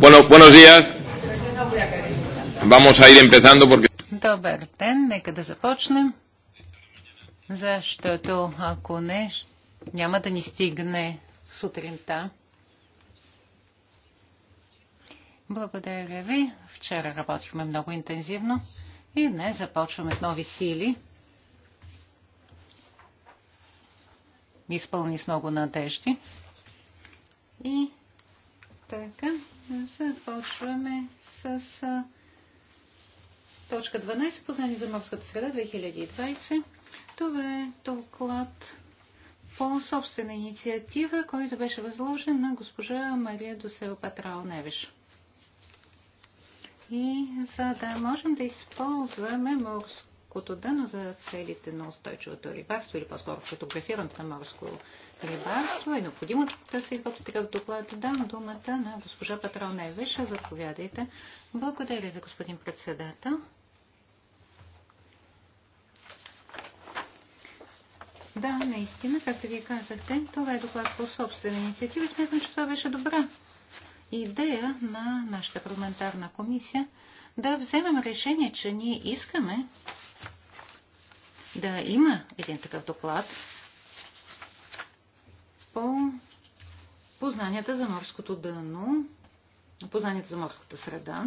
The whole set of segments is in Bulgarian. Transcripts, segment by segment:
Bueno, buenos días. Vamos a ir empezando porque... Добър ден, нека да започнем, защото ако не, няма да ни стигне сутринта. Благодаря ви. Вчера работихме много интензивно и днес започваме с нови сили. Изпълни с много надежди. И така. Започваме с точка 12, познание за морската среда 2020. Това е доклад по собствена инициатива, който беше възложен на госпожа Мария Досева Патрао Невиш. И за да можем да използваме морско морското дано за целите на устойчивото рибарство или по-скоро фотографирането на морско рибарство е необходимо да се изготви такъв доклад. Дам думата на госпожа Патрал Невеша. Заповядайте. Благодаря ви, господин председател. Да, наистина, както вие казахте, това е доклад по собствена инициатива. Смятам, че това беше добра идея на нашата парламентарна комисия да вземем решение, че ние искаме да има един такъв доклад по познанията за морското дъно, познанията за морската среда,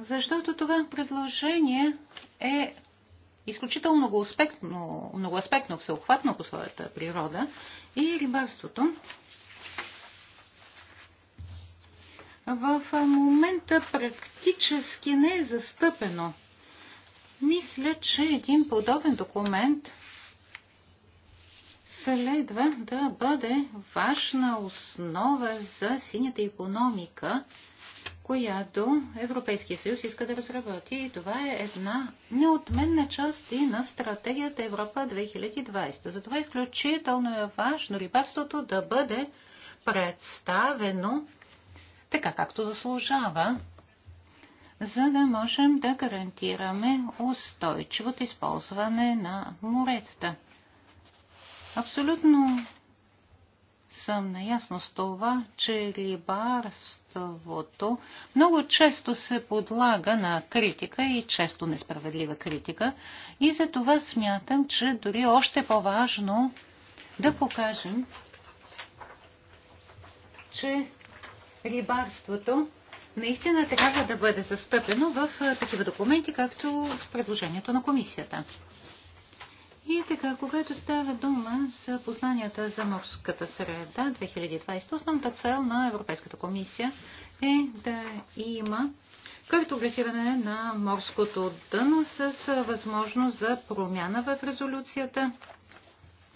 защото това предложение е изключително многоаспектно, многоаспектно всеохватно по своята природа и рибарството. В момента практически не е застъпено мисля, че един подобен документ следва да бъде важна основа за синята економика, която Европейския съюз иска да разработи. И това е една неотменна част и на стратегията Европа 2020. Затова изключително е важно рибарството да бъде представено така, както заслужава за да можем да гарантираме устойчивото използване на моретата. Абсолютно съм наясно с това, че рибарството много често се подлага на критика и често несправедлива критика. И за това смятам, че дори още по-важно да покажем, че рибарството наистина трябва да бъде застъпено в такива документи, както в предложението на комисията. И така, когато става дума за познанията за морската среда 2020, основната цел на Европейската комисия е да има картографиране на морското дъно с възможност за промяна в резолюцията.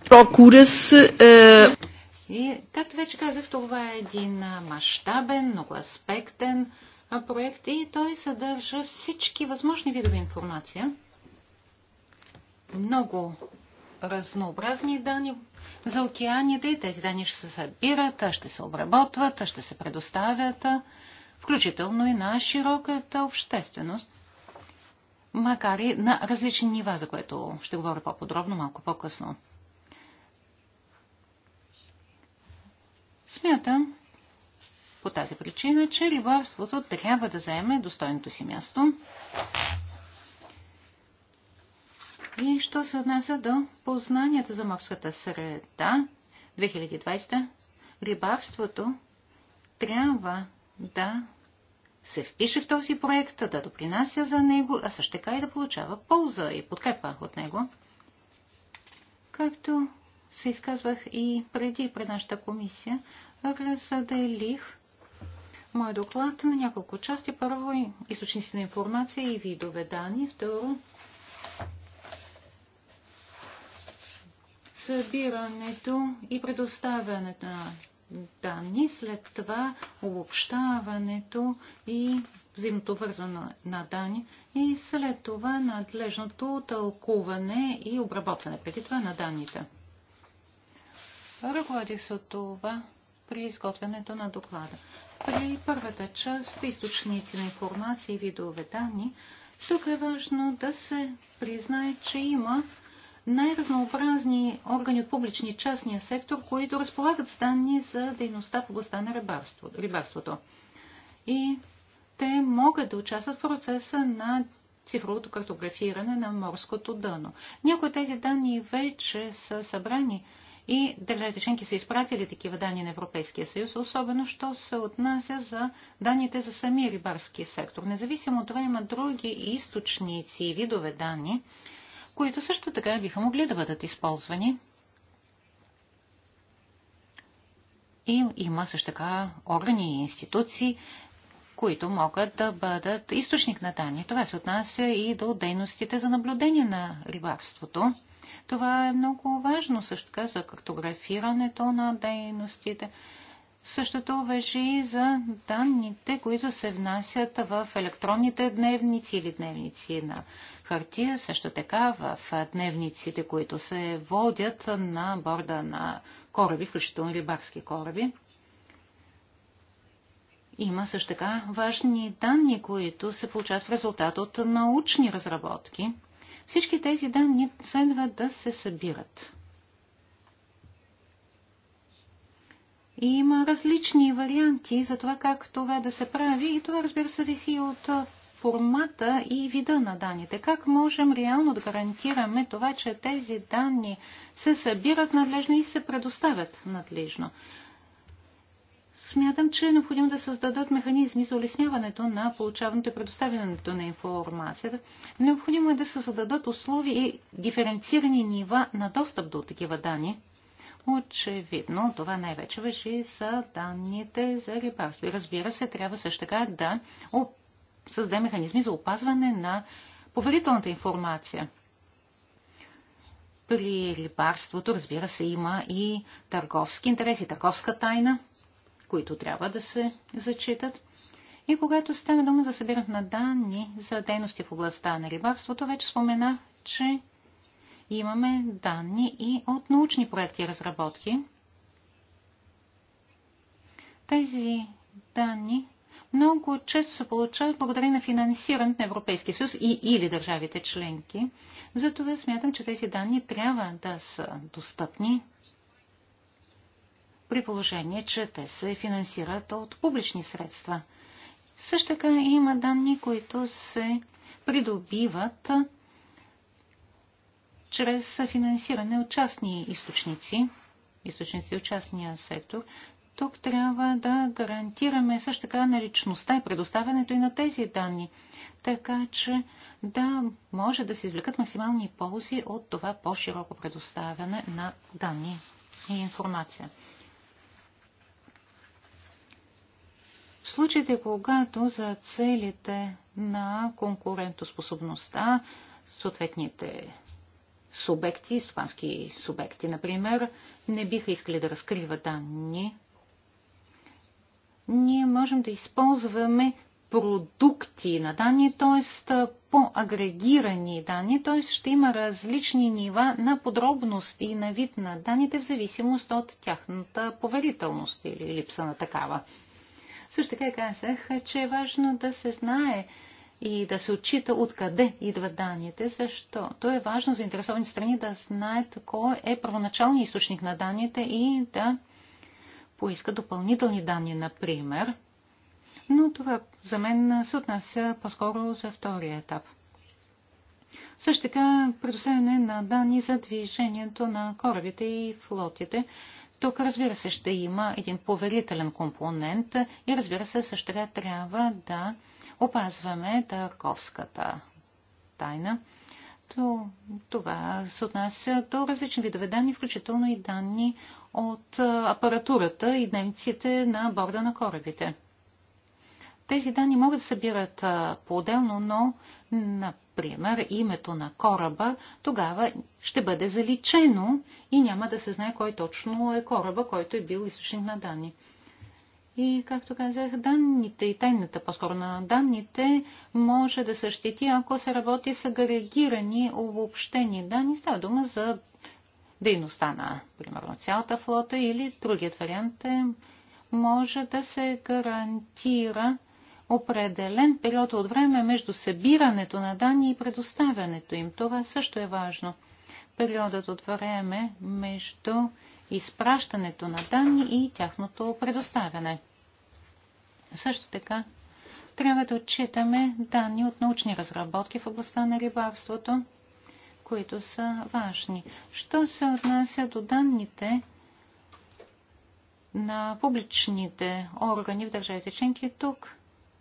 Procura-se. Uh... Е, и, както вече казах, това е един мащабен, многоаспектен проект и той съдържа всички възможни видове информация. Много разнообразни данни за океаните тези данни ще се събират, ще се обработват, ще се предоставят, включително и на широката общественост, макар и на различни нива, за което ще говоря по-подробно малко по-късно. Смятам по тази причина, че рибарството трябва да заеме достойното си място. И що се отнася до познанията за морската среда 2020, рибарството трябва да се впише в този проект, да допринася за него, а също така и да получава полза и подкрепа от него. Както се изказвах и преди пред нашата комисия, разделих мой доклад на няколко части. Първо, източници на информация и видове данни. Второ, събирането и предоставянето на данни, след това обобщаването и взаимното вързване на данни и след това надлежното тълкуване и обработване преди това на данните. Ръководих се от това при изготвянето на доклада. При първата част, източници на информация и видове данни, тук е важно да се признае, че има най-разнообразни органи от публични и частния сектор, които разполагат с данни за дейността в областта на рибарството. И те могат да участват в процеса на цифровото картографиране на морското дъно. Някои от тези данни вече са събрани и държавите членки са изпратили такива данни на Европейския съюз, особено що се отнася за данните за самия рибарски сектор. Независимо от това има други източници и видове данни, които също така биха могли да бъдат използвани. И има също така органи и институции, които могат да бъдат източник на данни. Това се отнася и до дейностите за наблюдение на рибарството. Това е много важно също така за картографирането на дейностите. Същото въжи и за данните, които се внасят в електронните дневници или дневници на хартия, също така в дневниците, които се водят на борда на кораби, включително рибарски кораби. Има също така важни данни, които се получават в резултат от научни разработки – всички тези данни следва да се събират. И има различни варианти за това как това да се прави и това разбира се виси от формата и вида на данните. Как можем реално да гарантираме това, че тези данни се събират надлежно и се предоставят надлежно? Смятам, че е необходимо да създадат механизми за улесняването на получаването и предоставянето на информацията. Необходимо е да се създадат условия и диференцирани нива на достъп до такива данни. Очевидно, това най-вече въжи за данните за рибарство. И разбира се, трябва също така да създаде механизми за опазване на поверителната информация. При рибарството, разбира се, има и търговски интереси, търговска тайна – които трябва да се зачитат. И когато става дума за събирането на данни за дейности в областта на рибарството, вече споменах, че имаме данни и от научни проекти и разработки. Тези данни много често се получават благодарение на финансирането на Европейския съюз и, или държавите членки. Затова смятам, че тези данни трябва да са достъпни при положение, че те се финансират от публични средства. Също така има данни, които се придобиват чрез финансиране от частни източници, източници от частния сектор. Тук трябва да гарантираме също така наличността и предоставянето и на тези данни, така че да може да се извлекат максимални ползи от това по-широко предоставяне на данни и информация. В случаите, когато за целите на конкурентоспособността съответните субекти, стопански субекти, например, не биха искали да разкриват данни, ние можем да използваме продукти на данни, т.е. по-агрегирани данни, т.е. ще има различни нива на подробност и на вид на данните в зависимост от тяхната поверителност или липса на такава. Също така казах, че е важно да се знае и да се отчита откъде идват данните, защото е важно за интересовани страни да знаят кой е първоначалният източник на данните и да поиска допълнителни данни, например. Но това за мен се отнася по-скоро за втория етап. Също така предоставяне на данни за движението на корабите и флотите. Тук, разбира се, ще има един поверителен компонент и, разбира се, също така трябва да опазваме търговската тайна. То, това се отнася до различни видове данни, включително и данни от апаратурата и дневниците на борда на корабите. Тези данни могат да събират по-отделно, но например, името на кораба, тогава ще бъде заличено и няма да се знае кой точно е кораба, който е бил източник на данни. И, както казах, данните и тайната, по-скоро на данните, може да се щити, ако се работи с агрегирани, обобщени данни. Става дума за дейността на, примерно, цялата флота или другият вариант е, може да се гарантира определен период от време между събирането на данни и предоставянето им. Това също е важно. Периодът от време между изпращането на данни и тяхното предоставяне. Също така трябва да отчитаме данни от научни разработки в областта на рибарството, които са важни. Що се отнася до данните на публичните органи в държавите членки, тук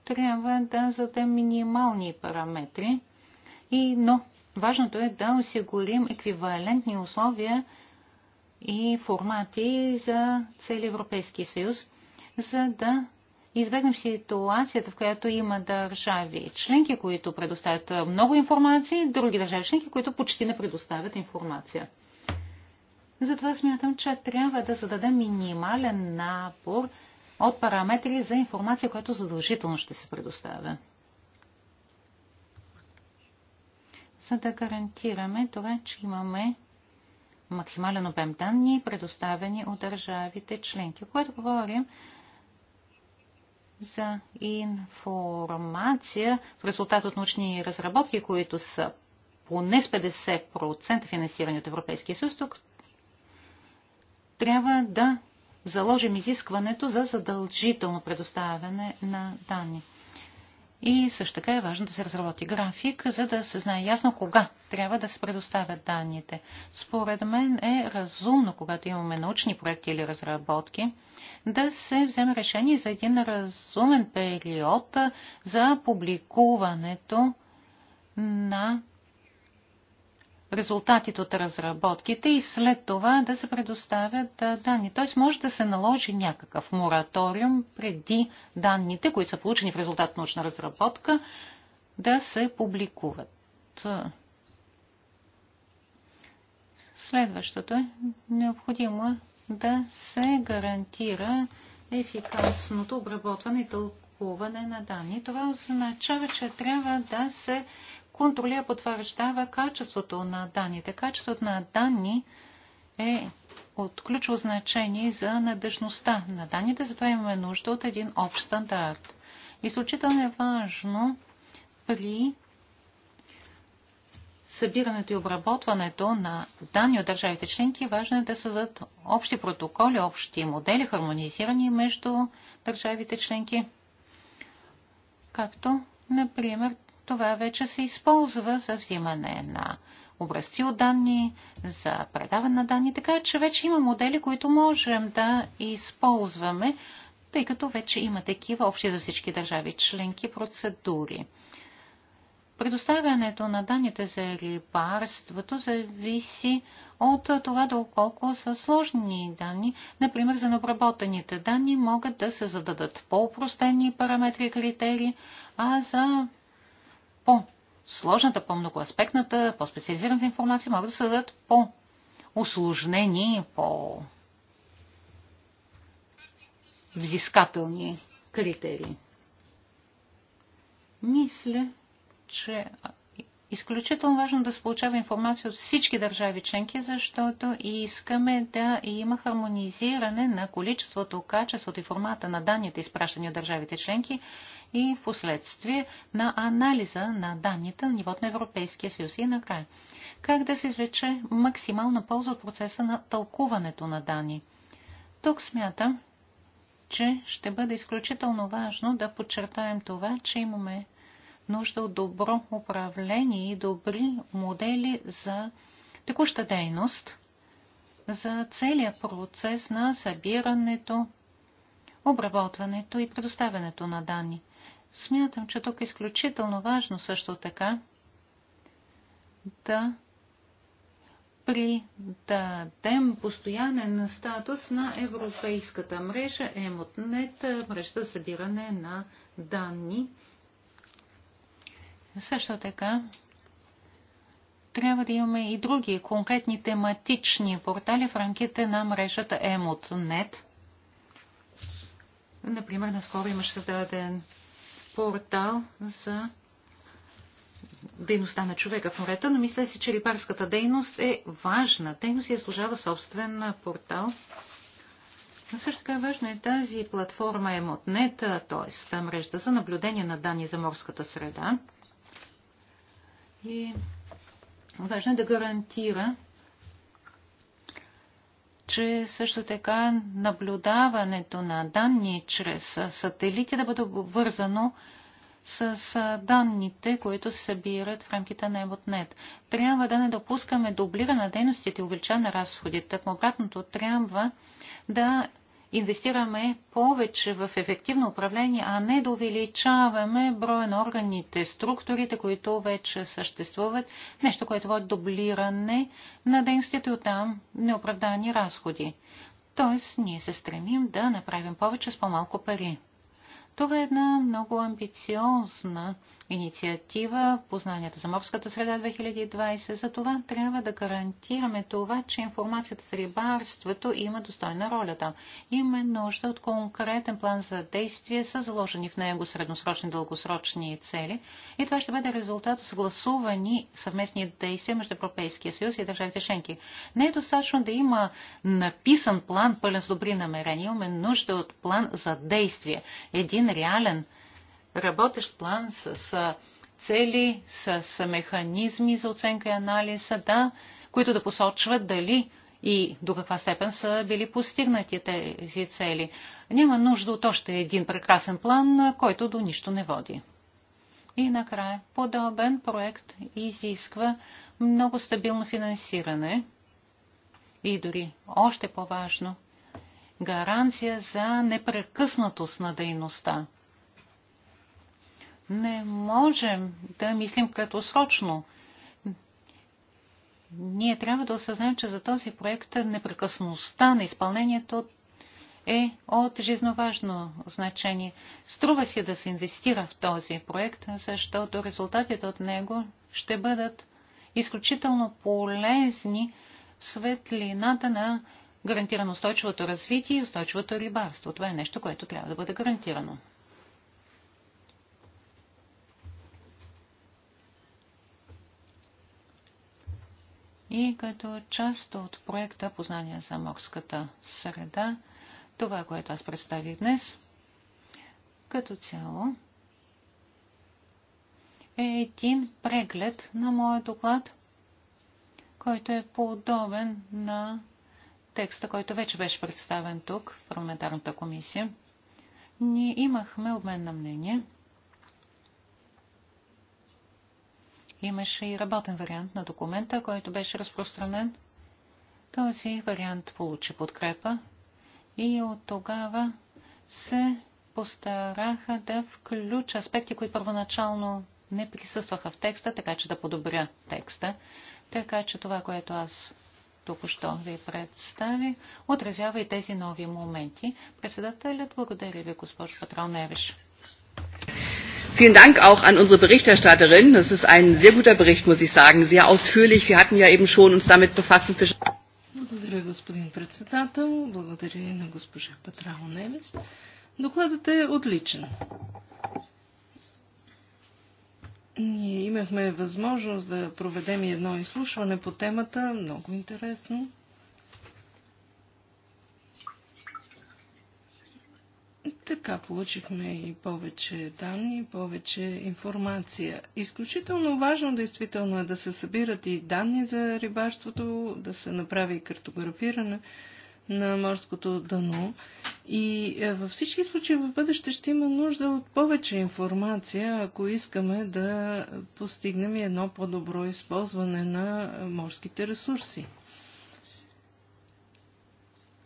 трябва да зададем минимални параметри, и, но важното е да осигурим еквивалентни условия и формати за цели Европейски съюз, за да избегнем ситуацията, в която има държави членки, които предоставят много информация, други държави членки, които почти не предоставят информация. Затова смятам, че трябва да зададем минимален набор от параметри за информация, която задължително ще се предоставя. За да гарантираме това, че имаме максимален обем данни, предоставени от държавите членки. Което говорим за информация в резултат от научни разработки, които са поне с 50% финансирани от Европейския съюз, тук трябва да заложим изискването за задължително предоставяне на данни. И също така е важно да се разработи график, за да се знае ясно кога трябва да се предоставят данните. Според мен е разумно, когато имаме научни проекти или разработки, да се вземе решение за един разумен период за публикуването на резултатите от разработките и след това да се предоставят данни. Т.е. може да се наложи някакъв мораториум преди данните, които са получени в резултат на научна разработка, да се публикуват. Следващото е необходимо да се гарантира ефикасното обработване и тълкуване на данни. Това означава, че трябва да се контролира, потвърждава качеството на данните. Качеството на данни е от ключово значение за надежността на данните, затова имаме нужда от един общ стандарт. Изключително е важно при събирането и обработването на данни от държавите членки, важно е да създадат общи протоколи, общи модели, хармонизирани между държавите членки, както, например, това вече се използва за взимане на образци от данни, за предаване на данни, така че вече има модели, които можем да използваме, тъй като вече има такива общи за всички държави членки процедури. Предоставянето на данните за рибарството зависи от това доколко са сложни данни. Например, за необработените данни могат да се зададат по-упростени параметри и критерии, а за по-сложната, по-многоаспектната, по-специализираната информация могат да се дадат по-осложнени, по-взискателни критерии. Мисля, че изключително важно да се получава информация от всички държави членки, защото искаме да има хармонизиране на количеството, качеството и формата на данните, изпращани от държавите членки и в последствие на анализа на данните на нивото на Европейския съюз. И накрая, как да се извлече максимална полза от процеса на тълкуването на данни. Тук смятам, че ще бъде изключително важно да подчертаем това, че имаме нужда от добро управление и добри модели за текуща дейност, за целия процес на събирането, обработването и предоставянето на данни. Смятам, че тук е изключително важно също така да придадем постоянен статус на европейската мрежа Емотнет, мрежа за събиране на данни. Също така трябва да имаме и други конкретни тематични портали в рамките на мрежата Emotnet. Например, наскоро имаше създаден портал за дейността на човека в морета, но мисля си, че рибарската дейност е важна. Дейност я служава собствен портал. Но също така е важно е тази платформа е мотнета, т.е. режда за наблюдение на данни за морската среда. И важно е да гарантира че също така наблюдаването на данни чрез сателити да бъде обвързано с данните, които се събират в рамките на EbotNet. Трябва да не допускаме дублиране на дейностите и увеличаване на разходите. обратното трябва да инвестираме повече в ефективно управление, а не да увеличаваме броя на органите, структурите, които вече съществуват, нещо, което води дублиране на дейностите от там неоправдани разходи. Тоест, ние се стремим да направим повече с по-малко пари. Това е една много амбициозна инициатива Познанията за морската среда 2020. За това трябва да гарантираме това, че информацията за рибарството има достойна роля там. Има нужда от конкретен план за действие са заложени в него средносрочни и дългосрочни цели. И това ще бъде резултат от съгласувани съвместни действия между Европейския съюз и държавите членки. Не е достатъчно да има написан план, пълен с добри намерения. Имаме нужда от план за действие. Един един реален работещ план с, с цели, с, с механизми за оценка и анализа, да, които да посочват дали и до каква степен са били постигнати тези цели. Няма нужда от още един прекрасен план, който до нищо не води. И накрая, подобен проект изисква много стабилно финансиране и дори още по-важно – гаранция за непрекъснатост на дейността. Не можем да мислим краткосрочно. Ние трябва да осъзнаем, че за този проект непрекъсността на изпълнението е от жизноважно значение. Струва си да се инвестира в този проект, защото резултатите от него ще бъдат изключително полезни в светлината на гарантирано устойчивото развитие и устойчивото рибарство. Това е нещо, което трябва да бъде гарантирано. И като част от проекта Познания за морската среда, това, което аз представих днес, като цяло е един преглед на моят доклад, който е подобен на текста, който вече беше представен тук в парламентарната комисия, ние имахме обмен на мнение. Имаше и работен вариант на документа, който беше разпространен. Този вариант получи подкрепа и от тогава се постараха да включа аспекти, които първоначално не присъстваха в текста, така че да подобря текста. Така че това, което аз току-що ви представи, отразява и тези нови моменти. Председателят, благодаря ви, госпожо Патроневиш. Vielen Dank auch an unsere Berichterstatterin. Das ist ein sehr guter Bericht, muss ich sagen, sehr ausführlich. Wir hatten ja eben schon uns damit befasst. Благодаря, господин председател. Благодаря и на госпожа Патрал Невец. Докладът е отличен. Ние имахме възможност да проведем и едно изслушване по темата, много интересно. Така получихме и повече данни, повече информация. Изключително важно действително е да се събират и данни за рибарството, да се направи картографиране, на морското дъно. И е, във всички случаи в бъдеще ще има нужда от повече информация, ако искаме да постигнем едно по-добро използване на морските ресурси.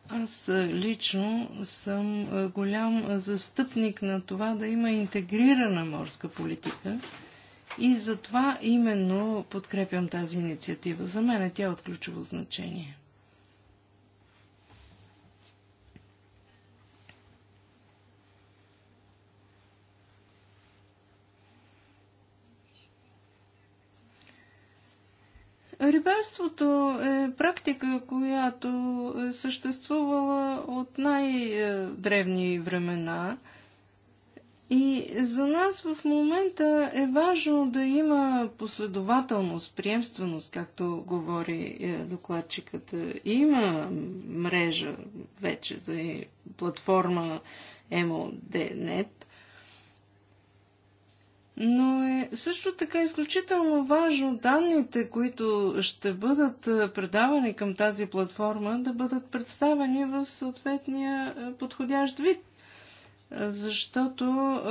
Аз е, лично съм е, голям застъпник на това да има интегрирана морска политика и затова именно подкрепям тази инициатива. За мен тя е от ключово значение. Вещарството е практика, която е съществувала от най-древни времена. И за нас в момента е важно да има последователност, приемственост, както говори е, докладчикът. Има мрежа вече, да е платформа MODNet, но е също така изключително важно данните, които ще бъдат е, предавани към тази платформа, да бъдат представени в съответния е, подходящ вид. Е, защото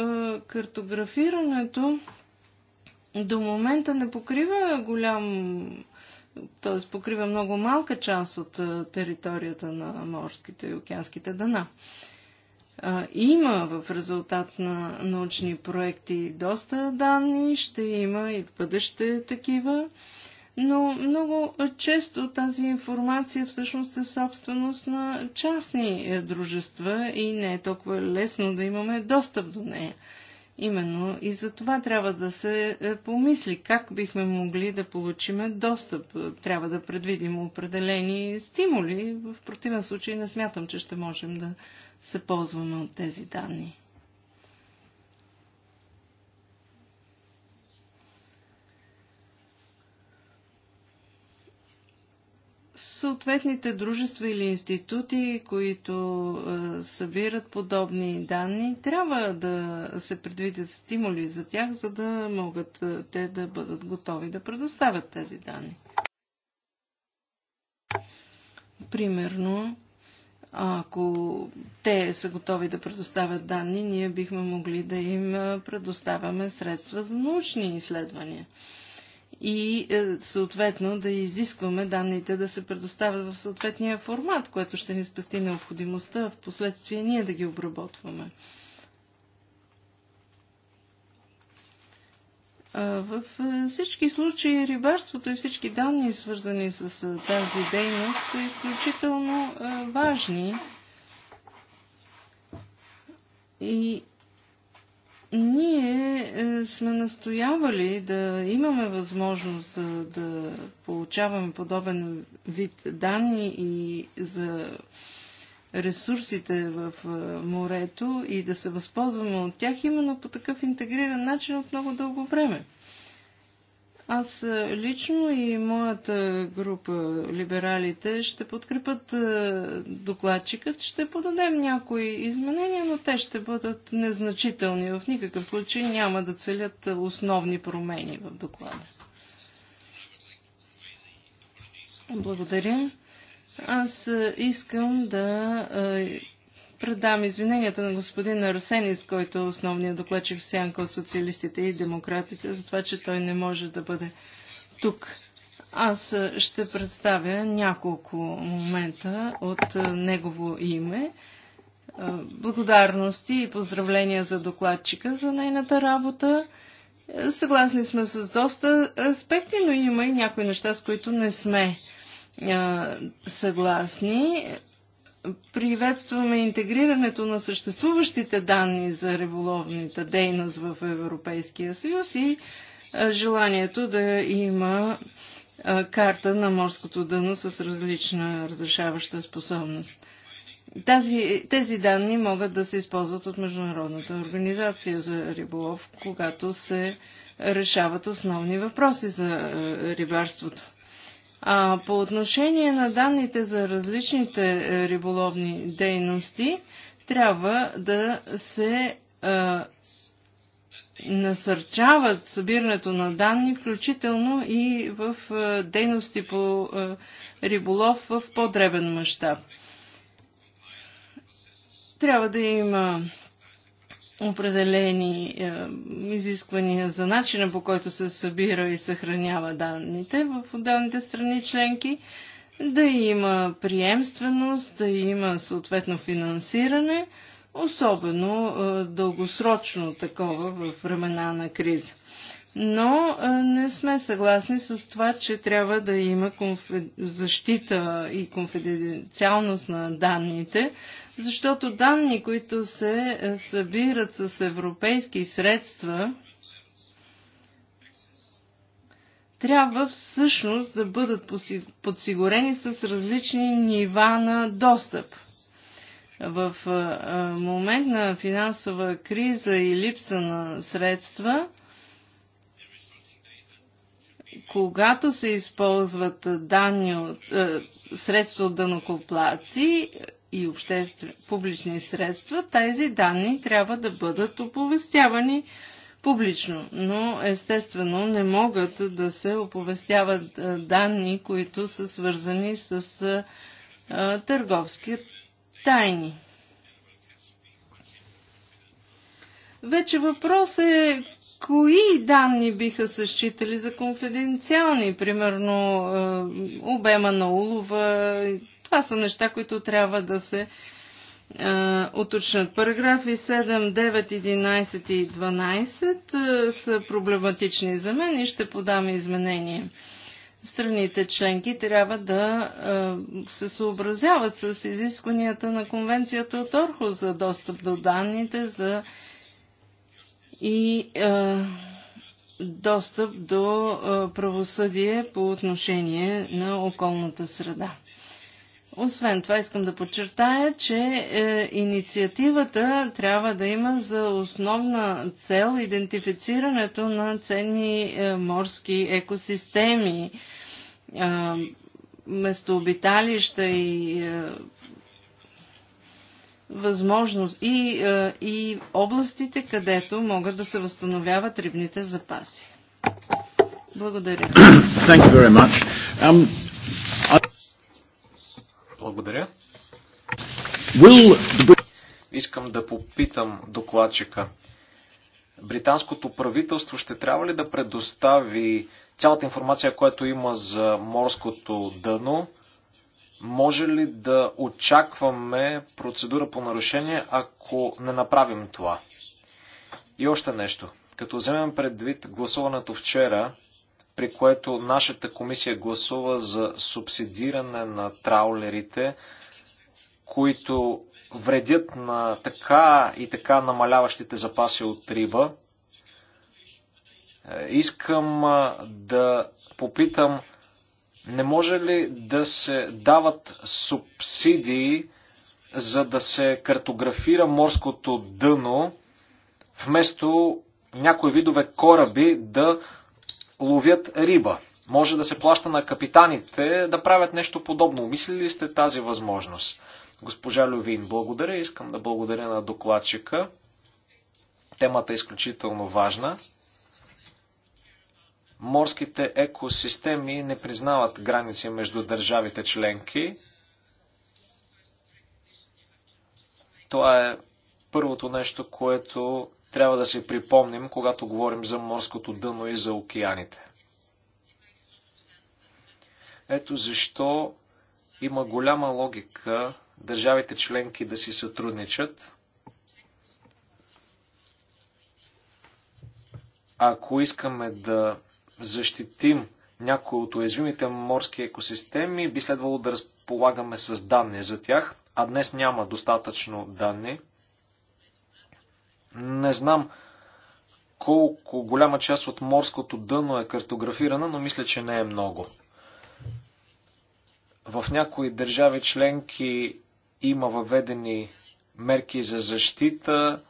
картографирането до момента не покрива голям, т.е. покрива много малка част от територията на морските и океанските дъна има в резултат на научни проекти доста данни, ще има и в бъдеще такива, но много често тази информация всъщност е собственост на частни е, дружества и не е толкова лесно да имаме достъп до нея. Именно и за това трябва да се е, помисли как бихме могли да получиме достъп. Трябва да предвидим определени стимули. В противен случай не смятам, че ще можем да се ползваме от тези данни. съответните дружества или институти, които е, събират подобни данни, трябва да се предвидят стимули за тях, за да могат е, те да бъдат готови да предоставят тези данни. Примерно, ако те са готови да предоставят данни, ние бихме могли да им предоставяме средства за научни изследвания. И е, съответно да изискваме данните да се предоставят в съответния формат, което ще ни спасти необходимостта в последствие ние да ги обработваме. В всички случаи рибарството и всички данни, свързани с тази дейност, са изключително важни. И ние сме настоявали да имаме възможност да, да получаваме подобен вид данни и за ресурсите в морето и да се възползваме от тях именно по такъв интегриран начин от много дълго време. Аз лично и моята група либералите ще подкрепят докладчикът, ще подадем някои изменения, но те ще бъдат незначителни. В никакъв случай няма да целят основни промени в доклада. Благодаря. Аз е, искам да е, предам извиненията на господин Арсенис, който е основният докладчик сянка от социалистите и демократите, за това, че той не може да бъде тук. Аз е, ще представя няколко момента от негово име. Благодарности и поздравления за докладчика за нейната работа. Съгласни сме с доста аспекти, но има и някои неща, с които не сме съгласни. Приветстваме интегрирането на съществуващите данни за риболовната дейност в Европейския съюз и желанието да има карта на морското дъно с различна разрешаваща способност. Тази, тези данни могат да се използват от Международната организация за риболов, когато се решават основни въпроси за рибарството. А, по отношение на данните за различните е, риболовни дейности, трябва да се а, е, насърчават събирането на данни, включително и в а, е, дейности по а, риболов в по-дребен мащаб. Трябва да има определени е, изисквания за начина по който се събира и съхранява данните в отделните страни членки, да има приемственост, да има съответно финансиране, особено е, дългосрочно такова в времена на криза. Но е, не сме съгласни с това, че трябва да има конфи... защита и конфиденциалност на данните, защото данни, които се е, събират с европейски средства, трябва всъщност да бъдат подсигурени с различни нива на достъп. В е, е, момент на финансова криза и липса на средства, когато се използват данни от, средства от данокоплаци, и обществе публични средства, тези данни трябва да бъдат оповестявани публично, но естествено не могат да се оповестяват е, данни, които са свързани с е, е, търговски тайни. Вече въпрос е кои данни биха се считали за конфиденциални, примерно обема на улова, това са неща, които трябва да се уточнят. Параграфи 7, 9, 11 и 12 са проблематични за мен и ще подам изменения. Страните членки трябва да се съобразяват с изискванията на конвенцията от Орхо за достъп до данните за и а, достъп до правосъдие по отношение на околната среда. Освен това, искам да подчертая, че е, инициативата трябва да има за основна цел идентифицирането на ценни е, морски екосистеми, е, местообиталища и е, възможност и, е, и областите, където могат да се възстановяват рибните запаси. Благодаря. Thank you very much. Um... Благодаря. Искам да попитам докладчика. Британското правителство ще трябва ли да предостави цялата информация, която има за морското дъно? Може ли да очакваме процедура по нарушение, ако не направим това? И още нещо. Като вземем предвид гласуването вчера, при което нашата комисия гласува за субсидиране на траулерите, които вредят на така и така намаляващите запаси от риба. Е, искам да попитам, не може ли да се дават субсидии, за да се картографира морското дъно, вместо някои видове кораби да ловят риба. Може да се плаща на капитаните да правят нещо подобно. Мислили сте тази възможност? Госпожа Лювин, благодаря. Искам да благодаря на докладчика. Темата е изключително важна. Морските екосистеми не признават граници между държавите членки. Това е първото нещо, което трябва да се припомним, когато говорим за морското дъно и за океаните. Ето защо има голяма логика държавите членки да си сътрудничат, ако искаме да защитим някои от уязвимите морски екосистеми, би следвало да разполагаме с данни за тях, а днес няма достатъчно данни – не знам колко голяма част от морското дъно е картографирана, но мисля, че не е много. В някои държави членки има въведени мерки за защита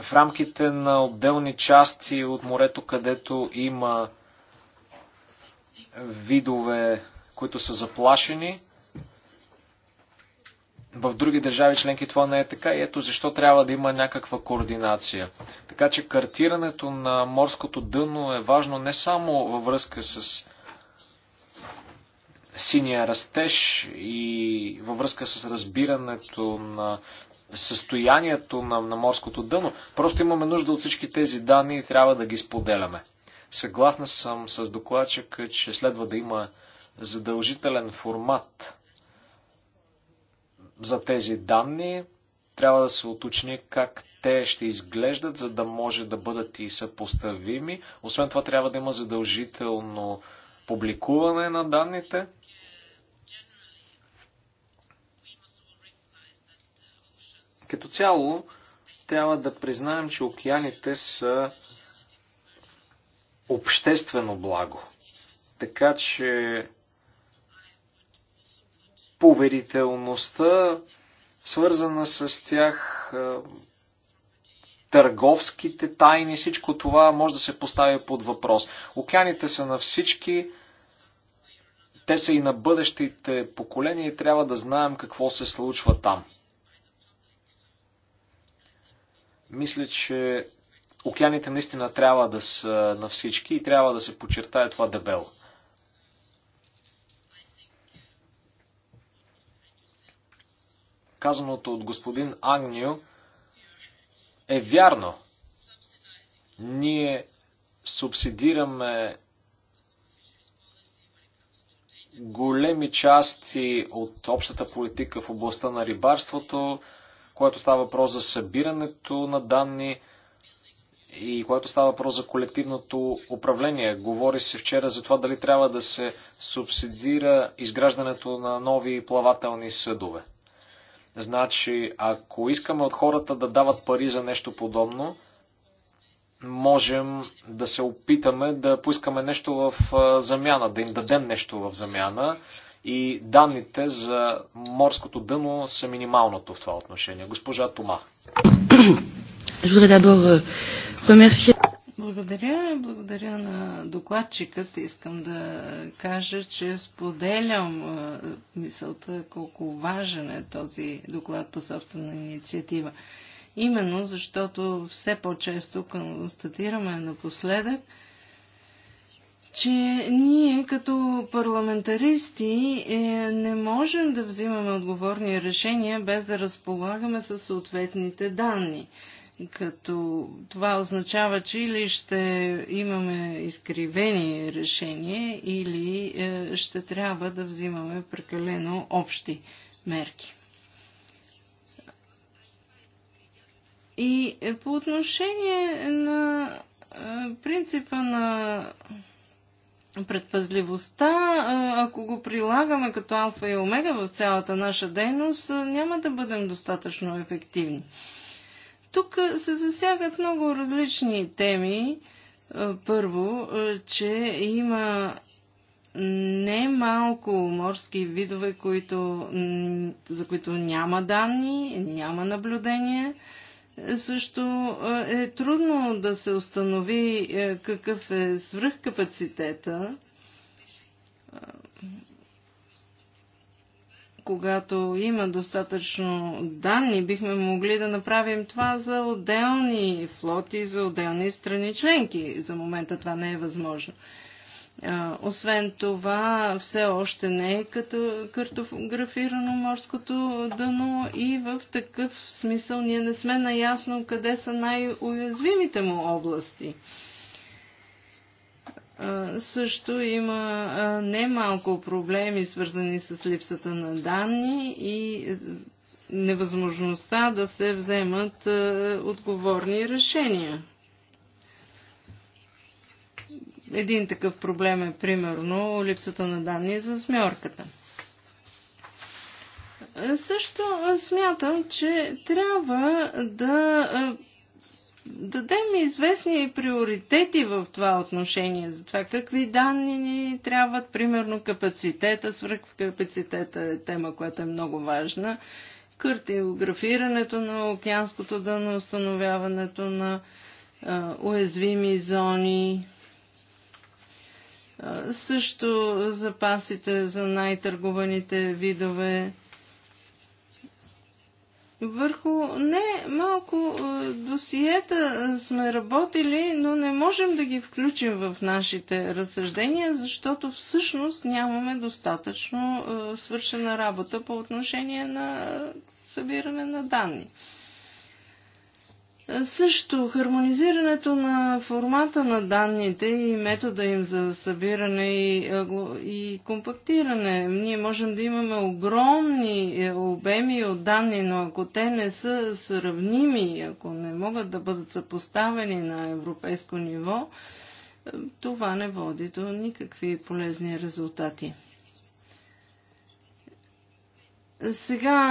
в рамките на отделни части от морето, където има видове, които са заплашени в други държави членки това не е така и ето защо трябва да има някаква координация. Така че картирането на морското дъно е важно не само във връзка с синия растеж и във връзка с разбирането на състоянието на, на морското дъно. Просто имаме нужда от всички тези данни и трябва да ги споделяме. Съгласна съм с докладчика, че следва да има задължителен формат за тези данни. Трябва да се уточни как те ще изглеждат, за да може да бъдат и съпоставими. Освен това трябва да има задължително публикуване на данните. Като цяло, трябва да признаем, че океаните са обществено благо. Така че поверителността, свързана с тях, е, търговските тайни, всичко това може да се постави под въпрос. Океаните са на всички, те са и на бъдещите поколения и трябва да знаем какво се случва там. Мисля, че океаните наистина трябва да са на всички и трябва да се подчертае това дебело. казаното от господин Агнио е вярно. Ние субсидираме големи части от общата политика в областта на рибарството, което става въпрос за събирането на данни и което става въпрос за колективното управление. Говори се вчера за това дали трябва да се субсидира изграждането на нови плавателни съдове. Значи, ако искаме от хората да дават пари за нещо подобно, можем да се опитаме да поискаме нещо в замяна, да им дадем нещо в замяна. И данните за морското дъно са минималното в това отношение. Госпожа Тома. Благодаря. Благодаря на докладчикът. Искам да кажа, че споделям мисълта колко важен е този доклад по собствена инициатива. Именно защото все по-често констатираме напоследък, че ние като парламентаристи е, не можем да взимаме отговорни решения без да разполагаме със съответните данни като това означава, че или ще имаме изкривени решения, или е, ще трябва да взимаме прекалено общи мерки. И е, по отношение на е, принципа на предпазливостта, ако го прилагаме като алфа и омега в цялата наша дейност, няма да бъдем достатъчно ефективни. Тук се засягат много различни теми. Е, първо, е, че има не малко морски видове, които, за които няма данни, няма наблюдения, Също е, е трудно да се установи какъв е свръхкапацитета когато има достатъчно данни, бихме могли да направим това за отделни флоти, за отделни страни членки. За момента това не е възможно. Освен това, все още не е като картографирано морското дъно и в такъв смисъл ние не сме наясно къде са най-уязвимите му области. Също има немалко проблеми, свързани с липсата на данни и невъзможността да се вземат отговорни решения. Един такъв проблем е примерно липсата на данни за смьорката. Също смятам, че трябва да дадем известни приоритети в това отношение, за това какви данни ни трябват, примерно капацитета, свръхкапацитета е тема, която е много важна, картиографирането на океанското дъно, установяването на а, уязвими зони, а, също запасите за най-търгуваните видове, върху не малко е, досиета сме работили, но не можем да ги включим в нашите разсъждения, защото всъщност нямаме достатъчно е, свършена работа по отношение на е, събиране на данни. Също хармонизирането на формата на данните и метода им за събиране и, и компактиране. Ние можем да имаме огромни е, обеми от данни, но ако те не са сравними, ако не могат да бъдат съпоставени на европейско ниво, е, това не води до никакви полезни резултати. Сега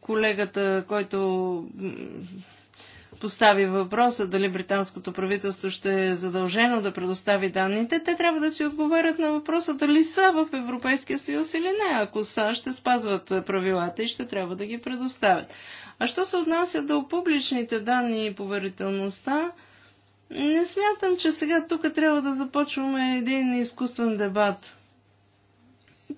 колегата, който постави въпроса дали британското правителство ще е задължено да предостави данните, те трябва да си отговарят на въпроса дали са в Европейския съюз или не. Ако са, ще спазват правилата и ще трябва да ги предоставят. А що се отнася до публичните данни и поверителността, не смятам, че сега тук трябва да започваме един изкуствен дебат.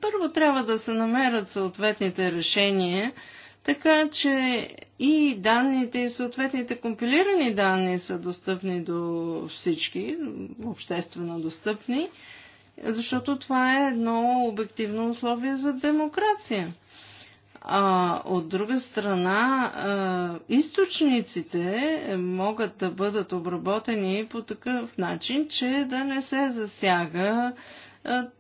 Първо трябва да се намерят съответните решения – така че и данните, и съответните компилирани данни са достъпни до всички, обществено достъпни, защото това е едно обективно условие за демокрация. А, от друга страна, източниците могат да бъдат обработени по такъв начин, че да не се засяга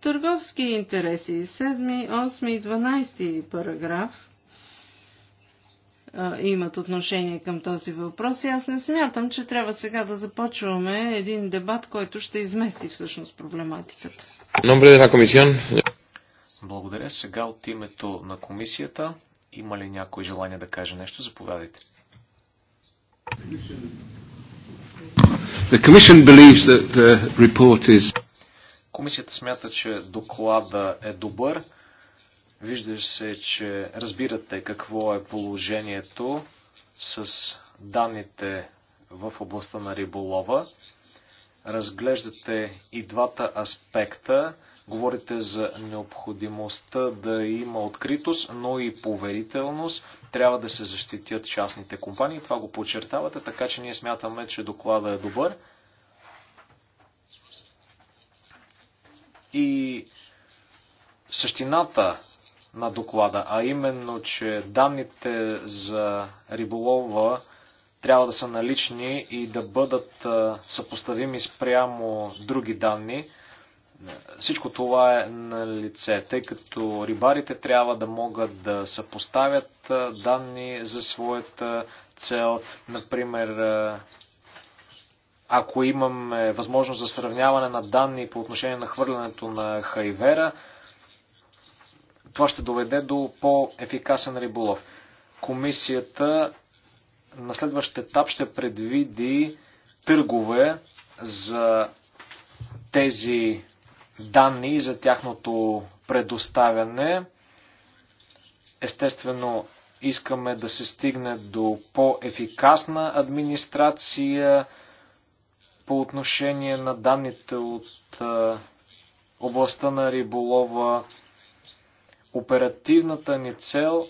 търговски интереси. 7, 8 и 12 параграф имат отношение към този въпрос и аз не смятам, че трябва сега да започваме един дебат, който ще измести всъщност проблематиката. Благодаря. Сега от името на комисията има ли някой желание да каже нещо? Заповядайте. Is... Комисията смята, че доклада е добър. Виждаш се, че разбирате какво е положението с данните в областта на риболова. Разглеждате и двата аспекта. Говорите за необходимостта да има откритост, но и поверителност. Трябва да се защитят частните компании. Това го подчертавате, така че ние смятаме, че доклада е добър. И същината на доклада, а именно, че данните за риболова трябва да са налични и да бъдат съпоставими спрямо други данни. Всичко това е на лице, тъй като рибарите трябва да могат да съпоставят данни за своята цел. Например, ако имаме възможност за сравняване на данни по отношение на хвърлянето на хайвера, това ще доведе до по-ефикасен риболов. Комисията на следващ етап ще предвиди търгове за тези данни и за тяхното предоставяне. Естествено, искаме да се стигне до по-ефикасна администрация по отношение на данните от областта на риболова, Оперативната ни цел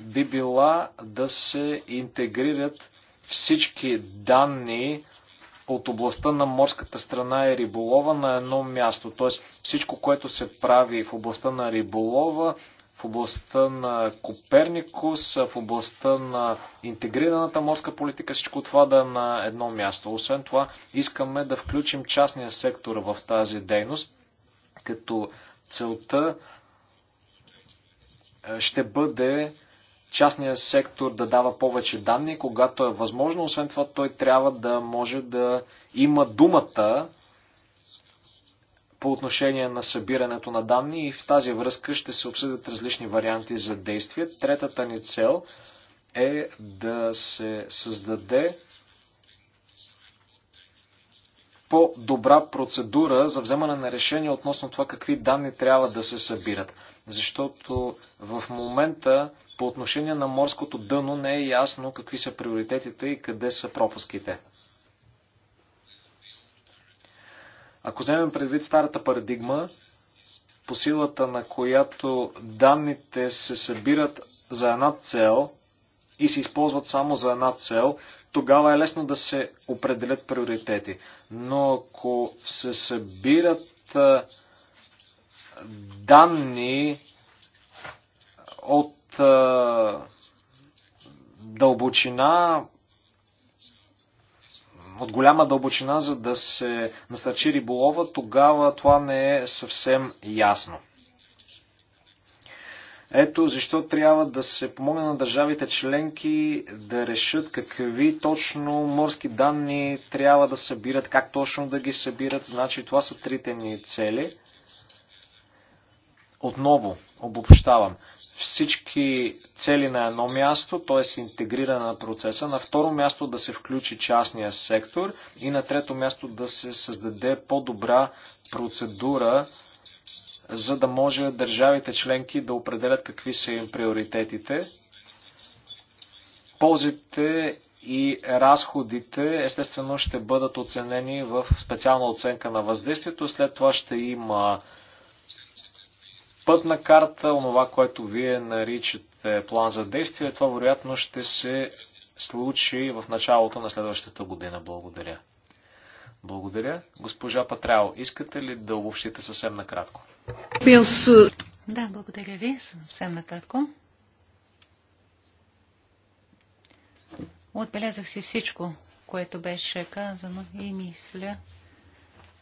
би била да се интегрират всички данни от областта на морската страна и риболова на едно място. Т.е. всичко, което се прави в областта на риболова, в областта на Коперникус, в областта на интегрираната морска политика, всичко това да е на едно място. Освен това, искаме да включим частния сектор в тази дейност, като целта е, ще бъде частния сектор да дава повече данни, когато е възможно. Освен това, той трябва да може да има думата по отношение на събирането на данни и в тази връзка ще се обсъдят различни варианти за действие. Третата ни цел е да се създаде по-добра процедура за вземане на решение относно това какви данни трябва да се събират защото в момента по отношение на морското дъно не е ясно какви са приоритетите и къде са пропуските. Ако вземем предвид старата парадигма, по силата на която данните се събират за една цел и се използват само за една цел, тогава е лесно да се определят приоритети. Но ако се събират данни от дълбочина от голяма дълбочина, за да се насърчи риболова, тогава това не е съвсем ясно. Ето защо трябва да се помогне на държавите членки да решат какви точно морски данни трябва да събират, как точно да ги събират. Значи това са трите ни цели. Отново обобщавам. Всички цели на едно място, т.е. интегриране на процеса, на второ място да се включи частния сектор и на трето място да се създаде по-добра процедура, за да може държавите членки да определят какви са им приоритетите. Ползите и разходите естествено ще бъдат оценени в специална оценка на въздействието. След това ще има пътна карта, онова, което вие наричате план за действие, това вероятно ще се случи в началото на следващата година. Благодаря. Благодаря. Госпожа Патряо, искате ли да обобщите съвсем накратко? Да, благодаря ви. Съвсем накратко. Отбелязах си всичко, което беше казано и мисля,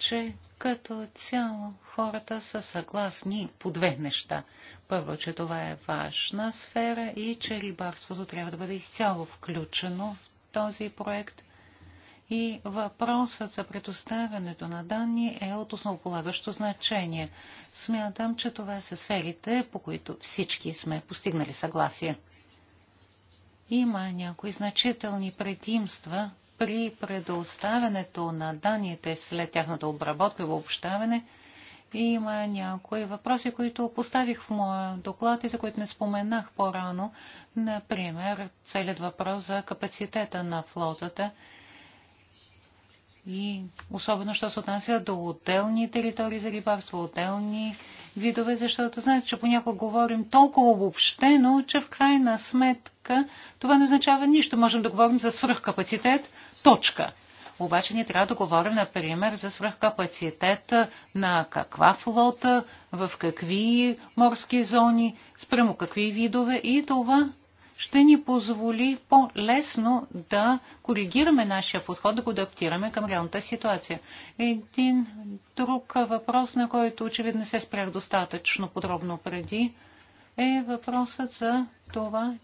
че като цяло хората са съгласни по две неща. Първо, че това е важна сфера и че рибарството трябва да бъде изцяло включено в този проект. И въпросът за предоставянето на данни е от основополагащо значение. Смятам, че това са сферите, по които всички сме постигнали съгласие. Има някои значителни предимства при предоставянето на данните след тяхната обработка и въобщаване, има някои въпроси, които поставих в моя доклад и за които не споменах по-рано. Например, целият въпрос за капацитета на флотата и особено, що се отнася до отделни територии за рибарство, отделни видове, защото знаете, че понякога говорим толкова обобщено, че в крайна сметка това не означава нищо. Можем да говорим за свръхкапацитет, Точка. Обаче ние трябва да говорим, например, за свръхкапацитет на каква флота, в какви морски зони, спрямо какви видове и това ще ни позволи по-лесно да коригираме нашия подход, да го адаптираме към реалната ситуация. Един друг въпрос, на който очевидно не се спрях достатъчно подробно преди, е въпросът за това,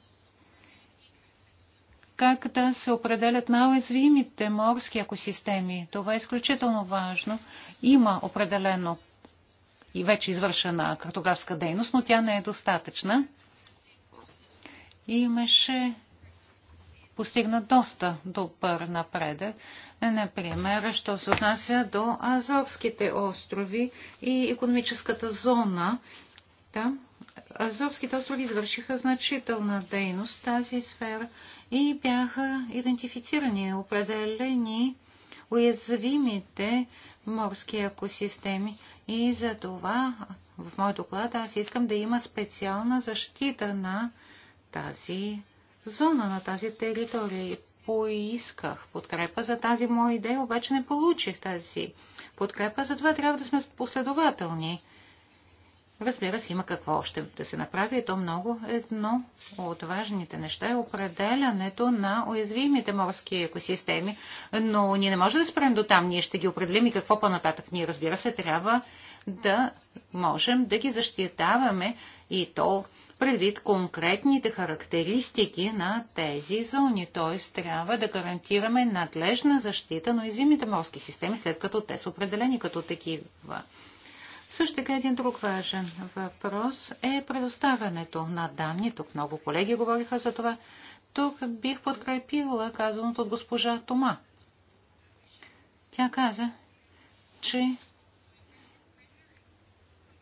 как да се определят най-уязвимите морски екосистеми. Това е изключително важно. Има определено и вече извършена картографска дейност, но тя не е достатъчна. Имаше постигна доста добър напредък. Например, що се отнася до Азовските острови и економическата зона. Да, Азорските острови извършиха значителна дейност в тази сфера и бяха идентифицирани определени уязвимите морски екосистеми. И за това в мой доклад аз искам да има специална защита на тази зона, на тази територия. И поисках подкрепа за тази моя идея, обаче не получих тази подкрепа, затова трябва да сме последователни. Разбира се, има какво още да се направи и то много. Едно от важните неща е определянето на уязвимите морски екосистеми, но ние не можем да спрем до там. Ние ще ги определим и какво по-нататък. Ние, разбира се, трябва да можем да ги защитаваме и то предвид конкретните характеристики на тези зони. Т.е. трябва да гарантираме надлежна защита на уязвимите морски системи, след като те са определени като такива. Също така един друг важен въпрос е предоставянето на данни. Тук много колеги говориха за това. Тук бих подкрепила казаното от госпожа Тома. Тя каза, че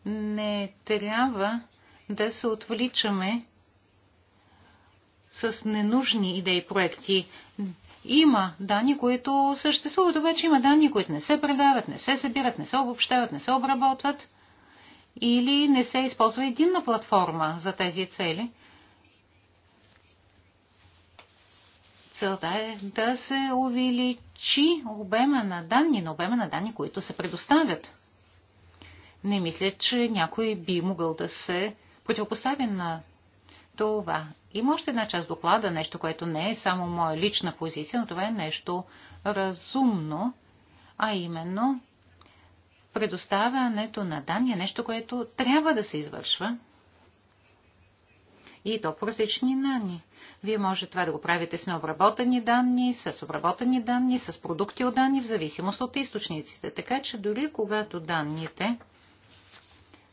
не трябва да се отвличаме с ненужни идеи проекти. Има данни, които съществуват, обаче има данни, които не се предават, не се събират, не се обобщават, не се обработват или не се използва единна платформа за тези цели. Целта е да се увеличи обема на данни, на обема на данни, които се предоставят. Не мисля, че някой би могъл да се противопостави на това. Има още една част доклада, нещо, което не е само моя лична позиция, но това е нещо разумно, а именно предоставянето на данни е нещо, което трябва да се извършва. И то по различни данни. Вие може това да го правите с необработени данни, с обработени данни, с продукти от данни, в зависимост от източниците. Така че дори когато данните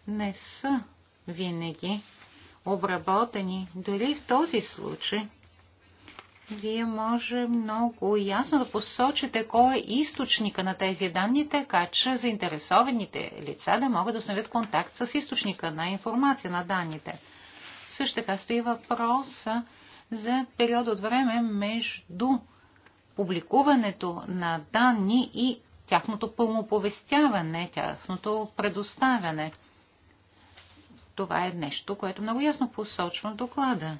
не са винаги обработени. Дори в този случай вие може много ясно да посочите кой е източника на тези данни, така че заинтересованите лица да могат да установят контакт с източника на информация на данните. Също така стои въпрос за период от време между публикуването на данни и тяхното пълноповестяване, тяхното предоставяне – това е нещо, което много ясно посочва в доклада.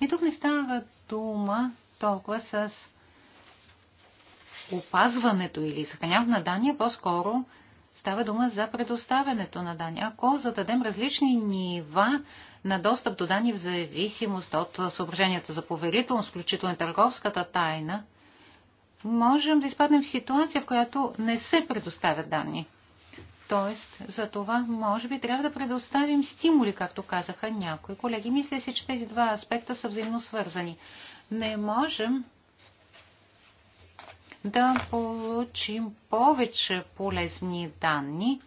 И тук не става дума толкова с опазването или съхраняването на данни, по-скоро става дума за предоставянето на данни. Ако зададем различни нива на достъп до данни в зависимост от съображенията за поверителност, включително и търговската тайна, можем да изпаднем в ситуация, в която не се предоставят данни. Тоест, за това, може би, трябва да предоставим стимули, както казаха някои колеги. Мисля си, че тези два аспекта са взаимно свързани. Не можем да получим повече полезни данни,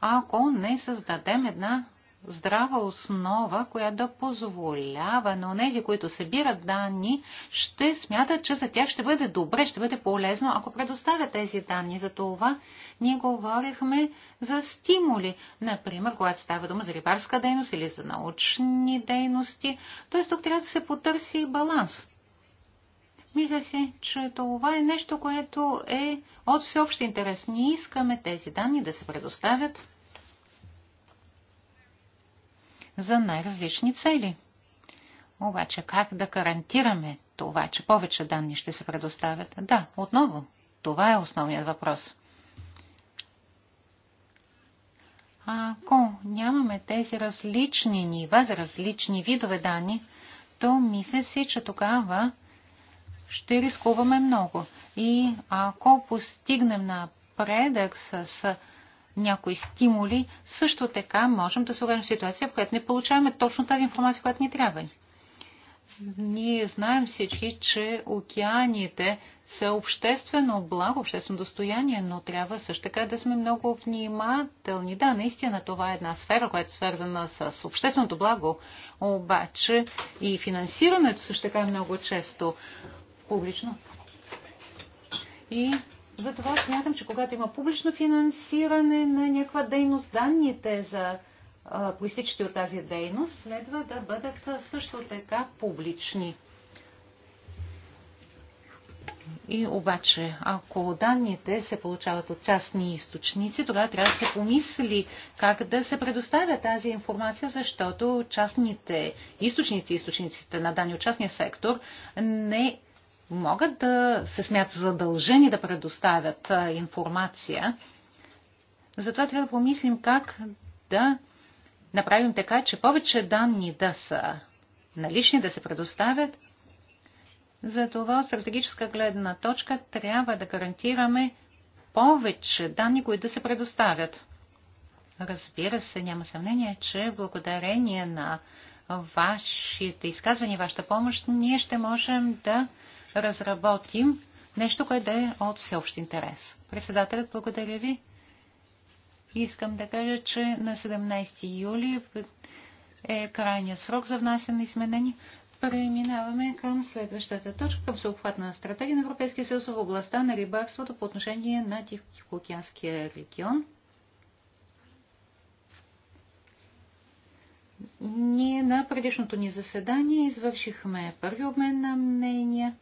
ако не създадем една здрава основа, която да позволява на тези, които събират данни, ще смятат, че за тях ще бъде добре, ще бъде полезно, ако предоставят тези данни. За това ние говорихме за стимули, например, когато става дума за рибарска дейност или за научни дейности. Т.е. тук трябва да се потърси баланс. Мисля си, че това е нещо, което е от всеобщ интерес. Ние искаме тези данни да се предоставят за най-различни цели. Обаче как да гарантираме това, че повече данни ще се предоставят? Да, отново, това е основният въпрос. Ако нямаме тези различни нива за различни видове данни, то мисля си, че тогава ще рискуваме много. И ако постигнем напредък с, с някои стимули, също така можем да се окажем в ситуация, в която не получаваме точно тази информация, която ни трябва. Ние знаем всички, че океаните са обществено благо, обществено достояние, но трябва също така да сме много внимателни. Да, наистина това е една сфера, която е свързана с общественото благо, обаче и финансирането също така е много често публично. И затова смятам, че когато има публично финансиране на някаква дейност, данните за проистичащи от тази дейност, следва да бъдат също така публични. И обаче, ако данните се получават от частни източници, тогава трябва да се помисли как да се предоставя тази информация, защото частните източници, източниците на данни от частния сектор не могат да се смятат задължени да предоставят информация. Затова трябва да помислим как да направим така, че повече данни да са налични, да се предоставят. Затова от стратегическа гледна точка трябва да гарантираме повече данни, които да се предоставят. Разбира се, няма съмнение, че благодарение на вашите изказвания, вашата помощ, ние ще можем да разработим нещо, което да е от всеобщ интерес. Председателят, благодаря ви. Искам да кажа, че на 17 юли е крайния срок за внасяне на изменения. Преминаваме към следващата точка, към съобхватна стратегия на Европейския съюз в областта на рибарството по отношение на Тихоокеанския регион. Ние на предишното ни заседание извършихме първи обмен на мнения.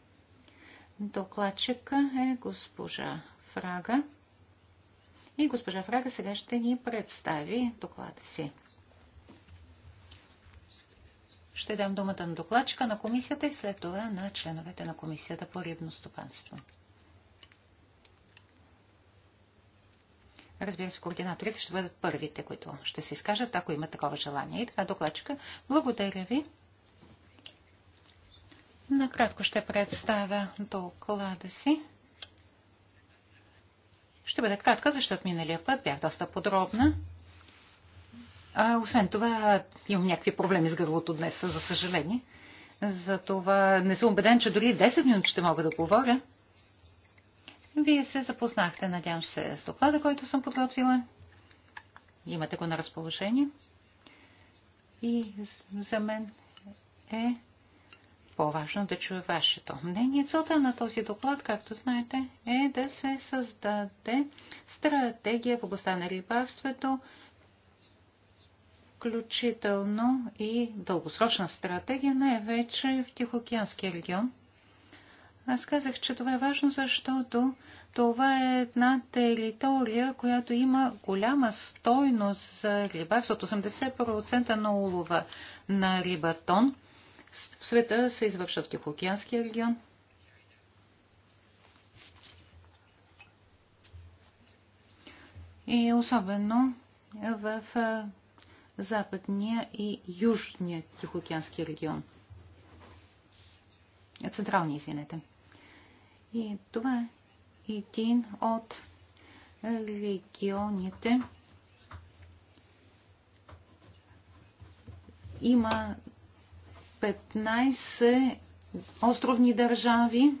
Докладчика е госпожа Фрага. И госпожа Фрага сега ще ни представи доклада си. Ще дам думата на докладчика на комисията и след това на членовете на комисията по рибно стопанство. Разбира се, координаторите ще бъдат първите, които ще се изкажат, ако има такова желание. И така, докладчика, благодаря ви. Накратко ще представя доклада си. Ще бъда кратка, защото миналия път бях доста подробна. А, освен това, имам някакви проблеми с гърлото днес, за съжаление. Затова не съм убеден, че дори 10 минути ще мога да говоря. Вие се запознахте, надявам се, с доклада, който съм подготвила. Имате го на разположение. И за мен е по-важно да чуя вашето мнение. Целта на този доклад, както знаете, е да се създаде стратегия в областта на рибарството, включително и дългосрочна стратегия, най-вече в Тихоокеанския регион. Аз казах, че това е важно, защото това е една територия, която има голяма стойност за рибарството. 80% на улова на рибатон – в света се извършва в Тихоокеанския регион. И особено в западния и южния Тихоокеански регион. Централния, извинете. И това е един от регионите. Има 15 островни държави.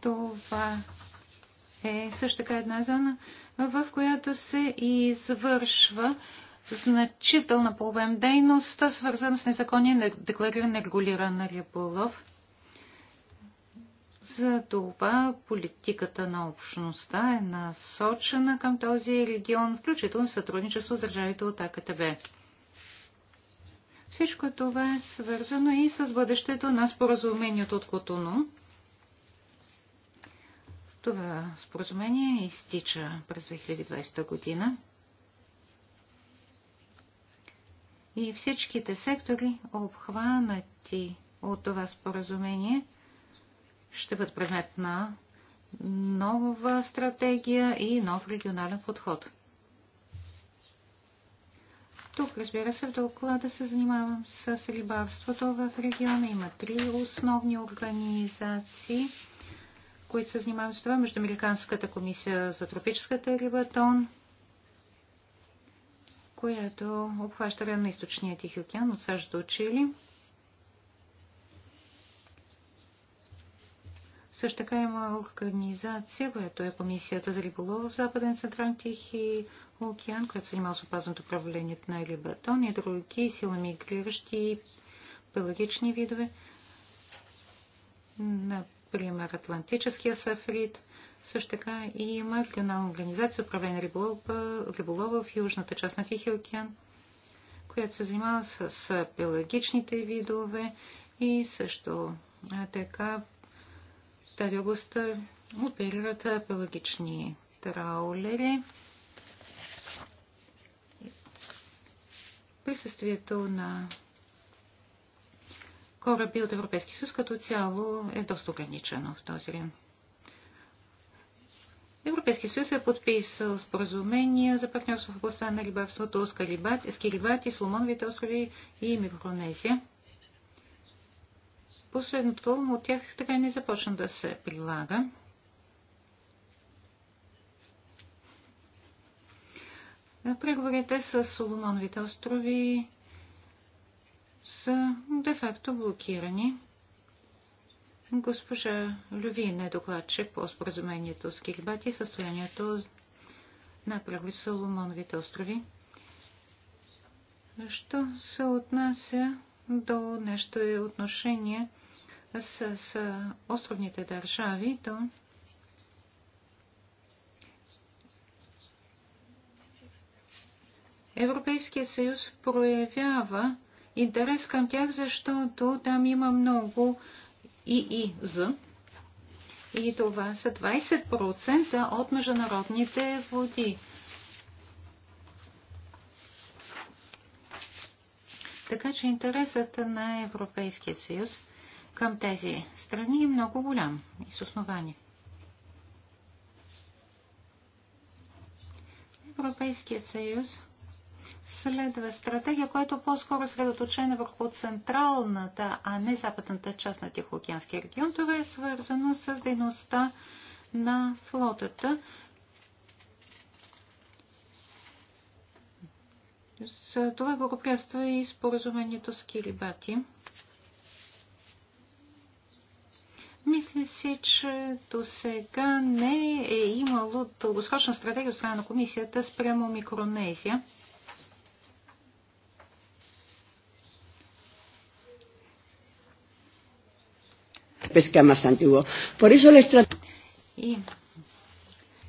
Това е също така една зона, в която се извършва значителна по обем дейност, свързана с незаконния деклариран регулиран риболов. За това политиката на общността е насочена към този регион, включително сътрудничество с държавите от АКТБ. Всичко това е свързано и с бъдещето на споразумението от Котоно. Това споразумение изтича през 2020 година. И всичките сектори, обхванати от това споразумение, ще бъдат предмет на нова стратегия и нов регионален подход. Тук, разбира се, в доклада се занимавам с рибарството в региона. Има три основни организации, които се занимават с това. Между Американската комисия за тропическата риба ТОН, която обхваща район на източния Тихи океан от САЩ до Чили. Също така има организация, която е Комисията за риболова в Западен Централ Тихи океан, който се занимава с опазването управлението на рибатон и други силно мигриращи пелагични видове, например Атлантическия сафрит, също така и има регионална организация управление риболова, риболова в южната част на Тихия океан, която се занимава с, с пелагичните видове и също така в тази област оперират пелагични траулери. присъствието на кораби от Европейски съюз като цяло е доста ограничено в този рим. Европейския съюз е подписал споразумения за партньорство в областта на рибарството с Кирибати, Сломоновите острови и Микронезия. Последното от тях така не започна да се прилага. преговорите с Соломоновите острови са де-факто блокирани. Госпожа Лювин е докладчик по споразумението с Кирибати и състоянието на прави Соломоновите острови. Що се отнася до нещо отношение с, с островните държави, то Европейският съюз проявява интерес към тях, защото там има много ИИЗ. И това са 20% от международните води. Така че интересът на Европейския съюз към тези страни е много голям и с основание. Европейският съюз следва стратегия, която по-скоро средоточена върху централната, а не западната част на Тихоокеанския регион. Това е свързано с дейността на флотата. За това благоприятства и споразумението с Кирибати. Мисля си, че до сега не е имало дългосрочна стратегия от страна на комисията спрямо Микронезия. pesca más antiguo. Por eso la estrategia.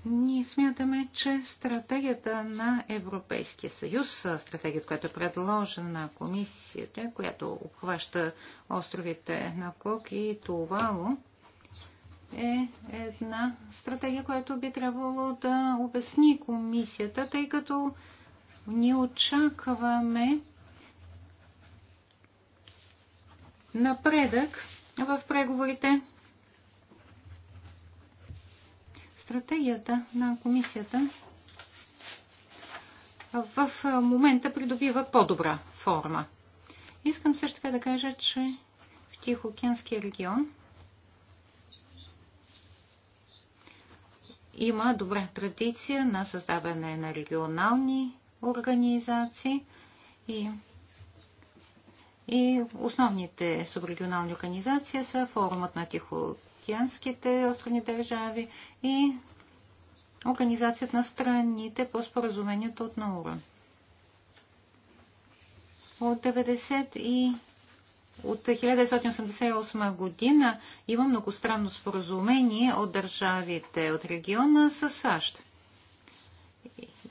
Ние смятаме, че стратегията на Европейския съюз, стратегията, която е предложена на комисията, която обхваща островите на Кок и Тувало, е една стратегия, която би трябвало да обясни комисията, тъй като ние очакваме напредък в преговорите. Стратегията на комисията в момента придобива по-добра форма. Искам също така да кажа, че в Тихоокеанския регион има добра традиция на създаване на регионални организации и и основните субрегионални организации са форумът на Тихоокеанските островни държави и Организацията на страните по споразумението от Наура. От 90 и от 1988 година има многостранно споразумение от държавите от региона с САЩ.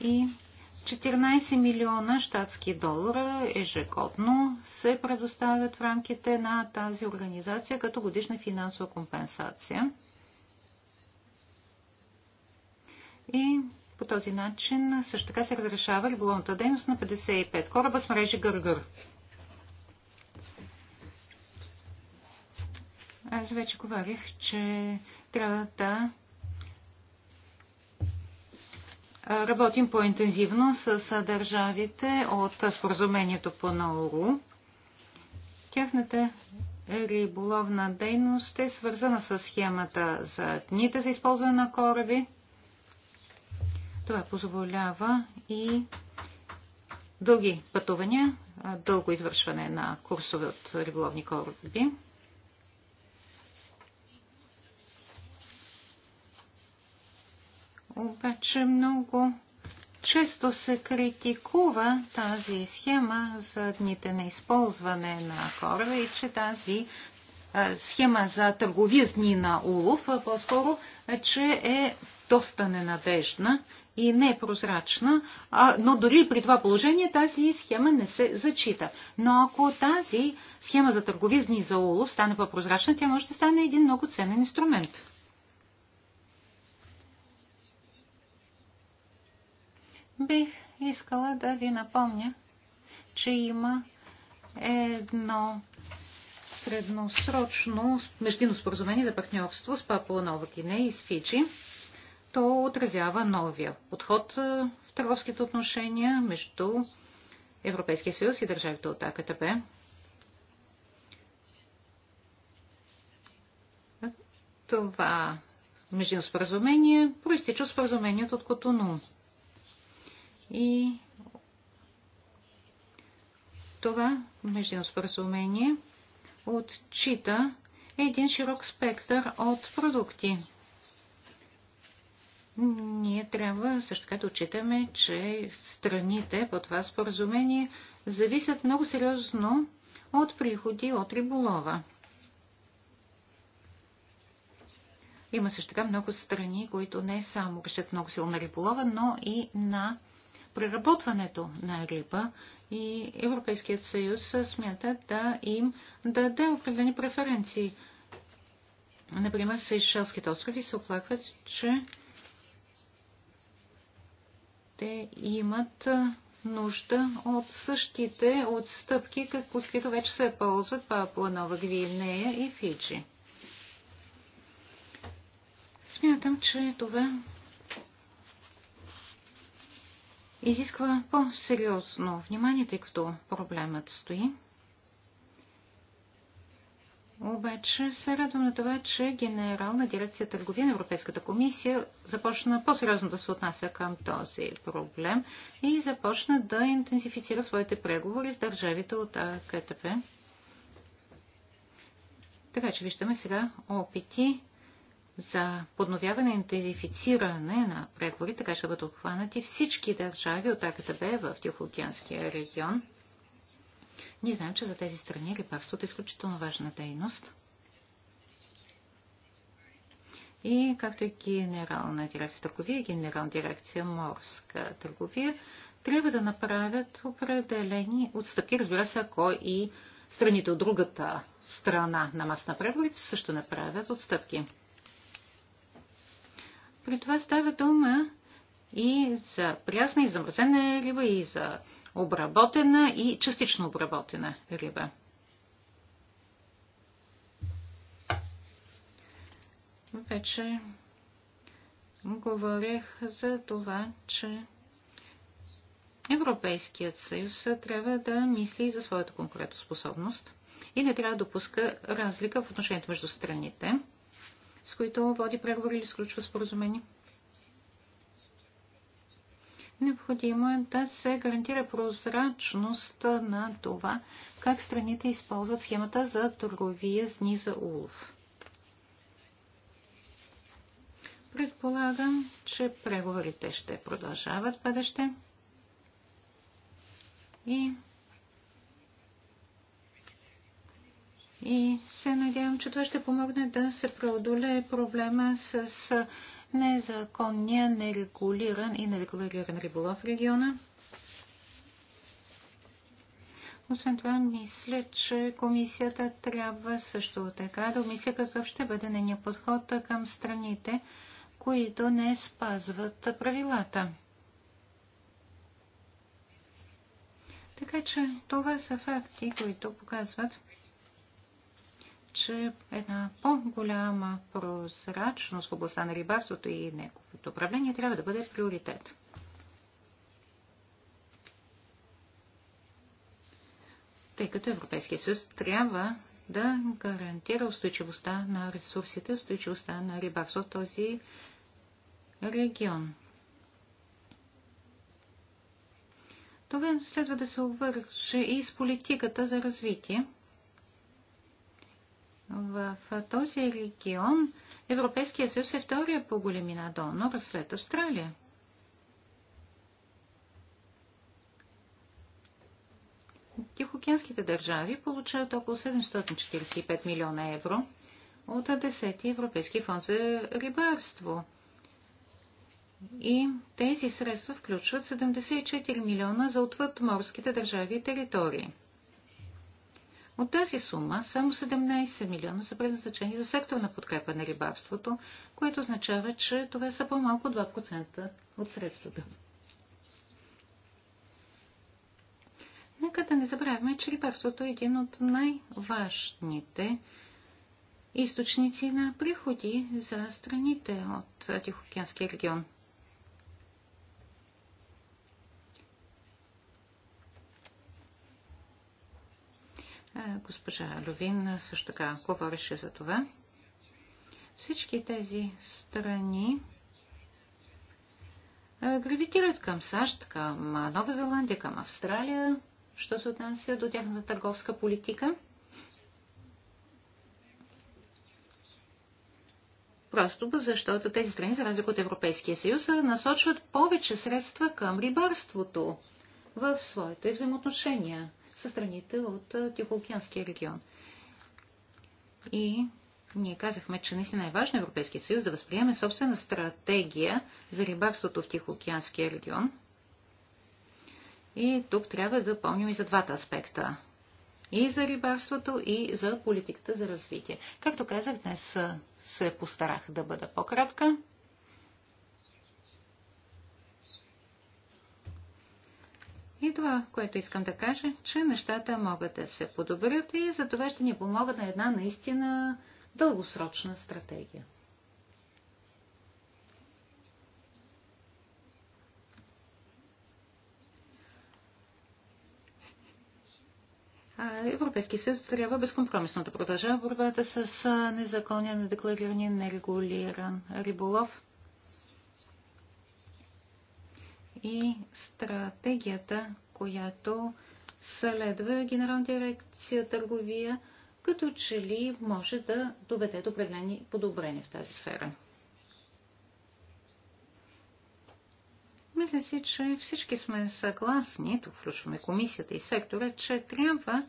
И 14 милиона щатски долара ежегодно се предоставят в рамките на тази организация като годишна финансова компенсация. И по този начин също така се разрешава риболовната дейност на 55 кораба с мрежи Гъргър. Аз вече говорих, че трябва да Работим по-интензивно с държавите от споразумението по Науру. Тяхната риболовна дейност е свързана с схемата за дните за използване на кораби. Това позволява и дълги пътувания, дълго извършване на курсове от риболовни кораби. обаче много често се критикува тази схема за дните на използване на хора и че тази схема за търговия с дни на улов по-скоро, че е доста ненадежна и непрозрачна, а, но дори при това положение тази схема не се зачита. Но ако тази схема за търговизни за улов стане по-прозрачна, тя може да стане един много ценен инструмент. Бих искала да ви напомня, че има едно средносрочно междинно споразумение за партньорство с Папуа Нова Кине и с Фиджи. То отразява новия подход в търговските отношения между Европейския съюз и държавите от АКТБ. Това междинно споразумение проистича споразумението от Котону. И това междинно споразумение отчита един широк спектър от продукти. Ние трябва също така да отчитаме, че страните по това споразумение зависят много сериозно от приходи от риболова. Има също така много страни, които не само обещат много силна риболова, но и на преработването на риба и Европейският съюз смята да им даде определени преференции. Например, Сейшелските острови се оплакват, че те имат нужда от същите отстъпки, каквито вече се ползват Папуа Нова Гвинея и Фиджи. Смятам, че това изисква по-сериозно внимание, тъй като проблемът стои. Обаче се радвам на това, че Генерална дирекция търговия на Европейската комисия започна по-сериозно да се отнася към този проблем и започна да интенсифицира своите преговори с държавите от КТП. Така че виждаме сега опити за подновяване и интензифициране на преговори, така ще бъдат обхванати всички държави от АКТБ в Тихоокеанския регион. Ние знаем, че за тези страни рибарството е изключително важна дейност. И както и генерална дирекция търговия и генерална дирекция морска търговия, трябва да направят определени отстъпки. Разбира се, ако и страните от другата страна на масна на преговорите също направят отстъпки. При това става дума и за прясна и замразена риба, и за обработена и частично обработена риба. Вече говорех за това, че Европейският съюз трябва да мисли за своята конкурентоспособност и не трябва да допуска разлика в отношението между страните с които води преговори или сключва споразумение. Необходимо е да се гарантира прозрачност на това, как страните използват схемата за търговия с дни за улов. Предполагам, че преговорите ще продължават бъдеще и И се надявам, че това ще помогне да се преодолее проблема с незаконния, нерегулиран и нерегулиран риболов в региона. Освен това, мисля, че комисията трябва също така да мисля какъв ще бъде нения подход към страните, които не спазват правилата. Така че това са факти, които показват, че една по-голяма прозрачност в областта на рибарството и неговото управление трябва да бъде приоритет. Тъй като Европейския съюз трябва да гарантира устойчивостта на ресурсите, устойчивостта на рибарство в този регион. Това следва да се обвърже и с политиката за развитие – в този регион Европейския съюз е втория по големина донор след Австралия. Тихоокеанските държави получават около 745 милиона евро от 10 Европейски фонд за рибарство. И тези средства включват 74 милиона за отвъдморските държави и територии – от тази сума само 17 милиона са предназначени за секторна подкрепа на рибарството, което означава, че това са по-малко 2% от средствата. Нека да не забравяме, че рибарството е един от най-важните източници на приходи за страните от Тихоокеанския регион. Госпожа Ловин също така говореше за това. Всички тези страни гравитират към САЩ, към Нова Зеландия, към Австралия, що се отнася до тяхната търговска политика. Просто защото тези страни, за разлика от Европейския съюз, насочват повече средства към рибарството в своите взаимоотношения с страните от Тихоокеанския регион. И ние казахме, че наистина е важно Европейския съюз да възприеме собствена стратегия за рибарството в Тихоокеанския регион. И тук трябва да помним и за двата аспекта. И за рибарството, и за политиката за развитие. Както казах, днес се постарах да бъда по-кратка. И това, което искам да кажа, че нещата могат да се подобрят и за това ще ни помогат на една наистина дългосрочна стратегия. Европейски съюз трябва безкомпромисно да продължава борбата с незаконния, недеклариран нерегулиран риболов. и стратегията, която следва Генерална дирекция търговия, като че ли може да доведе до определени подобрения в тази сфера. Мисля си, че всички сме съгласни, тук включваме комисията и сектора, че трябва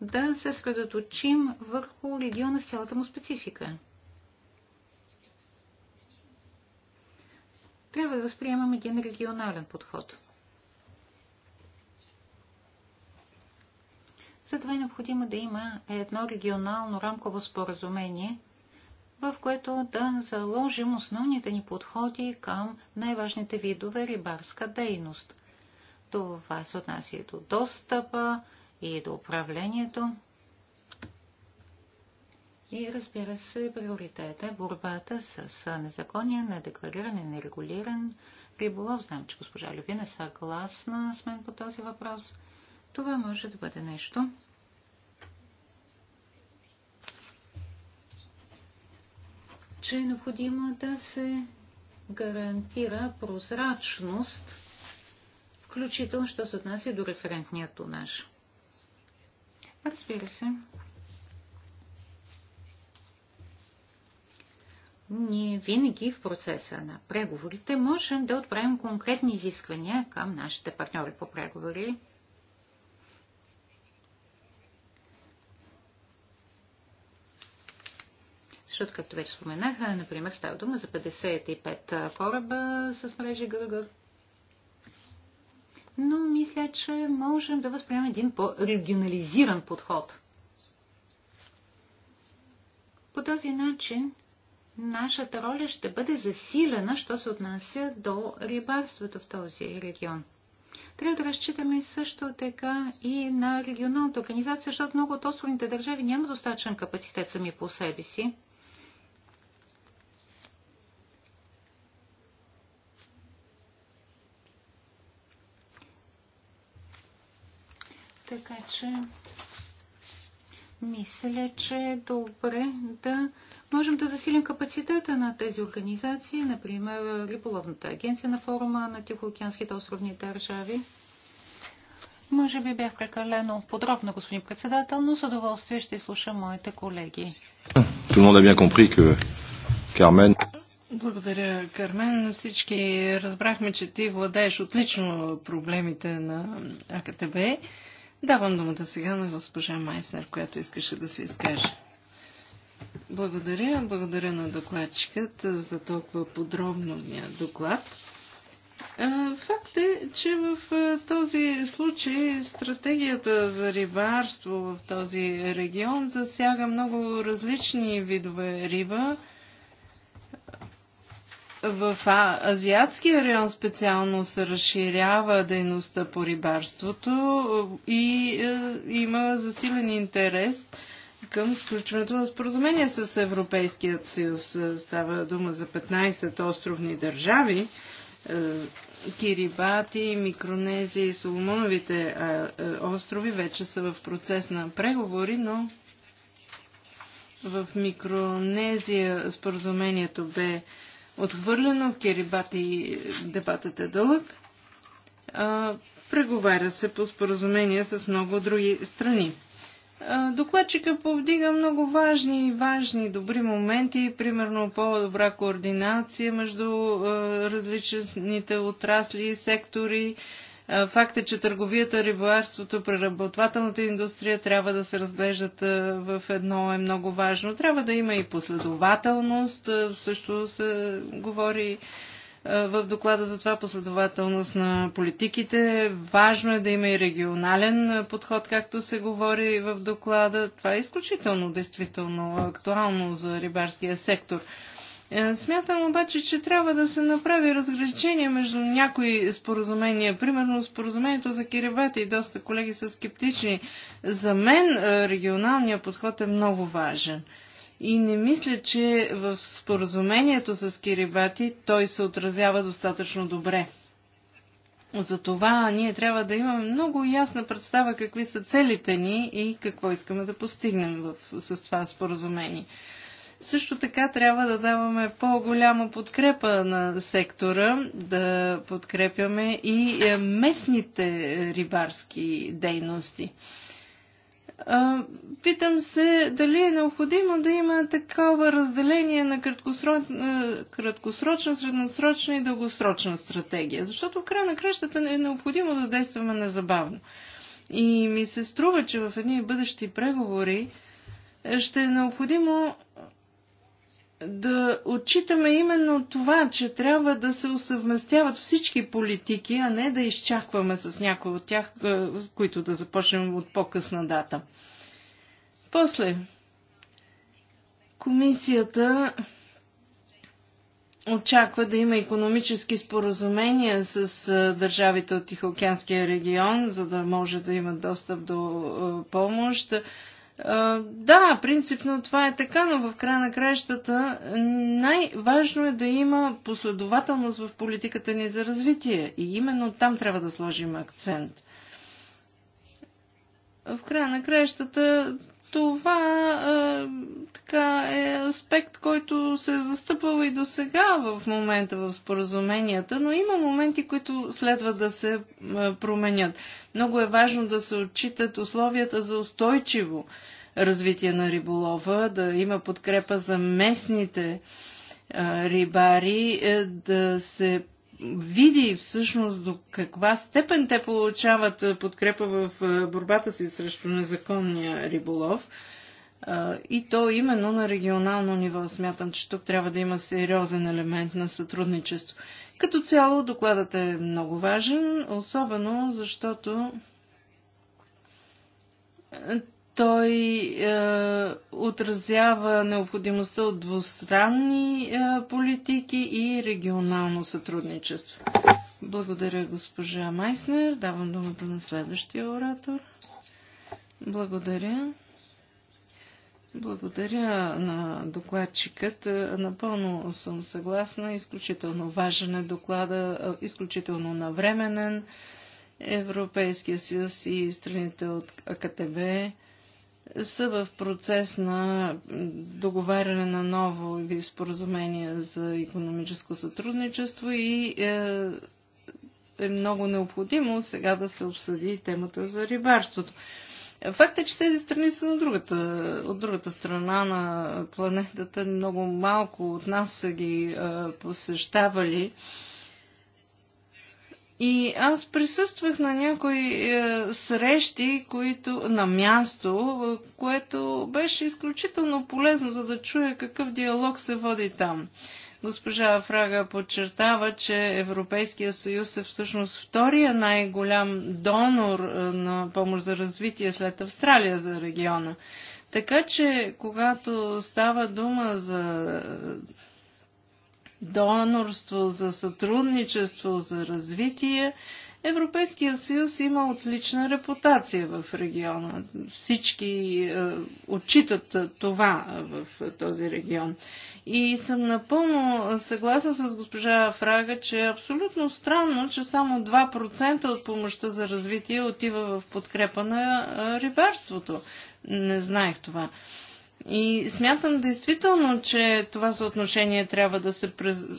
да се средоточим върху региона с цялата му специфика. Трябва да възприемам един регионален подход. Затова е необходимо да има едно регионално рамково споразумение, в което да заложим основните ни подходи към най-важните видове рибарска дейност. Това се отнася и до достъпа, и до управлението. И разбира се, приоритета, е борбата с незаконния, недеклариран и нерегулиран риболов. Знам, че госпожа Любина е съгласна с мен по този въпрос. Това може да бъде нещо, че е необходимо да се гарантира прозрачност, включително, що се отнася до референтния тонаж. Разбира се, ние винаги в процеса на преговорите можем да отправим конкретни изисквания към нашите партньори по преговори. Защото, както вече споменах, например, става дума за 55 кораба с мрежи Гъргър. Но мисля, че можем да възприемем един по-регионализиран подход. По този начин нашата роля ще бъде засилена, що се отнася до рибарството в този регион. Трябва да разчитаме също така и на регионалната организация, защото много от островните държави няма достатъчен капацитет сами по себе си. Така че мисля, че е добре да можем да засилим капацитета на тези организации, например Риболовната агенция на форума на Тихоокеанските островни държави. Може би бях прекалено подробно, господин председател, но с удоволствие ще слушам моите колеги. Благодаря, Кармен. Всички разбрахме, че ти владееш отлично проблемите на АКТБ. Давам думата сега на госпожа Майснер, която искаше да се изкаже. Благодаря. Благодаря на докладчикът за толкова подробния доклад. Факт е, че в този случай стратегията за рибарство в този регион засяга много различни видове риба. В азиатския район специално се разширява дейността по рибарството и има засилен интерес към сключването на споразумение с Европейският съюз. Е, става дума за 15 островни държави. Е, Кирибати, Микронезия и Соломоновите е, острови вече са в процес на преговори, но в Микронезия споразумението бе отхвърлено, в Кирибати дебатът е дълъг. Преговаря се по споразумение с много други страни. Докладчика повдига много важни и важни добри моменти, примерно по-добра координация между различните отрасли и сектори. Факт е, че търговията, рибарството, преработвателната индустрия трябва да се разглеждат в едно е много важно. Трябва да има и последователност, също се говори е, в доклада за това последователност на политиките. Важно е да има и регионален е, подход, както се говори в доклада. Това е изключително, действително актуално за рибарския сектор. Е, смятам обаче, че трябва да се направи разграничение между някои споразумения. Примерно споразумението за Кирибати и доста колеги са скептични. За мен регионалният подход е много важен и не мисля, че в споразумението с Кирибати той се отразява достатъчно добре. Затова ние трябва да имаме много ясна представа какви са целите ни и какво искаме да постигнем в, с това споразумение. Също така трябва да даваме по-голяма подкрепа на сектора, да подкрепяме и е, местните е, рибарски дейности. Питам се дали е необходимо да има такова разделение на краткосрочна, средносрочна и дългосрочна стратегия, защото в края на кращата е необходимо да действаме незабавно. И ми се струва, че в едни бъдещи преговори ще е необходимо да отчитаме именно това, че трябва да се усъвместяват всички политики, а не да изчакваме с някои от тях, е, които да започнем от по-късна дата. После, комисията очаква да има економически споразумения с е, държавите от Тихоокеанския регион, за да може да имат достъп до е, помощ. Да, принципно това е така, но в края на краищата най-важно е да има последователност в политиката ни за развитие. И именно там трябва да сложим акцент. В края на краищата това е, така е аспект, който се е застъпвал и до сега в момента в споразуменията, но има моменти, които следва да се променят. Много е важно да се отчитат условията за устойчиво развитие на риболова, да има подкрепа за местните рибари, е, да се види всъщност до каква степен те получават подкрепа в борбата си срещу незаконния риболов. И то именно на регионално ниво. Смятам, че тук трябва да има сериозен елемент на сътрудничество. Като цяло докладът е много важен, особено защото той е, отразява необходимостта от двустранни е, политики и регионално сътрудничество. Благодаря, госпожа Майснер. Давам думата на следващия оратор. Благодаря. Благодаря на докладчикът. Е, напълно съм съгласна. Изключително важен е доклада, е, изключително навременен. Европейския съюз и страните от АКТБ са в процес на договаряне на ново споразумение за економическо сътрудничество и е, е много необходимо сега да се обсъди темата за рибарството. Факт е, че тези страни са на другата, от другата страна на планетата. Много малко от нас са ги е, посещавали. Е, и аз присъствах на някои е, срещи, които на място, е, което беше изключително полезно, за да чуя какъв диалог се води там. Госпожа Фрага подчертава, че Европейския съюз е всъщност втория най-голям донор е, на помощ за развитие след Австралия за региона. Така че, когато става дума за донорство, за сътрудничество, за развитие, Европейския съюз има отлична репутация в региона. Всички е, отчитат е, това е, в е, този регион. И съм напълно съгласна с госпожа Фрага, че е абсолютно странно, че само 2% от помощта за развитие отива в подкрепа на рибарството. Не знаех това. И смятам действително, че това съотношение трябва да се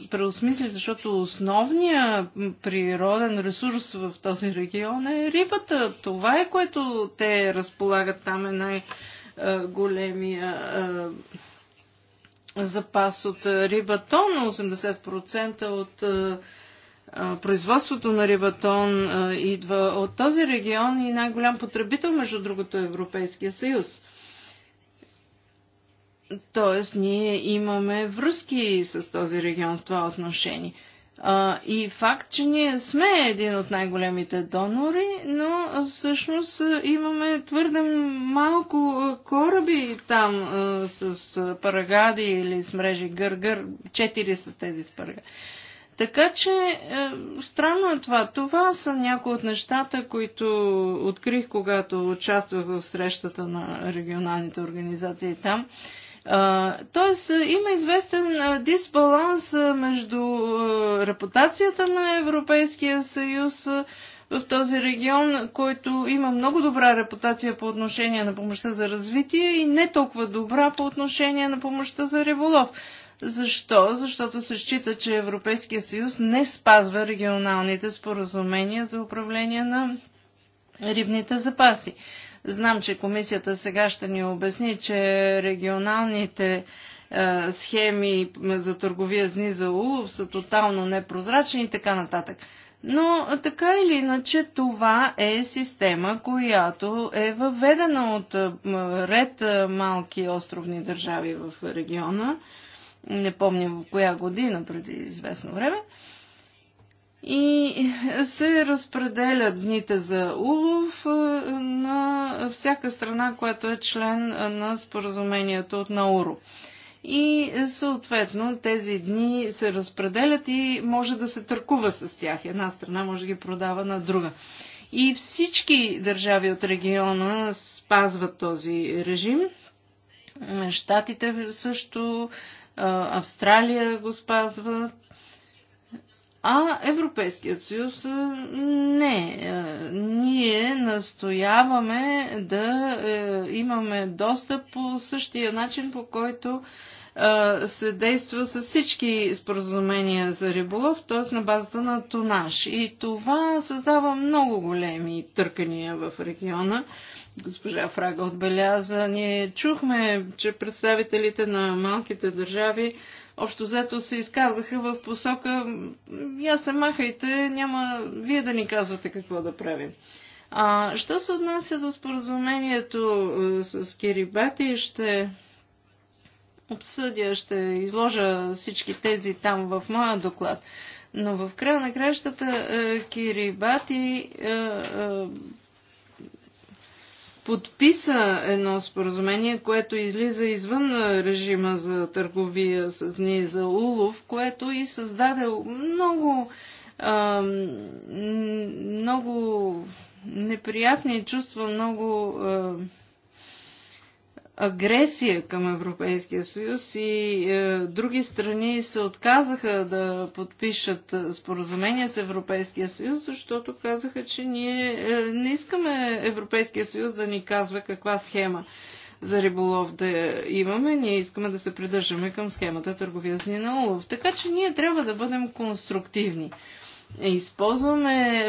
преосмисли, защото основният природен ресурс в този регион е рибата. Това е което те разполагат там е най-големия запас от рибатон, 80% от производството на рибатон идва от този регион и най-голям потребител, между другото, е Европейския съюз. Тоест, ние имаме връзки с този регион в това отношение. А, и факт, че ние сме един от най-големите донори, но всъщност имаме твърде малко кораби там а, с парагади или с мрежи гъргър. Четири са тези с парагади. Така че е, странно е това. Това са някои от нещата, които открих, когато участвах в срещата на регионалните организации там. Е, Тоест е, има известен дисбаланс между репутацията на Европейския съюз в този регион, който има много добра репутация по отношение на помощта за развитие и не толкова добра по отношение на помощта за револов. Защо? Защото се счита, че Европейския съюз не спазва регионалните споразумения за управление на рибните запаси. Знам, че комисията сега ще ни обясни, че регионалните е, схеми за търговия с Низа улов са тотално непрозрачни и така нататък. Но така или иначе това е система, която е въведена от е, ред е, малки островни държави в региона. Не помня в коя година, преди известно време. Е, и се разпределят дните за улов на всяка страна, която е член на споразумението от Науру. И съответно тези дни се разпределят и може да се търкува с тях. Една страна може да ги продава на друга. И всички държави от региона спазват този режим. Штатите също, Австралия го спазват а Европейският съюз е, не. Е, ние настояваме да е, имаме достъп по същия начин, по който се действа с всички споразумения за риболов, т.е. на базата на тонаж. И това създава много големи търкания в региона. Госпожа Фрага отбеляза. Ние чухме, че представителите на малките държави общо взето се изказаха в посока я се махайте, няма вие да ни казвате какво да правим. А, що се отнася до споразумението е, с Кирибати, ще обсъдя, ще изложа всички тези там в моя доклад. Но в края на кращата е, Кирибати е, подписа едно споразумение, което излиза извън режима за търговия с дни за улов, което и създаде много, а, много неприятни чувства, много а, агресия към Европейския съюз и е, други страни се отказаха да подпишат е, споразумения с Европейския съюз, защото казаха, че ние е, не искаме Европейския съюз да ни казва каква схема за риболов да имаме. Ние искаме да се придържаме към схемата търговия с на улов. Така че ние трябва да бъдем конструктивни. Използваме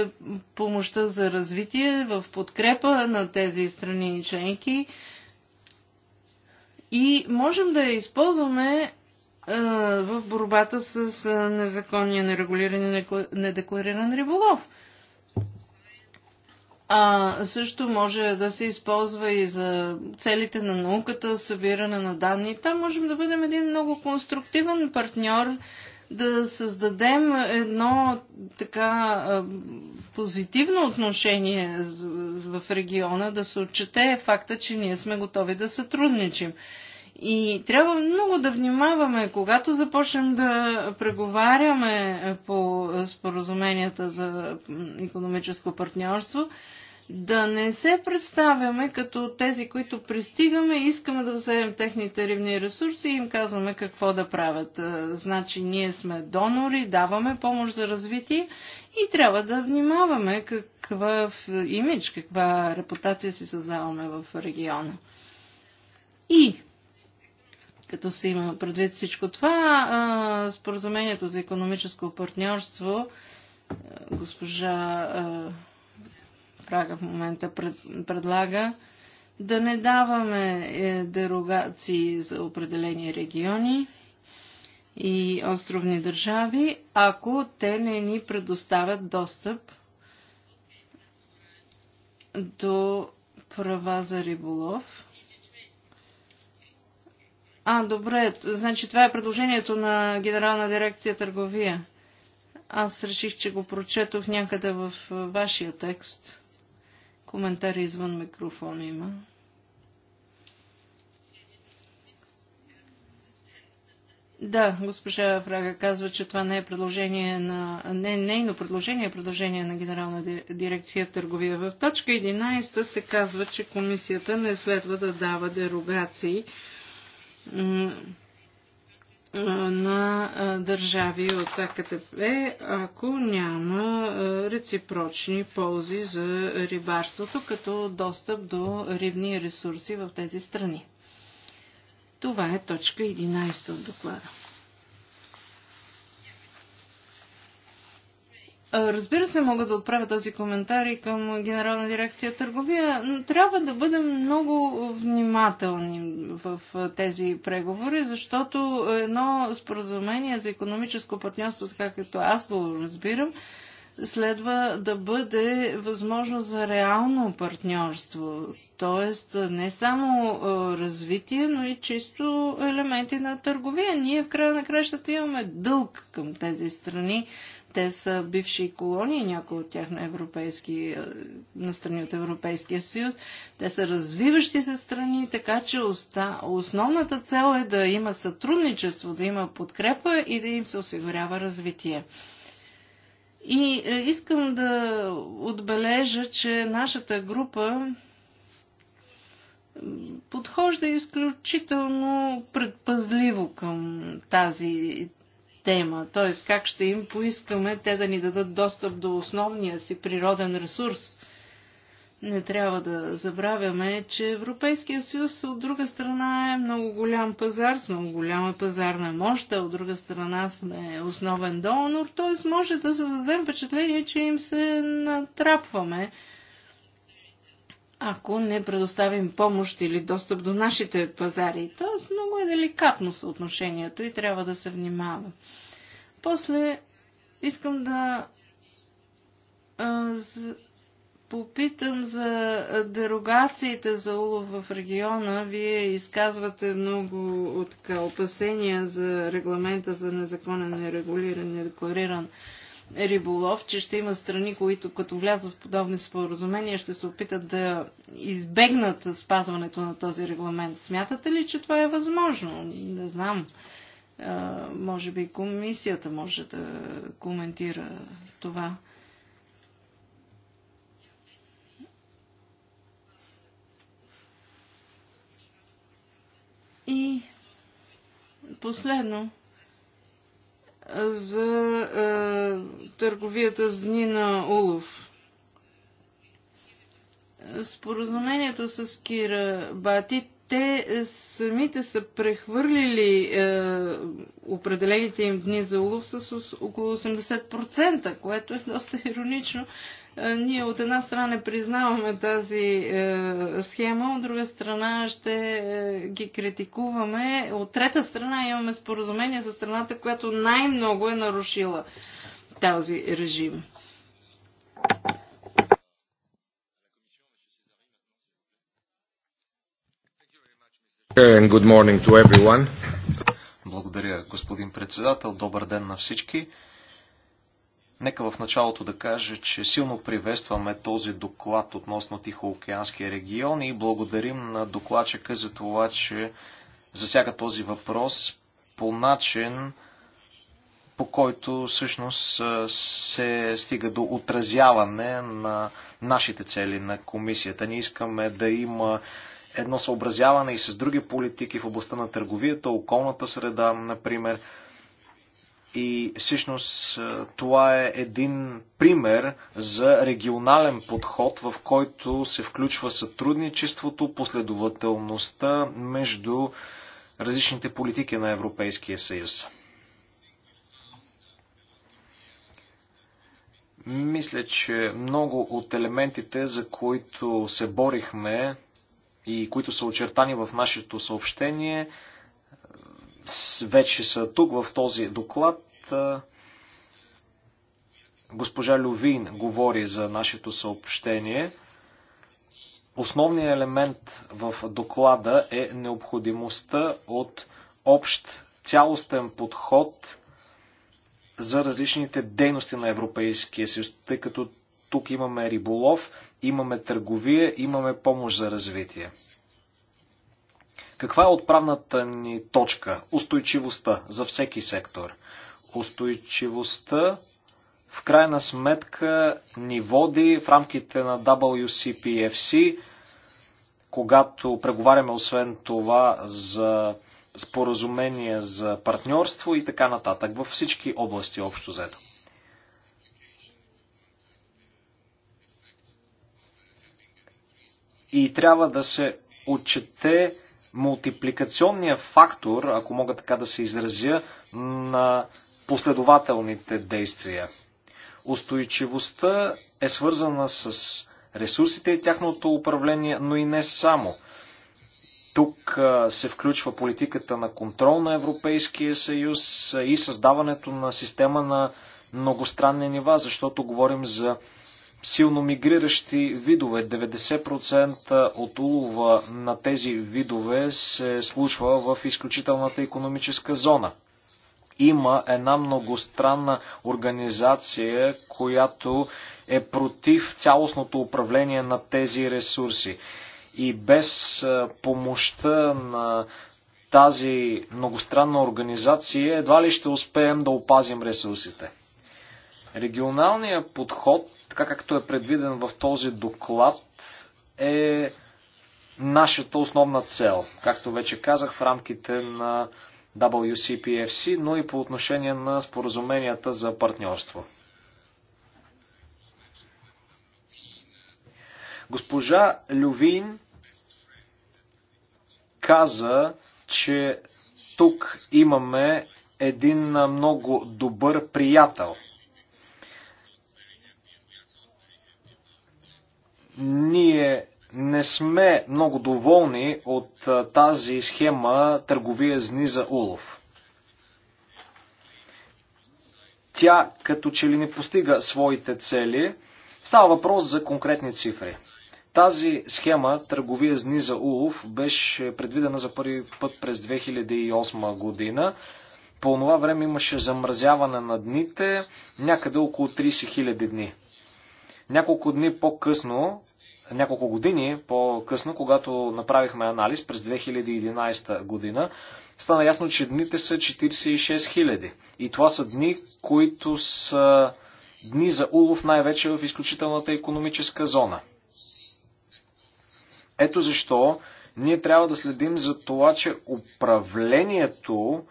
помощта за развитие в подкрепа на тези страни и членки и можем да я използваме е, в борбата с е, незаконния, нерегулиран и недеклариран риболов. А, също може да се използва и за целите на науката, събиране на данни. Там можем да бъдем един много конструктивен партньор, да създадем едно така е, позитивно отношение в региона, да се отчете факта, че ние сме готови да сътрудничим. И трябва много да внимаваме, когато започнем да преговаряме е, по споразуменията за економическо партньорство, да не се представяме като тези, които пристигаме и искаме да вземем техните ревни ресурси и им казваме какво да правят. Е, значи ние сме донори, даваме помощ за развитие и трябва да внимаваме каква имидж, каква репутация си създаваме в региона. И като се има предвид всичко това, споразумението за економическо партньорство, госпожа Прага в момента предлага, да не даваме е, дерогации за определени региони и островни държави, ако те не ни предоставят достъп до права за риболов а, добре, значи това е предложението на Генерална дирекция търговия. Аз реших, че го прочетох някъде в вашия текст. Коментари извън микрофона има. Да, госпожа Фрага казва, че това не е предложение на... Не, нейно предложение, е предложение на Генерална дирекция търговия. В точка 11 се казва, че комисията не следва да дава дерогации на държави от АКТП, ако няма реципрочни ползи за рибарството, като достъп до рибни ресурси в тези страни. Това е точка 11 от доклада. Разбира се, мога да отправя този коментар и към Генерална дирекция търговия, но трябва да бъдем много внимателни в тези преговори, защото едно споразумение за економическо партньорство, така както аз го разбирам, следва да бъде възможно за реално партньорство. Тоест не само развитие, но и чисто елементи на търговия. Ние в края на кращата имаме дълг към тези страни те са бивши колонии, някои от тях на, европейски, е, на страни от Европейския съюз. Те са развиващи се страни, така че основната цел е да има сътрудничество, да има подкрепа и да им се осигурява развитие. И е, искам да отбележа, че нашата група подхожда изключително предпазливо към тази тема, т.е. как ще им поискаме те да ни дадат достъп до основния си природен ресурс. Не трябва да забравяме, че Европейския съюз от друга страна е много голям пазар, с много голяма е пазарна мощ, а от друга страна сме основен донор, т.е. може да създадем впечатление, че им се натрапваме ако не предоставим помощ или достъп до нашите пазари. Тоест много е деликатно съотношението и трябва да се внимава. После искам да а, попитам за дерогациите за улов в региона. Вие изказвате много от опасения за регламента за незаконен, нерегулиран, недеклариран риболов, че ще има страни, които като влязат в подобни споразумения, ще се опитат да избегнат спазването на този регламент. Смятате ли, че това е възможно? Не знам. А, може би комисията може да коментира това. И последно, за е, търговията с дни на улов. Споразумението с Кира Бати те е, самите са прехвърлили е, определените им дни за улов с около 80%, което е доста иронично. Е, ние от една страна не признаваме тази е, схема, от друга страна ще е, ги критикуваме. От трета страна имаме споразумение с страната, която най-много е нарушила този режим. Благодаря, господин председател. Добър ден на всички. Нека в началото да кажа, че силно приветстваме този доклад относно Тихоокеанския регион и благодарим на докладчика за това, че засяга този въпрос по начин, по който всъщност се стига до отразяване на нашите цели на комисията. Ние искаме да има едно съобразяване и с други политики в областта на търговията, околната среда, например. И всъщност е, това е един пример за регионален подход, в който се включва сътрудничеството, последователността между различните политики на Европейския съюз. Мисля, че много от елементите, за които се борихме и които са очертани в нашето съобщение, е, вече са тук в този доклад. Е, госпожа Лювин говори за нашето съобщение. Основният елемент в доклада е необходимостта от общ цялостен подход за различните дейности на Европейския съюз, тъй като тук имаме риболов, имаме търговия, имаме помощ за развитие. Каква е отправната ни точка? Устойчивостта за всеки сектор. Устойчивостта в крайна сметка ни води в рамките на WCPFC, когато преговаряме освен това за споразумение за партньорство и така нататък във всички области общо взето. и трябва да се отчете мултипликационния фактор, ако мога така да се изразя, на последователните действия. Устойчивостта е свързана с ресурсите и тяхното управление, но и не само. Тук се включва политиката на контрол на Европейския съюз и създаването на система на многостранни нива, защото говорим за силно мигриращи видове. 90% от улова на тези видове се случва в изключителната економическа зона. Има една многостранна организация, която е против цялостното управление на тези ресурси. И без помощта на тази многостранна организация едва ли ще успеем да опазим ресурсите. Регионалният подход така както е предвиден в този доклад, е нашата основна цел, както вече казах, в рамките на WCPFC, но и по отношение на споразуменията за партньорство. Госпожа Лювин каза, че тук имаме един много добър приятел – Ние не сме много доволни от тази схема търговия с дни за улов. Тя като че ли не постига своите цели. Става въпрос за конкретни цифри. Тази схема търговия с дни за улов беше предвидена за първи път през 2008 година. По това време имаше замразяване на дните някъде около 30 000 дни. Няколко дни по-късно, няколко години по-късно, когато направихме анализ през 2011 година, стана ясно, че дните са 46 000. И това са дни, които са дни за улов най-вече в изключителната економическа зона. Ето защо ние трябва да следим за това, че управлението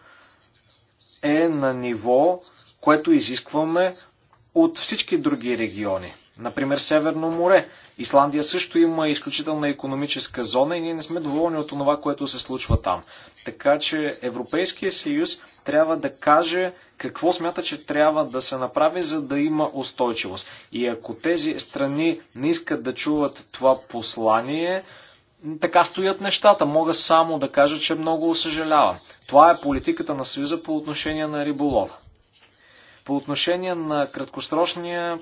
е на ниво, което изискваме от всички други региони. Например, Северно море. Исландия също има изключителна економическа зона и ние не сме доволни от това, което се случва там. Така че Европейския съюз трябва да каже какво смята, че трябва да се направи, за да има устойчивост. И ако тези страни не искат да чуват това послание, така стоят нещата. Мога само да кажа, че много съжалявам. Това е политиката на Съюза по отношение на риболова. По отношение на краткосрочния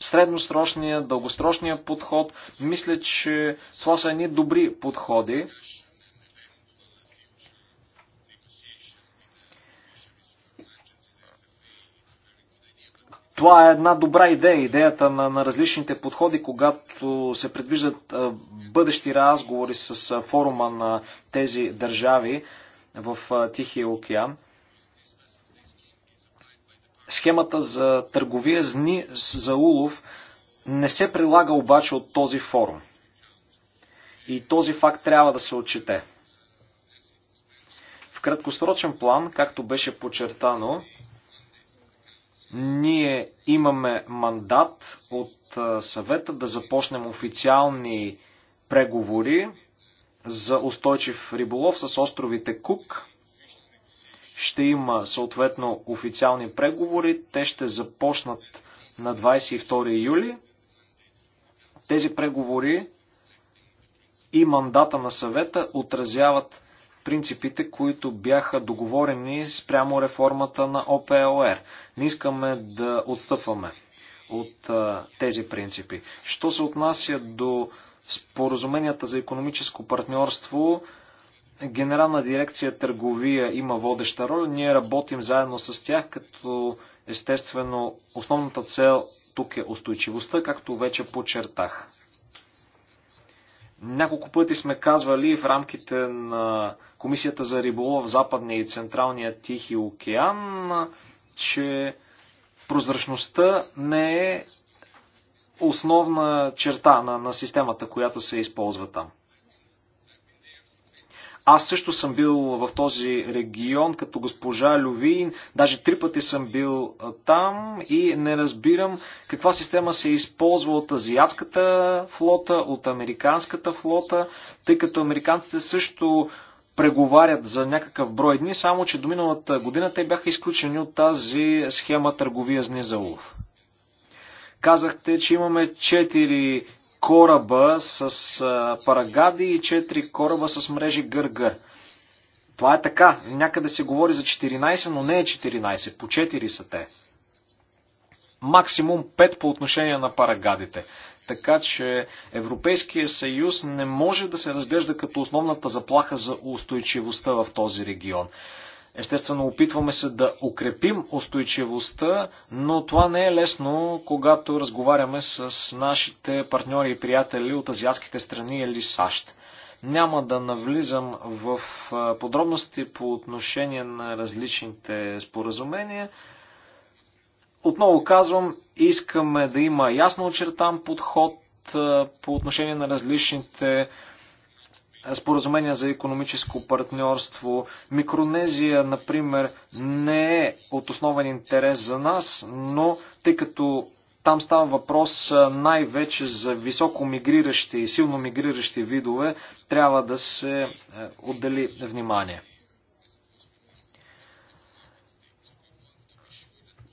средносрочния, дългосрочния подход. Мисля, че това са едни добри подходи. Това е една добра идея, идеята на, на различните подходи, когато се предвиждат бъдещи разговори с форума на тези държави в Тихия океан. Схемата за търговия с дни за улов не се прилага обаче от този форум. И този факт трябва да се отчете. В краткосрочен план, както беше подчертано, ние имаме мандат от съвета да започнем официални преговори за устойчив риболов с островите Кук ще има съответно официални преговори. Те ще започнат на 22 юли. Тези преговори и мандата на съвета отразяват принципите, които бяха договорени спрямо реформата на ОПЛР. Не искаме да отстъпваме от а, тези принципи. Що се отнася до споразуменията за економическо партньорство, Генерална дирекция търговия има водеща роля. Ние работим заедно с тях, като естествено основната цел тук е устойчивостта, както вече подчертах. Няколко пъти сме казвали в рамките на Комисията за риболов в Западния и Централния Тихи океан, че прозрачността не е основна черта на, на системата, която се използва там. Аз също съм бил в този регион като госпожа Лювин, даже три пъти съм бил там и не разбирам каква система се използва от азиатската флота, от американската флота, тъй като американците също преговарят за някакъв брой дни, само че до миналата година те бяха изключени от тази схема търговия с незалов. Казахте, че имаме четири кораба с парагади и 4 кораба с мрежи гъргър. Това е така. Някъде се говори за 14, но не е 14. По 4 са те. Максимум 5 по отношение на парагадите. Така че Европейския съюз не може да се разглежда като основната заплаха за устойчивостта в този регион. Естествено, опитваме се да укрепим устойчивостта, но това не е лесно, когато разговаряме с нашите партньори и приятели от азиатските страни или САЩ. Няма да навлизам в подробности по отношение на различните споразумения. Отново казвам, искаме да има ясно очертан подход по отношение на различните споразумения за економическо партньорство. Микронезия, например, не е от основен интерес за нас, но тъй като там става въпрос най-вече за високо мигриращи и силно мигриращи видове, трябва да се е, отдели внимание.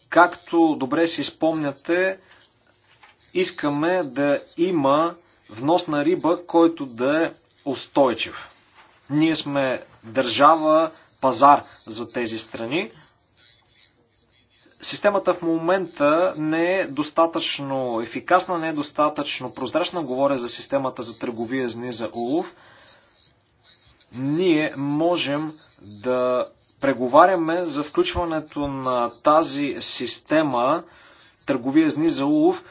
Както добре си спомняте, искаме да има внос на риба, който да е устойчив. Ние сме държава, пазар за тези страни. Системата в момента не е достатъчно ефикасна, не е достатъчно прозрачна. Говоря за системата за търговия с за улов. Ние можем да преговаряме за включването на тази система търговия с за улов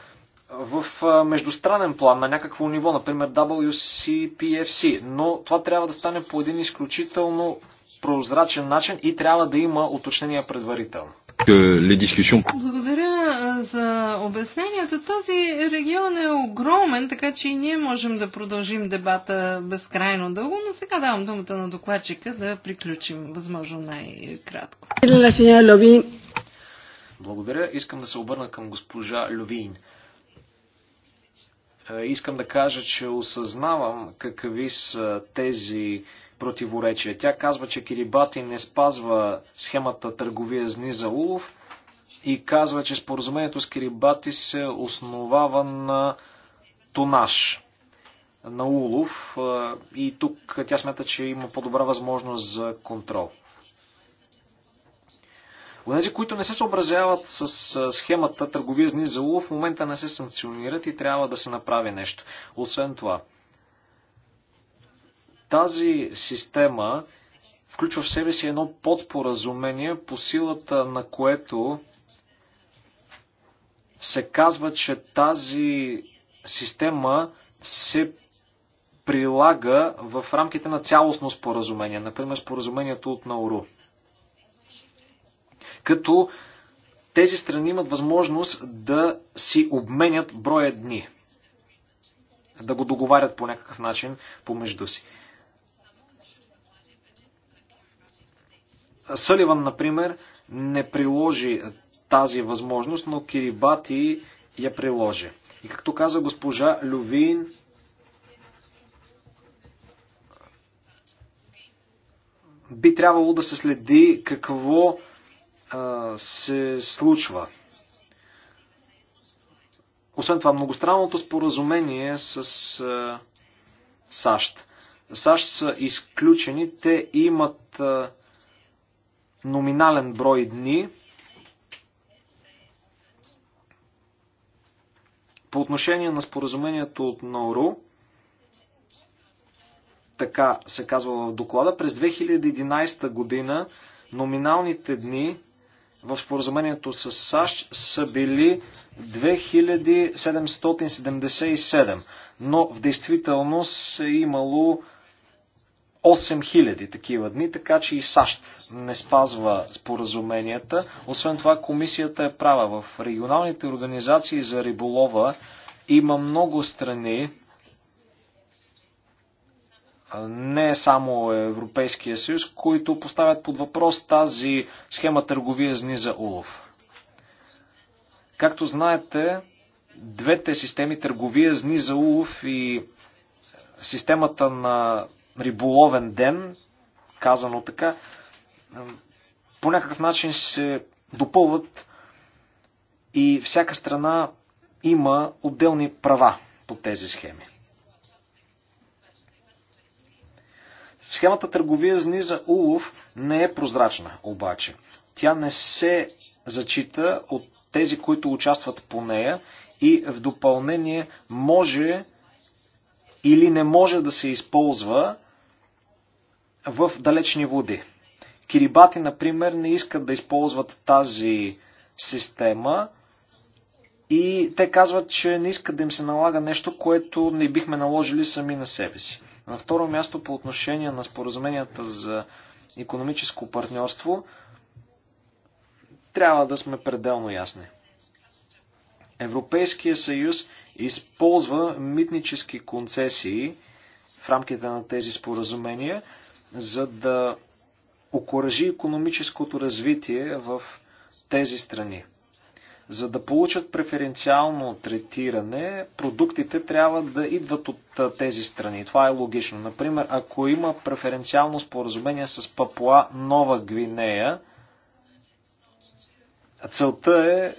в междустранен план на някакво ниво, например WCPFC, но това трябва да стане по един изключително прозрачен начин и трябва да има уточнения предварително. Е, Благодаря за обясненията. Този регион е огромен, така че и ние можем да продължим дебата безкрайно дълго, но сега давам думата на докладчика да приключим възможно най-кратко. Благодаря. Искам да се обърна към госпожа Лювин. Е, искам да кажа, че осъзнавам какви са тези противоречия. Тя казва, че Кирибати не спазва схемата търговия с ни за улов и казва, че споразумението с Кирибати се основава на тонаж, на улов е, и тук тя смята, че има по-добра възможност за контрол. Онези, които не се съобразяват с схемата търговия с дни в момента не се санкционират и трябва да се направи нещо. Освен това, тази система включва в себе си едно подспоразумение, по силата на което се казва, че тази система се прилага в рамките на цялостно споразумение, например споразумението от Науру като тези страни имат възможност да си обменят броя дни, да го договарят по някакъв начин помежду си. Съливан, например, не приложи тази възможност, но Кирибати я приложи. И както каза госпожа Лювин, би трябвало да се следи какво се случва. Освен това, многостранното споразумение с САЩ. САЩ са изключени, те имат номинален брой дни. По отношение на споразумението от НОРУ. така се казва в доклада, през 2011 година номиналните дни в споразумението с САЩ са били 2777, но в действителност е имало 8000 такива дни, така че и САЩ не спазва споразуменията. Освен това, комисията е права. В регионалните организации за риболова има много страни, не само Европейския съюз, които поставят под въпрос тази схема търговия с низа улов. Както знаете, двете системи, търговия с низа улов и системата на риболовен ден, казано така, по някакъв начин се допълват и всяка страна има отделни права по тези схеми. Схемата търговия с дни за улов не е прозрачна, обаче. Тя не се зачита от тези, които участват по нея и в допълнение може или не може да се използва в далечни води. Кирибати, например, не искат да използват тази система и те казват, че не искат да им се налага нещо, което не бихме наложили сами на себе си. На второ място по отношение на споразуменията за економическо партньорство, трябва да сме пределно ясни. Европейския съюз използва митнически концесии в рамките на тези споразумения, за да окоръжи економическото развитие в тези страни. За да получат преференциално третиране, продуктите трябва да идват от тези страни. Това е логично. Например, ако има преференциално споразумение с Папуа Нова Гвинея, целта е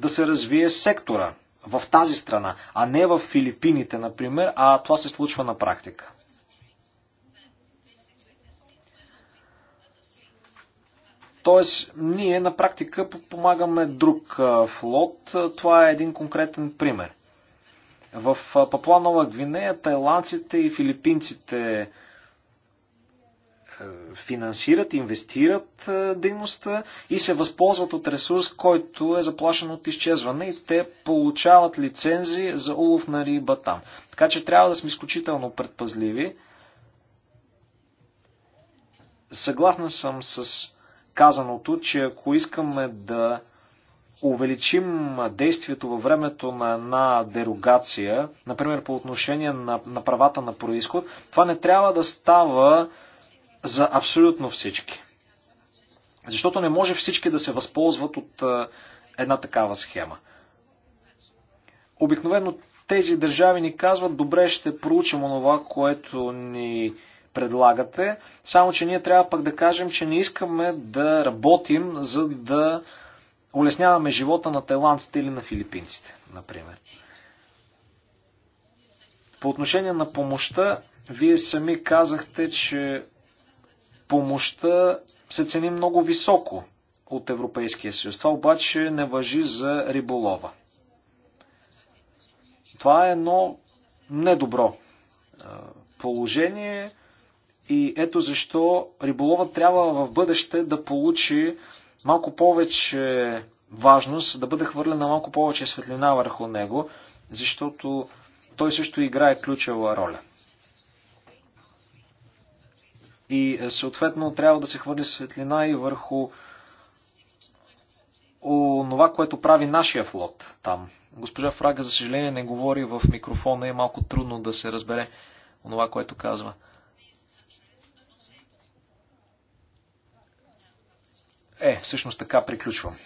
да се развие сектора в тази страна, а не в Филипините, например, а това се случва на практика. Тоест, ние на практика помагаме друг флот. Това е един конкретен пример. В Папуа Нова Гвинея тайландците и филипинците е, финансират, инвестират е, дейността и се възползват от ресурс, който е заплашен от изчезване и те получават лицензи за улов на риба там. Така че трябва да сме изключително предпазливи. Съгласна съм с казаното, че ако искаме да увеличим действието във времето на една дерогация, например по отношение на, на правата на происход, това не трябва да става за абсолютно всички. Защото не може всички да се възползват от а, една такава схема. Обикновено тези държави ни казват, добре ще проучим онова, което ни предлагате. Само, че ние трябва пък да кажем, че не искаме да работим, за да улесняваме живота на тайландците или на филипинците, например. По отношение на помощта, вие сами казахте, че помощта се цени много високо от Европейския съюз. Това обаче не въжи за риболова. Това е едно недобро положение. И ето защо риболова трябва в бъдеще да получи малко повече важност, да бъде хвърлена малко повече светлина върху него, защото той също играе ключова роля. И е, съответно трябва да се хвърли светлина и върху онова, което прави нашия флот там. Госпожа Фрага, за съжаление, не говори в микрофона и е малко трудно да се разбере онова, което казва. Е, всъщност така приключвам.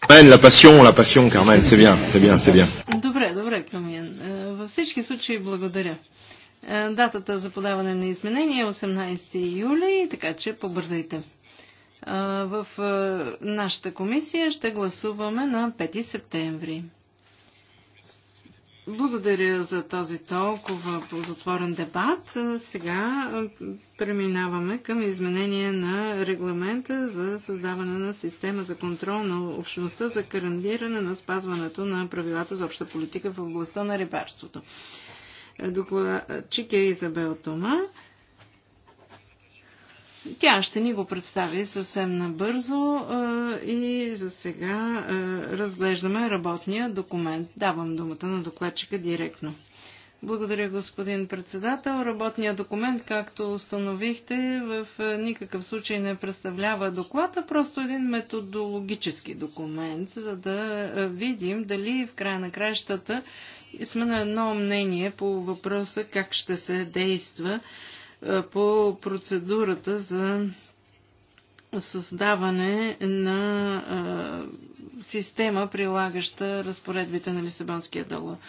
Кармен, ла пасион, ла пасион, Кармен, се bien, се bien, се bien. Добре, добре, Кармен. Е, във всички случаи благодаря. Е, датата за подаване на изменения е 18 юли, така че побързайте. Е, в нашата комисия ще гласуваме на 5 септември. Благодаря за този толкова затворен дебат. Сега преминаваме към изменение на регламента за създаване на система за контрол на общността за карантиране на спазването на правилата за обща политика в областта на рибарството. Докладчик е Изабел Тома. Тя ще ни го представи съвсем набързо и за сега разглеждаме работния документ. Давам думата на докладчика директно. Благодаря, господин председател. Работният документ, както установихте, в никакъв случай не представлява доклад, а просто един методологически документ, за да видим дали в края на краищата сме на едно мнение по въпроса как ще се действа е, по процедурата за създаване на е, система, прилагаща разпоредбите на Лисабонския договор. Е,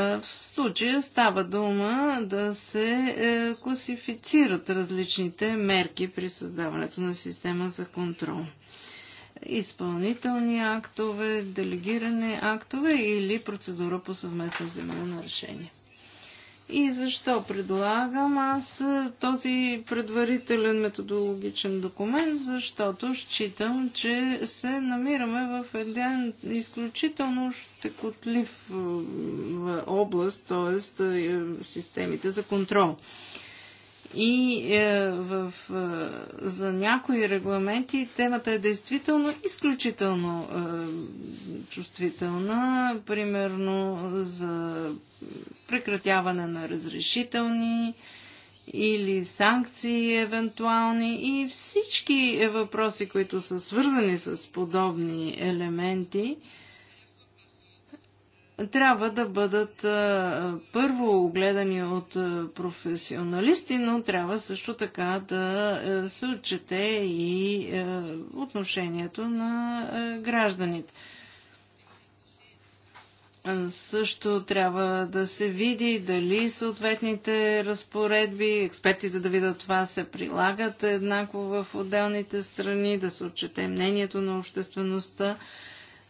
в случая става дума да се класифицират различните мерки при създаването на система за контрол. Изпълнителни актове, делегиране актове или процедура по съвместно вземане на решение. И защо предлагам аз е, този предварителен методологичен документ? Защото считам, че се намираме в един изключително щекотлив е, е, област, т.е. системите за контрол. И е, в, е, за някои регламенти темата е действително изключително е, чувствителна, примерно за прекратяване на разрешителни или санкции евентуални и всички въпроси, които са свързани с подобни елементи. Е, трябва да бъдат първо огледани от професионалисти, но трябва също така да се отчете и отношението на гражданите. Също трябва да се види дали съответните разпоредби, експертите да видят това, се прилагат еднакво в отделните страни, да се отчете мнението на обществеността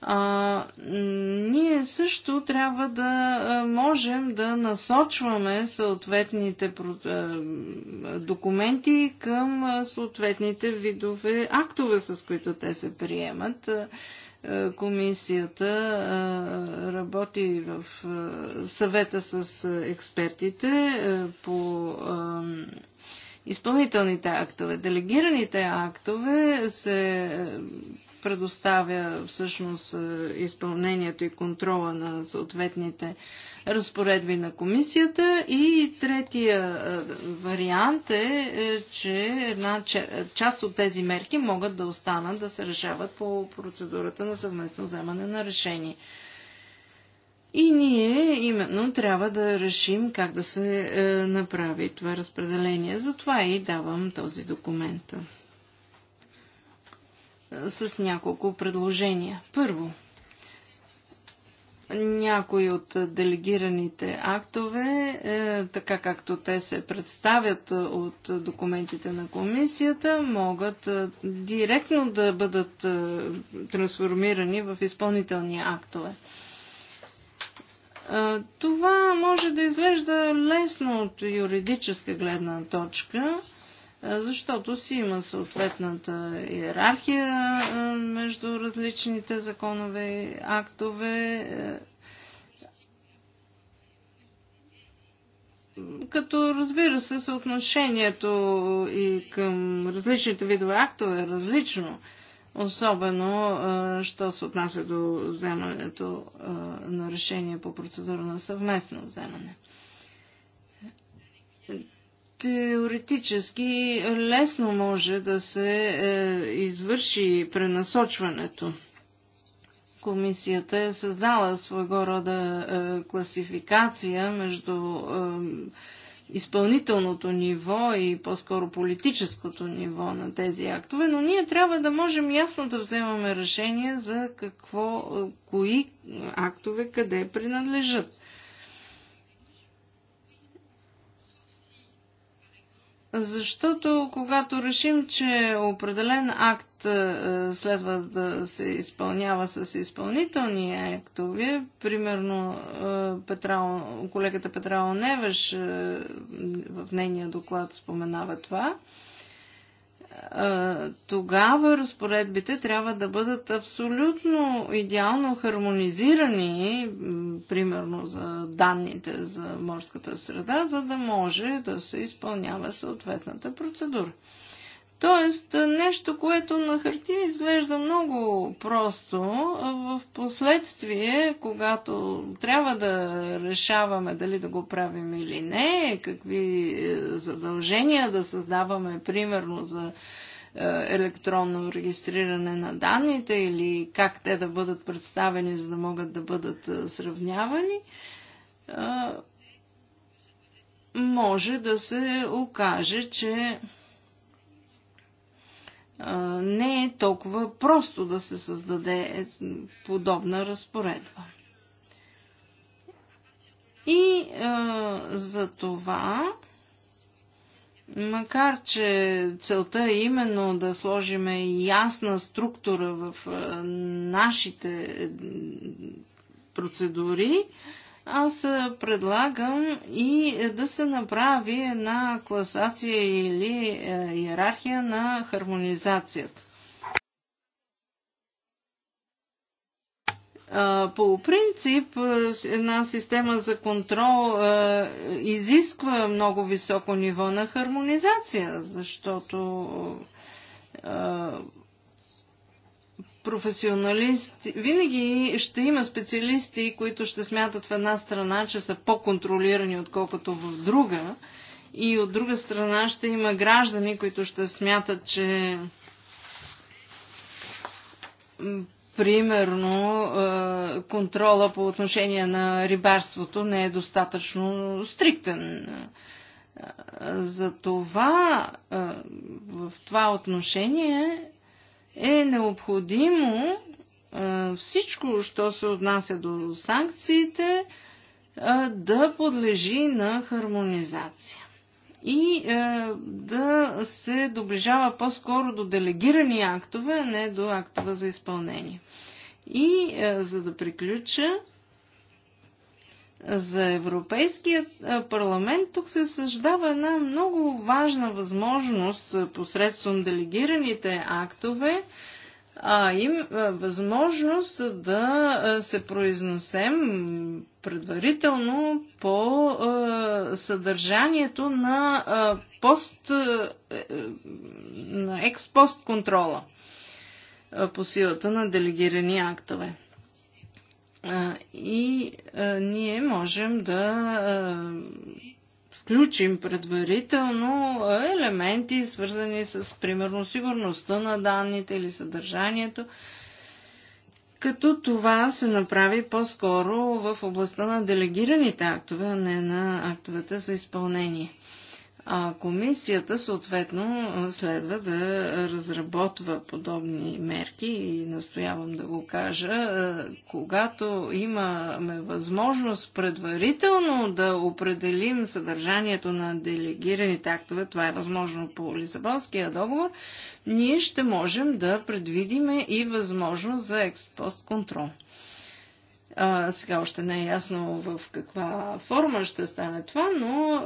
а, ние също трябва да можем да насочваме съответните документи към съответните видове актове, с които те се приемат. Комисията работи в съвета с експертите по изпълнителните актове. Делегираните актове се предоставя всъщност е, изпълнението и контрола на съответните разпоредби на комисията. И третия е, вариант е, е, че една част от тези мерки могат да останат да се решават по процедурата на съвместно вземане на решение. И ние именно трябва да решим как да се е, направи това разпределение. Затова и давам този документ с няколко предложения. Първо, някои от делегираните актове, е, така както те се представят от документите на комисията, могат е, директно да бъдат е, трансформирани в изпълнителни актове. Това може да изглежда лесно от юридическа гледна точка – защото си има съответната иерархия между различните законове и актове. Като разбира се, съотношението и към различните видове актове е различно, особено що се отнася до вземането на решение по процедура на съвместно вземане теоретически лесно може да се е, извърши пренасочването. Комисията е създала своего рода е, класификация между е, изпълнителното ниво и по-скоро политическото ниво на тези актове, но ние трябва да можем ясно да вземаме решение за какво, е, кои актове къде принадлежат. Защото когато решим, че определен акт е, следва да се изпълнява с изпълнителни актове, примерно е, Петра, колегата Петра Оневеш е, в нейния доклад споменава това, тогава разпоредбите трябва да бъдат абсолютно идеално хармонизирани, примерно за данните за морската среда, за да може да се изпълнява съответната процедура. Тоест, нещо, което на хартия изглежда много просто, в последствие, когато трябва да решаваме дали да го правим или не, какви е, задължения да създаваме, примерно за е, електронно регистриране на данните или как те да бъдат представени, за да могат да бъдат е, сравнявани, може да се окаже, че не е толкова просто да се създаде е, подобна разпоредба. И за това Макар, че целта е именно да сложиме ясна структура в нашите процедури, аз предлагам и е, да се направи една класация или е, иерархия на хармонизацията. По принцип, е, една система за контрол изисква много високо ниво на хармонизация, защото професионалисти, винаги ще има специалисти, които ще смятат в една страна, че са по-контролирани, отколкото в друга. И от друга страна ще има граждани, които ще смятат, че примерно контрола по отношение на рибарството не е достатъчно стриктен. За това в това отношение е необходимо е, всичко, що се отнася до санкциите, е, да подлежи на хармонизация и е, да се доближава по-скоро до делегирани актове, а не до актове за изпълнение. И за да приключа, за Европейския парламент тук се съждава една много важна възможност посредством делегираните актове, а им възможност да се произнесем предварително по съдържанието на пост, е, на експост контрола по силата на делегирани актове и ние можем да включим предварително елементи, свързани с, примерно, сигурността на данните или съдържанието, като това се направи по-скоро в областта на делегираните актове, а не на актовете за изпълнение. А комисията съответно следва да разработва подобни мерки и настоявам да го кажа. Когато имаме възможност предварително да определим съдържанието на делегираните актове, това е възможно по Лисабонския договор, ние ще можем да предвидиме и възможност за експост контрол. А, сега още не е ясно в каква форма ще стане това, но а,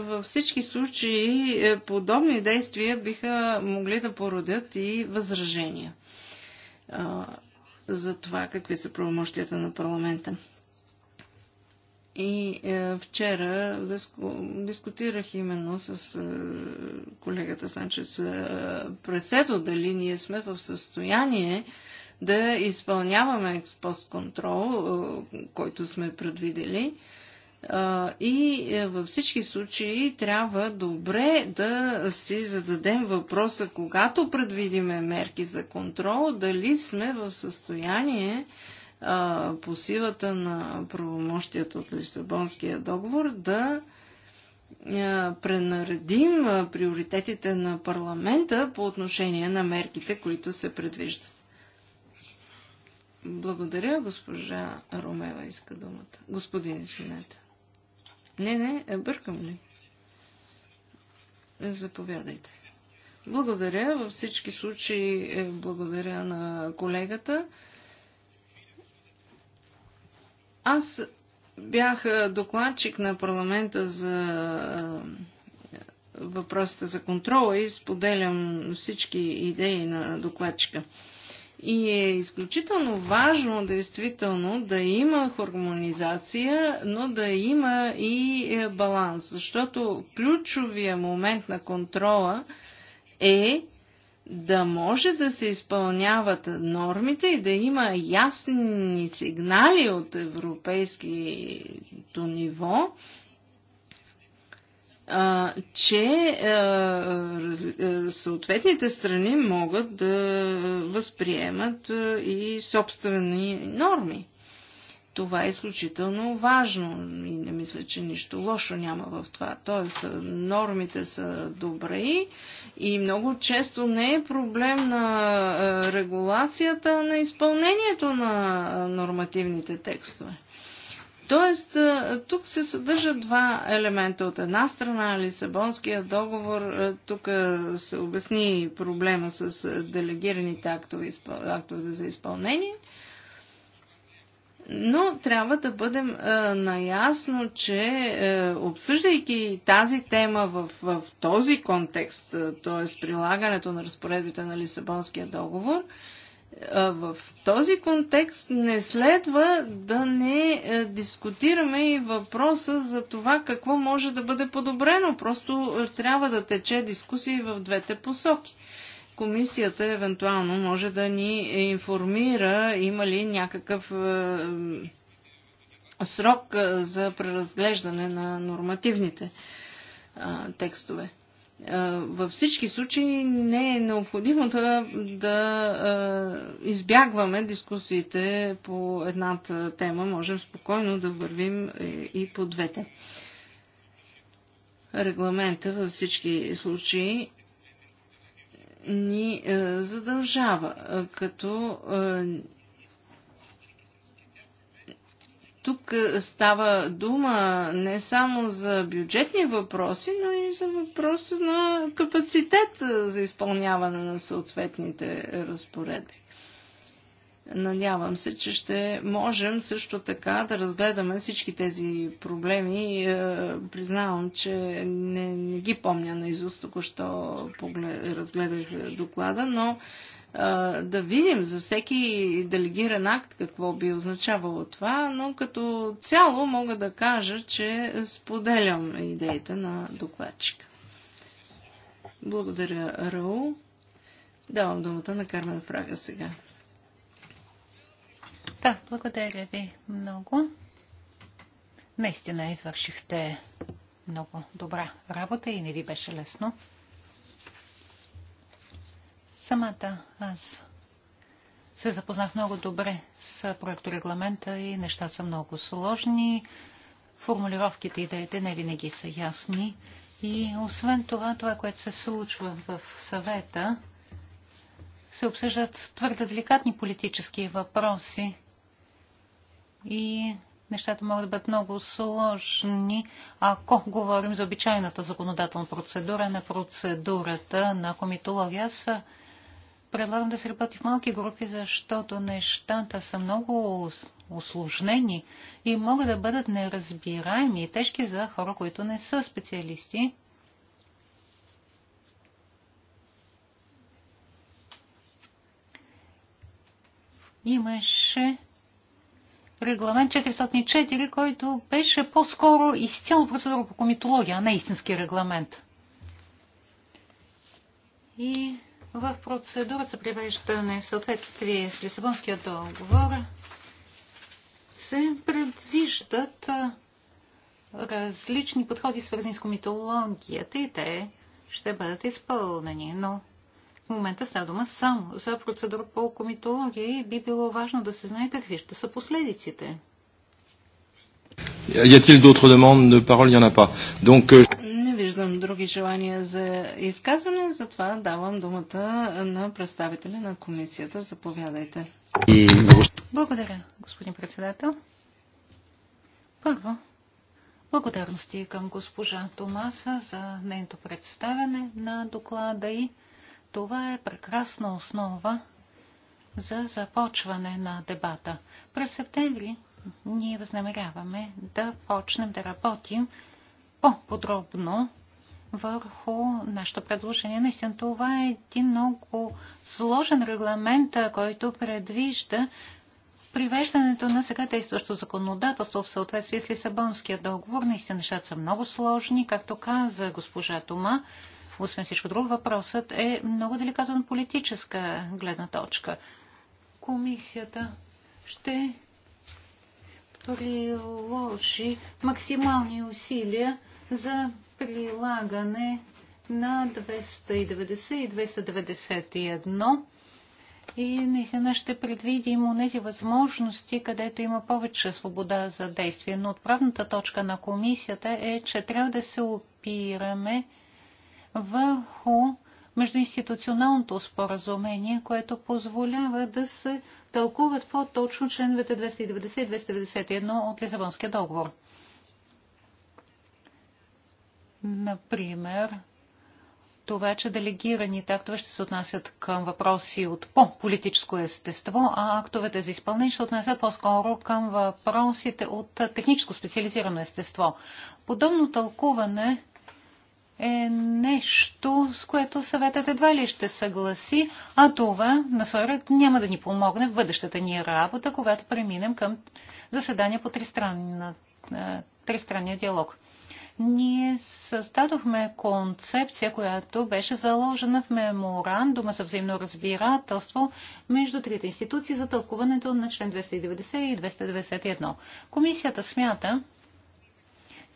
във всички случаи е, подобни действия биха могли да породят и възражения а, за това какви са правомощията на парламента. И е, вчера диску, дискутирах именно с е, колегата Санчес е, Преседо дали ние сме в състояние е, да изпълняваме експост контрол, е, който сме предвидели. Е, и е, във всички случаи трябва добре да си зададем въпроса, когато предвидиме мерки за контрол, дали сме в състояние по силата на правомощията от Лисабонския договор да пренаредим приоритетите на парламента по отношение на мерките, които се предвиждат. Благодаря, госпожа Ромева иска думата. Господин, извинете. Не, не, е, бъркам ли? Е, заповядайте. Благодаря. Във всички случаи е, благодаря на колегата. Аз бях докладчик на парламента за въпросите за контрола и споделям всички идеи на докладчика. И е изключително важно, действително, да има хармонизация, но да има и е, баланс, защото ключовия момент на контрола е да може да се изпълняват нормите и да има ясни сигнали от европейското ниво, че съответните страни могат да възприемат и собствени норми. Това е изключително важно и не мисля, че нищо лошо няма в това. Тоест, нормите са добри и много често не е проблем на регулацията, на изпълнението на нормативните текстове. Тоест, тук се съдържат два елемента. От една страна Лисабонския договор, тук се обясни проблема с делегираните актове, актове за изпълнение, но трябва да бъдем е, наясно, че е, обсъждайки тази тема в, в този контекст, т.е. прилагането на разпоредбите на Лисабонския договор, е, в този контекст не следва да не е, дискутираме и въпроса за това какво може да бъде подобрено. Просто е, трябва да тече дискусии в двете посоки. Комисията евентуално може да ни информира има ли някакъв е, срок за преразглеждане на нормативните текстове във всички случаи не е необходимо да, да избягваме дискусиите по едната тема. Можем спокойно да вървим и по двете. Регламента във всички случаи ни задължава, като тук е, става дума не само за бюджетни въпроси, но и за въпроса на капацитет е, за изпълняване на съответните разпоредби. Надявам се, че ще можем също така да разгледаме всички тези проблеми. Е, признавам, че не, не ги помня на изуст, току-що разгледах доклада, но да видим за всеки делегиран акт какво би означавало това, но като цяло мога да кажа, че споделям идеите на докладчика. Благодаря, Рау. Давам думата на Кармен Фрага сега. Да, благодаря ви много. Наистина извършихте много добра работа и не ви беше лесно. Самата аз се запознах много добре с проекторегламента и нещата са много сложни. Формулировките и идеите не винаги са ясни. И освен това, това, което се случва в съвета, се обсъждат твърде деликатни политически въпроси и нещата могат да бъдат много сложни, ако говорим за обичайната законодателна процедура, на процедурата на комитология. Аз предлагам да се работи в малки групи, защото нещата са много осложнени и могат да бъдат неразбираеми и тежки за хора, които не са специалисти. Имаше регламент 404, който беше по-скоро изцяло процедура по комитология, а не истински регламент. И в процедура за привеждане в съответствие с Лисабонския договор се предвиждат различни подходи, свързани с комитологията и те ще бъдат изпълнени. Но в момента става дума само за процедура по комитология и би било важно да се знае какви ще са последиците. Y a-t-il d'autres demandes de parole Il n'y en a pas. Donc, euh виждам други желания за изказване, затова давам думата на представителя на комисията. Заповядайте. Благодаря, господин председател. Първо, благодарности към госпожа Томаса за нейното представяне на доклада и това е прекрасна основа за започване на дебата. През септември ние възнамеряваме да почнем да работим по-подробно върху нашето предложение. Наистина това е един много сложен регламент, който предвижда привеждането на сега действащо законодателство в съответствие с Лисабонския договор. Наистина нещата са много сложни, както каза госпожа Тома. Освен всичко друго, въпросът е много деликатен политическа гледна точка. Комисията ще приложи максимални усилия за прилагане на 290 и 291 и наистина ще предвидим тези възможности, където има повече свобода за действие. Но отправната точка на комисията е, че трябва да се опираме върху междуинституционалното споразумение, което позволява да се тълкуват по-точно членовете 290 и 291 от Лизабонския договор. Например, това, че делегираните актове ще се отнасят към въпроси от по-политическо естество, а актовете за изпълнение ще се отнасят по-скоро към въпросите от техническо специализирано естество. Подобно тълкуване е нещо, с което съветът едва ли ще съгласи, а това на своя ред няма да ни помогне в бъдещата ни работа, когато преминем към заседания по тристранния диалог ние създадохме концепция, която беше заложена в меморандума за взаимно разбирателство между трите институции за тълкуването на член 290 и 291. Комисията смята,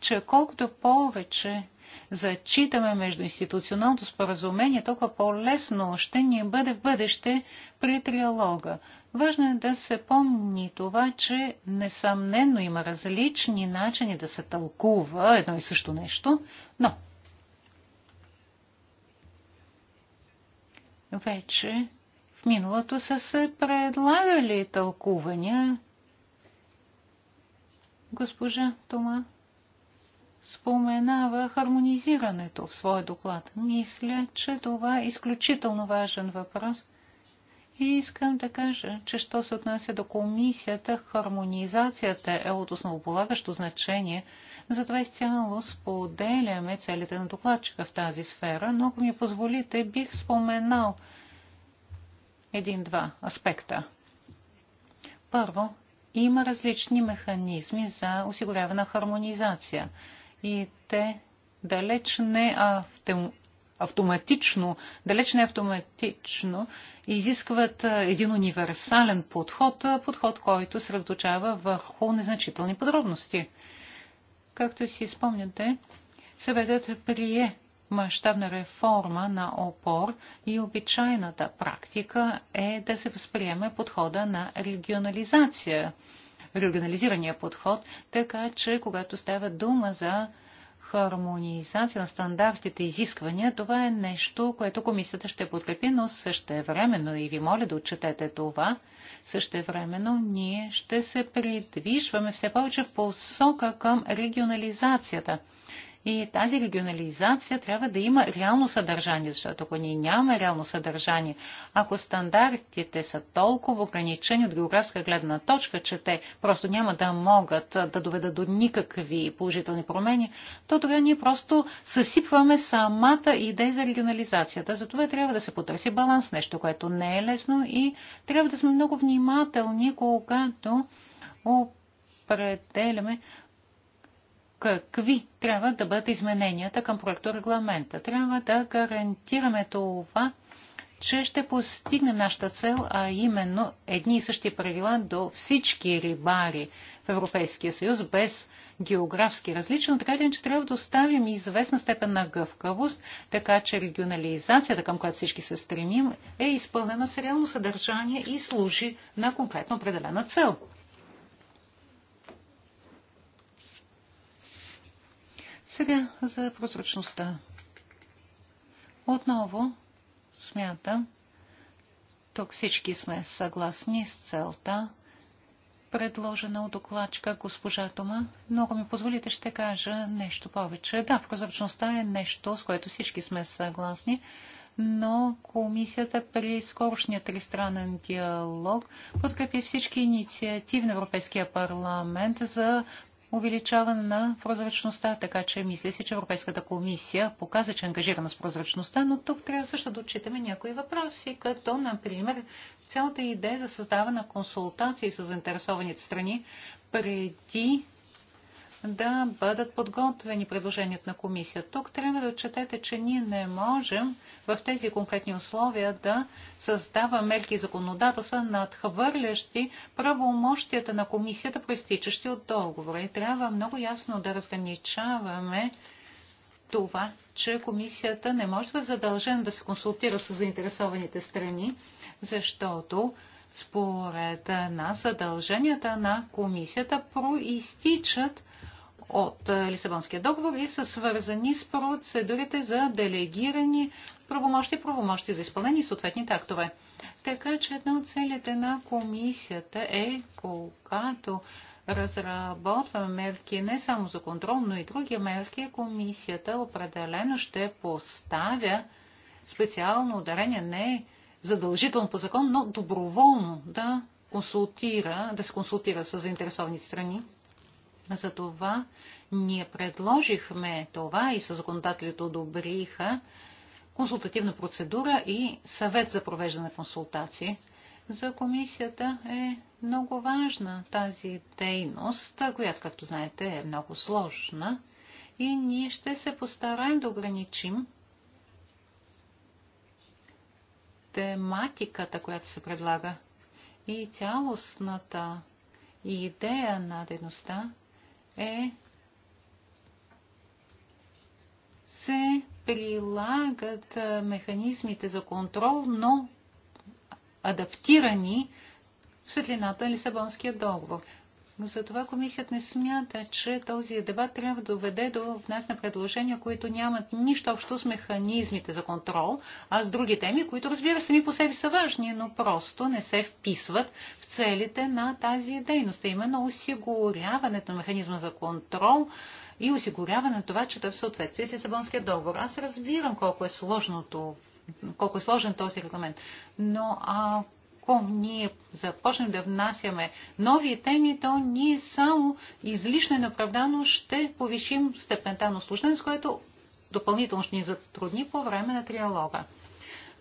че колкото повече зачитаме междуинституционалното споразумение, толкова по-лесно ще ни бъде в бъдеще при триалога. Важно е да се помни това, че несъмнено има различни начини да се тълкува едно и също нещо, но вече в миналото са се предлагали тълкувания. Госпожа Тома споменава хармонизирането в своя доклад. Мисля, че това е изключително важен въпрос. И искам да кажа, че що се отнася до комисията, хармонизацията е от основополагащо значение. Затова изцяло споделяме целите на докладчика в тази сфера, но ако ми позволите, бих споменал един-два аспекта. Първо, има различни механизми за осигуряване на хармонизация и те далеч не автоматично, далеч не автоматично изискват един универсален подход, подход, който се разлучава върху незначителни подробности. Както си спомняте, съветът прие мащабна реформа на опор и обичайната практика е да се възприеме подхода на регионализация – регионализирания подход, така че когато става дума за хармонизация на стандартите и изисквания, това е нещо, което комисията ще подкрепи, но също времено. и ви моля да отчетете това, същевременно ние ще се придвижваме все повече в посока към регионализацията. И тази регионализация трябва да има реално съдържание, защото ако ние нямаме реално съдържание, ако стандартите са толкова ограничени от географска гледна точка, че те просто няма да могат да доведат до никакви положителни промени, то тогава ние просто съсипваме самата идея за регионализацията. Затова трябва да се потърси баланс, нещо, което не е лесно и трябва да сме много внимателни, когато определяме какви трябва да бъдат измененията към регламента. Трябва да гарантираме това, че ще постигнем нашата цел, а именно едни и същи правила до всички рибари в Европейския съюз, без географски различни, така ли, че трябва да оставим известна степен на гъвкавост, така че регионализацията, към която всички се стремим, е изпълнена с реално съдържание и служи на конкретно определена цел. Сега за прозрачността. Отново смятам, тук всички сме съгласни с целта, предложена от докладчика госпожа Тома, но ако ми позволите, ще кажа нещо повече. Да, прозрачността е нещо, с което всички сме съгласни, но комисията при скорошния тристранен диалог подкрепи всички инициативи на Европейския парламент за увеличаване на прозрачността, така че мисля си, че Европейската комисия показа, че е ангажирана с прозрачността, но тук трябва също да отчитаме някои въпроси, като, например, цялата идея за създаване на консултации с заинтересованите страни преди да бъдат подготвени предложенията на комисията. Тук трябва да отчетете, че ние не можем в тези конкретни условия да създаваме мерки законодателства, надхвърлящи правомощията на комисията, проистичащи от договора. И трябва много ясно да разграничаваме това, че комисията не може да е задължена да се консултира с заинтересованите страни, защото според нас задълженията на комисията проистичат от е, Лисабонския договор и са свързани с процедурите за делегирани правомощи, правомощи за изпълнение и съответните актове. Така че една от целите на комисията е, когато разработваме мерки не само за контрол, но и други мерки, комисията определено ще поставя специално ударение не задължително по закон, но доброволно да консултира, да се консултира с заинтересовани страни затова ние предложихме това и със законодателите одобриха консултативна процедура и съвет за провеждане на консултации. За комисията е много важна тази дейност, която, както знаете, е много сложна и ние ще се постараем да ограничим тематиката, която се предлага и цялостната идея на дейността е се прилагат механизмите за контрол, но адаптирани в светлината на Лисабонския договор. Но Затова комисията не смята, че този дебат трябва да доведе до внес на предложения, които нямат нищо общо с механизмите за контрол, а с други теми, които разбира се ми по себе са важни, но просто не се вписват в целите на тази дейност. А именно осигуряването на механизма за контрол и осигуряване на това, че той е в съответствие с Лисабонския договор. Аз разбирам колко е сложното колко е сложен този регламент. Но а, ако ние започнем да внасяме нови теми, то ние само излишно и направдано ще повишим степента на с което допълнително ще ни затрудни по време на триалога.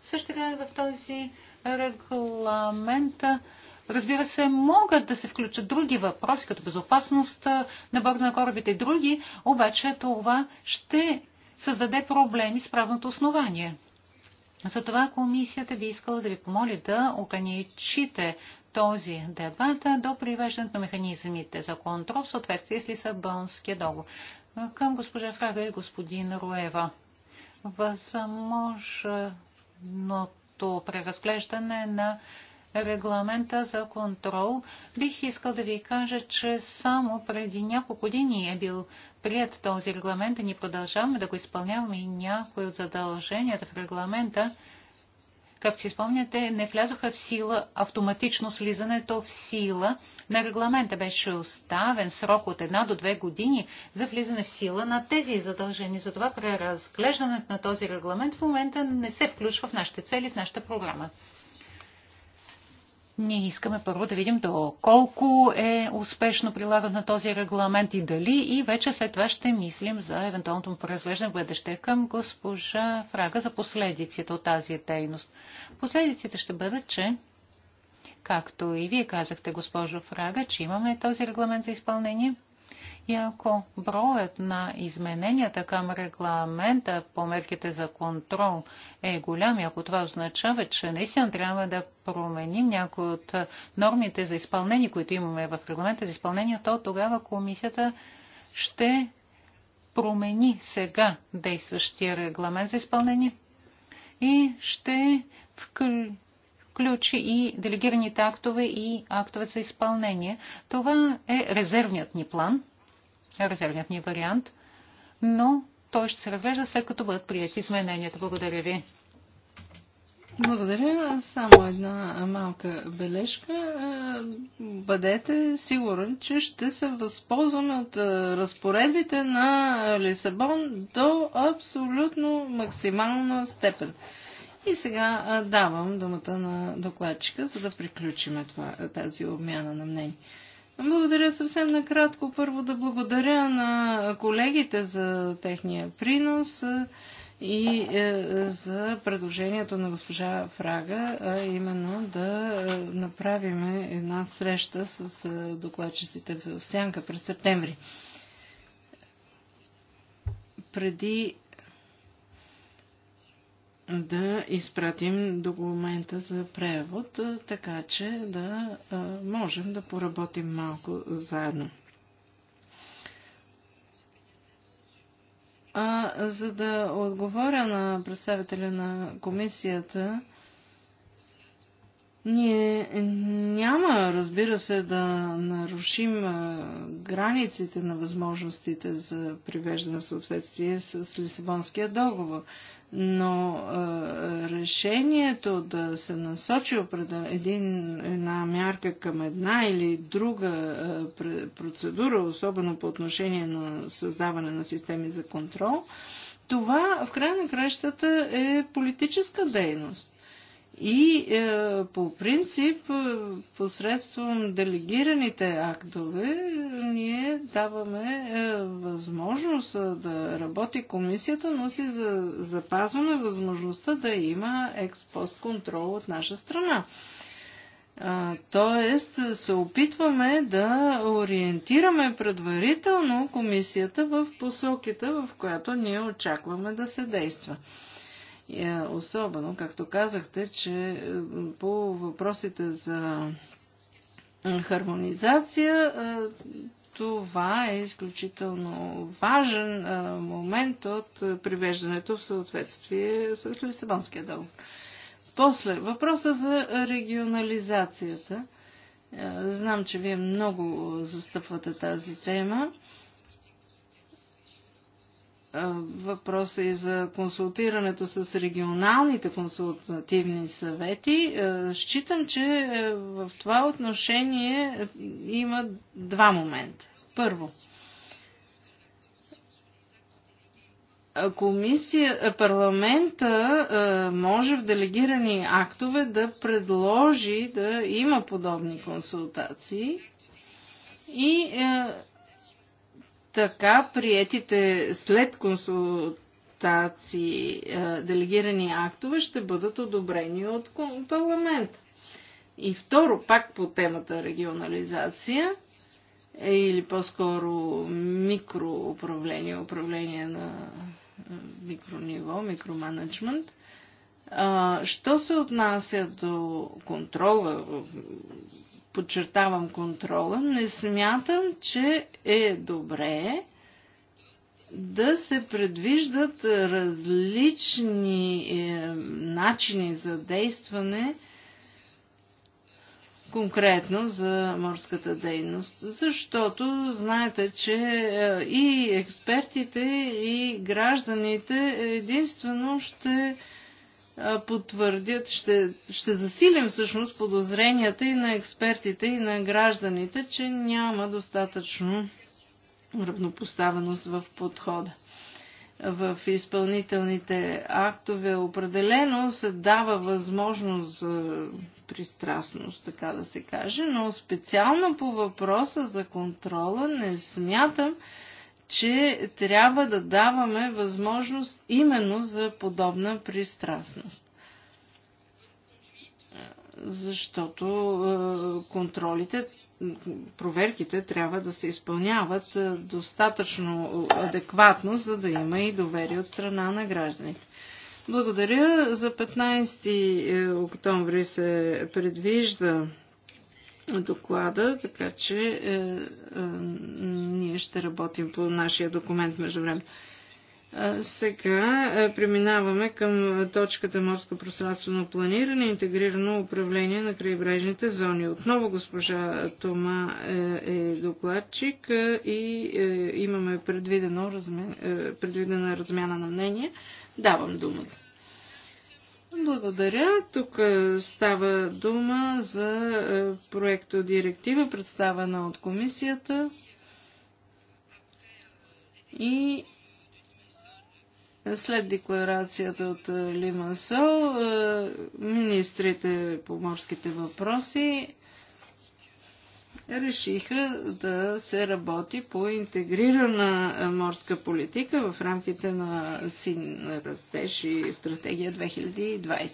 Също така в този регламент Разбира се, могат да се включат други въпроси, като безопасност на борда на корабите и други, обаче това ще създаде проблеми с правното основание. Затова комисията би искала да ви помоли да ограничите този дебат до привеждането на механизмите за контрол в съответствие с Лисабонския договор. Към госпожа Фрага и господин Руева. Възможното преразглеждане на регламента за контрол, бих искал да ви кажа, че само преди няколко години е бил прият този регламент и ни продължаваме да го изпълняваме и някои от задълженията в регламента. Както си спомняте, не влязоха в сила автоматично слизането в сила на регламента. Беше оставен срок от една до две години за влизане в сила на тези задължения. Затова преразглеждането на този регламент в момента не се включва в нашите цели, в нашата програма. Ние искаме първо да видим доколко е успешно прилагат на този регламент и дали и вече след това ще мислим за евентуалното му произвеждане в бъдеще към госпожа Фрага за последиците от тази дейност. Последиците ще бъдат, че както и вие казахте, госпожо Фрага, че имаме този регламент за изпълнение – и ако броят на измененията към регламента по мерките за контрол е голям, и ако това означава, че наистина трябва да променим някои от нормите за изпълнение, които имаме в регламента за изпълнение, то тогава комисията ще промени сега действащия регламент за изпълнение и ще включи и делегираните актове и актове за изпълнение. Това е резервният ни план резервният ни вариант, но той ще се разглежда след като бъдат прияти измененията. Благодаря ви. Благодаря. Само една малка бележка. Е, бъдете сигурен, че ще се възползваме от е, разпоредбите на Лисабон до абсолютно максимална степен. И сега е, давам думата на докладчика, за да приключим това, тази обмяна на мнение. Благодаря съвсем накратко. Първо да благодаря на колегите за техния принос и е, за предложението на госпожа Фрага, а именно да е, направим една среща с е, докладчиците в Сянка през септември. Преди да изпратим документа за превод, така че да можем да поработим малко заедно. А, за да отговоря на представителя на комисията, ние няма, разбира се, да нарушим границите на възможностите за привеждане в съответствие с Лисабонския договор но е, решението да се насочи един, една мярка към една или друга е, процедура, особено по отношение на създаване на системи за контрол, това в край на кращата е политическа дейност. И е, по принцип, е, посредством делегираните актове, ние даваме е, възможност е, да работи комисията, но си за, запазваме възможността да има експост контрол от наша страна. Тоест, се опитваме да ориентираме предварително комисията в посоките, в която ние очакваме да се действа. Е, особено, както казахте, че по въпросите за хармонизация е, това е изключително важен е, момент от привеждането в съответствие с Лисабонския договор. После, въпроса за регионализацията. Знам, че вие много застъпвате тази тема въпроса е и за консултирането с регионалните консултативни съвети, считам, че е, в това отношение е, има два момента. Първо, комисия, парламента може в делегирани актове да предложи да има подобни консултации и така приетите след консултации е, делегирани актове ще бъдат одобрени от парламента. И второ, пак по темата регионализация, е, или по-скоро микроуправление, управление на е, микрониво, микроменеджмент. Що се отнася до контрола, подчертавам контрола, не смятам, че е добре да се предвиждат различни е, начини за действане конкретно за морската дейност. Защото знаете, че е, и експертите, и гражданите единствено ще потвърдят, ще, ще засилим всъщност подозренията и на експертите, и на гражданите, че няма достатъчно равнопоставеност в подхода. В изпълнителните актове определено се дава възможност за пристрастност, така да се каже, но специално по въпроса за контрола не смятам, че трябва да даваме възможност именно за подобна пристрастност. Защото е, контролите, проверките трябва да се изпълняват е, достатъчно адекватно, за да има и доверие от страна на гражданите. Благодаря. За 15 е, октомври се предвижда доклада, така че е, е, ние ще работим по нашия документ между време. сега е, преминаваме към точката морско пространствено планиране и интегрирано управление на крайбрежните зони. Отново госпожа Тома е, е докладчик е, и имаме предвидена размяна на мнение. Давам думата. Благодаря. Тук е, става дума за е, проекто директива, представена от комисията. И след декларацията от е, Лимансо, министрите по морските въпроси решиха да се работи по интегрирана морска политика в рамките на син растеж и стратегия 2020.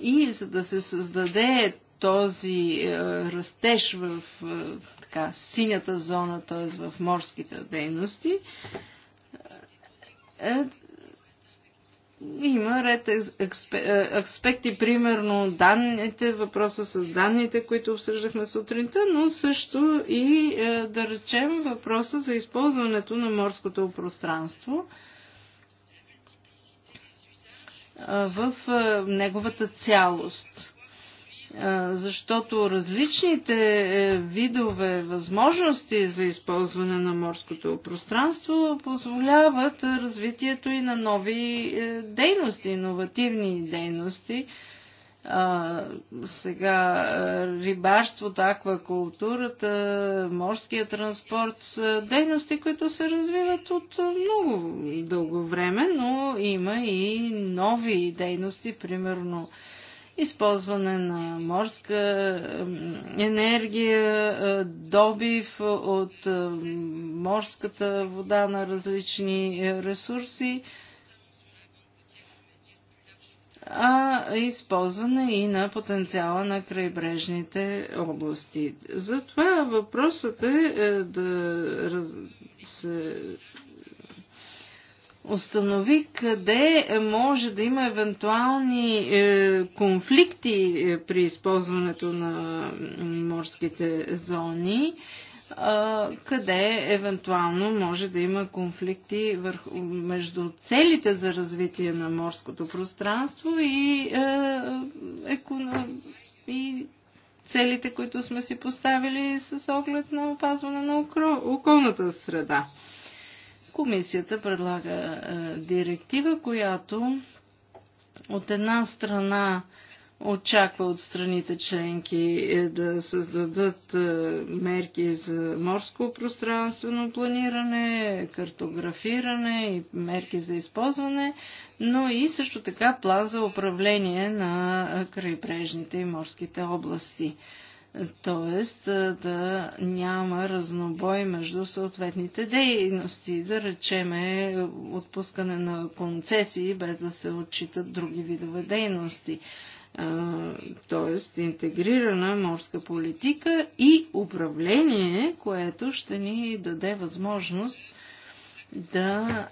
И за да се създаде този растеж в така, синята зона, т.е. в морските дейности, има ред е, аспекти, примерно данните, въпроса с данните, които обсъждахме сутринта, но също и е, да речем въпроса за използването на морското пространство е, в неговата цялост защото различните е, видове възможности за използване на морското пространство позволяват е, развитието и на нови е, дейности, иновативни дейности. А, сега рибарството, аквакултурата, морския транспорт са дейности, които се развиват от много дълго време, но има и нови дейности, примерно използване на морска енергия, е, добив от е, морската вода на различни е, ресурси, а използване и на потенциала на крайбрежните области. Затова въпросът е да се установи къде може да има евентуални е, конфликти е, при използването на морските зони, е, къде евентуално може да има конфликти върху, между целите за развитие на морското пространство и, и целите, които сме си поставили с оглед на опазване на околната среда. Комисията предлага е, директива, която от една страна очаква от страните членки е да създадат е, мерки за морско пространствено планиране, картографиране и мерки за използване, но и също така план за управление на крайбрежните и морските области т.е. да няма разнобой между съответните дейности, да речеме отпускане на концесии, без да се отчитат други видове дейности. Т.е. интегрирана морска политика и управление, което ще ни даде възможност да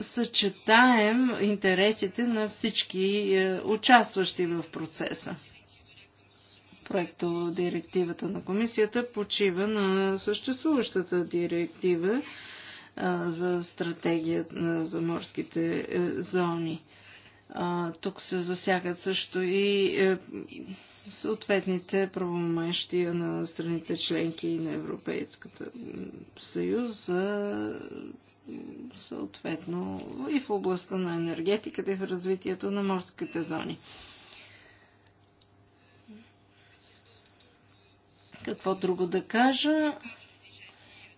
съчетаем интересите на всички участващи в процеса проекто директивата на комисията почива на съществуващата директива за стратегия за морските е, зони. Тук се засягат също и е, съответните правомещия на страните членки и на Европейската съюз за съответно и в областта на енергетиката и в развитието на морските зони. Какво друго да кажа?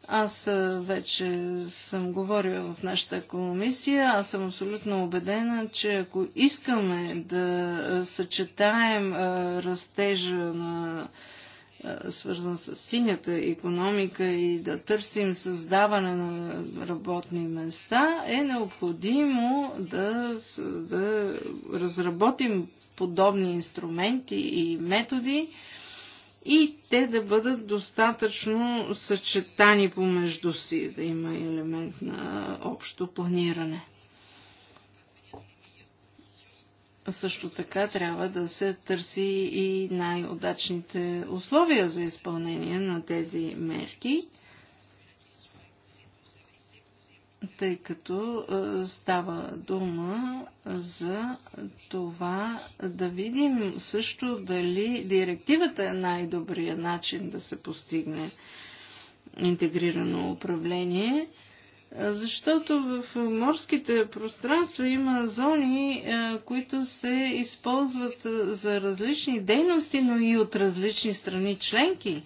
Аз вече съм говорила в нашата комисия. Аз съм абсолютно убедена, че ако искаме да съчетаем растежа на свързан с синята економика и да търсим създаване на работни места, е необходимо да, да разработим подобни инструменти и методи, и те да бъдат достатъчно съчетани помежду си, да има елемент на общо планиране. Също така трябва да се търси и най-удачните условия за изпълнение на тези мерки тъй като е, става дума за това да видим също дали директивата е най-добрият начин да се постигне интегрирано управление, е, защото в морските пространства има зони, е, които се използват за различни дейности, но и от различни страни членки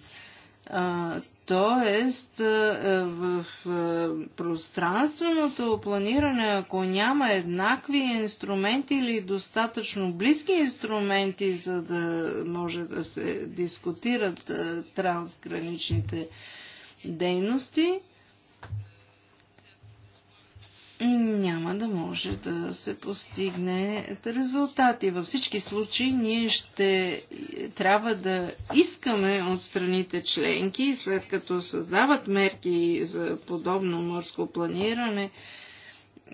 Тоест, е, е, в е, пространственото планиране, ако няма еднакви инструменти или достатъчно близки инструменти, за да може да се дискутират трансграничните дейности, няма да може да се постигне резултати. Във всички случаи ние ще трябва да искаме от страните членки, след като създават мерки за подобно морско планиране,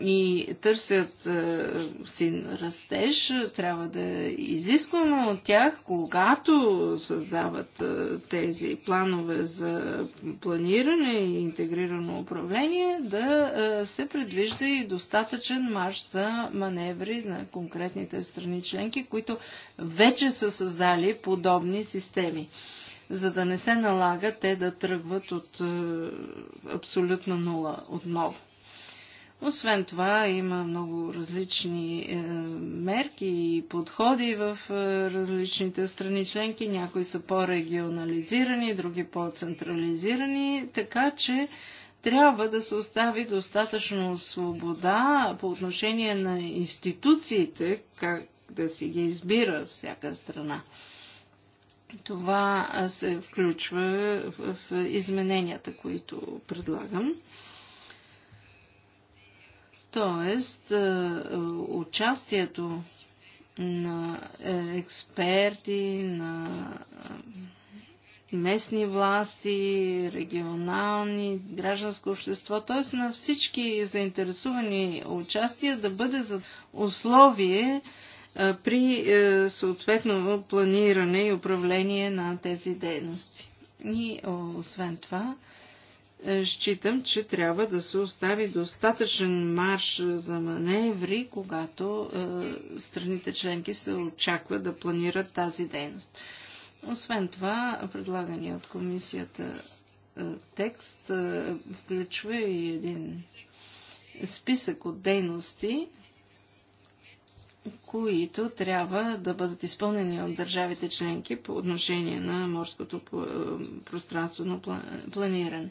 и търсят е, си растеж, трябва да изискваме от тях, когато създават е, тези планове за планиране и интегрирано управление, да е, се предвижда и достатъчен марш за маневри на конкретните страни членки, които вече са създали подобни системи за да не се налага те да тръгват от абсолютна нула отново. Освен това, има много различни е, мерки и подходи в е, различните страни членки. Някои са по-регионализирани, други по-централизирани, така че трябва да се остави достатъчно свобода по отношение на институциите, как да си ги избира всяка страна. Това се включва в измененията, които предлагам. Тоест, е, участието на е, експерти, на е, местни власти, регионални, гражданско общество, т.е. на всички заинтересувани участия да бъде за условие при съответно планиране и управление на тези дейности. И освен това, е, считам, че трябва да се остави достатъчен марш за маневри, когато е, страните членки се очаква да планират тази дейност. Освен това, предлагания от комисията е, текст е, включва и един списък от дейности, които трябва да бъдат изпълнени от държавите членки по отношение на морското пространствено планиране.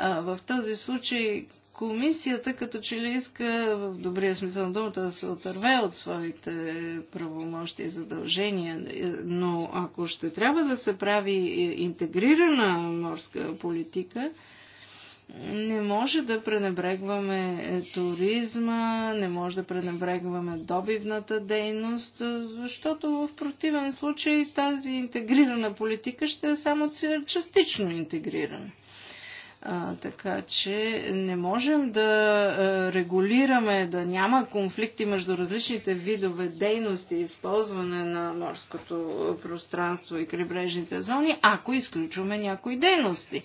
В този случай комисията като че ли иска в добрия смисъл на думата да се отърве от своите правомощи и задължения, но ако ще трябва да се прави интегрирана морска политика, не може да пренебрегваме туризма, не може да пренебрегваме добивната дейност, защото в противен случай тази интегрирана политика ще е само частично интегрирана. А, така че не можем да регулираме да няма конфликти между различните видове дейности и използване на морското пространство и крайбрежните зони, ако изключваме някои дейности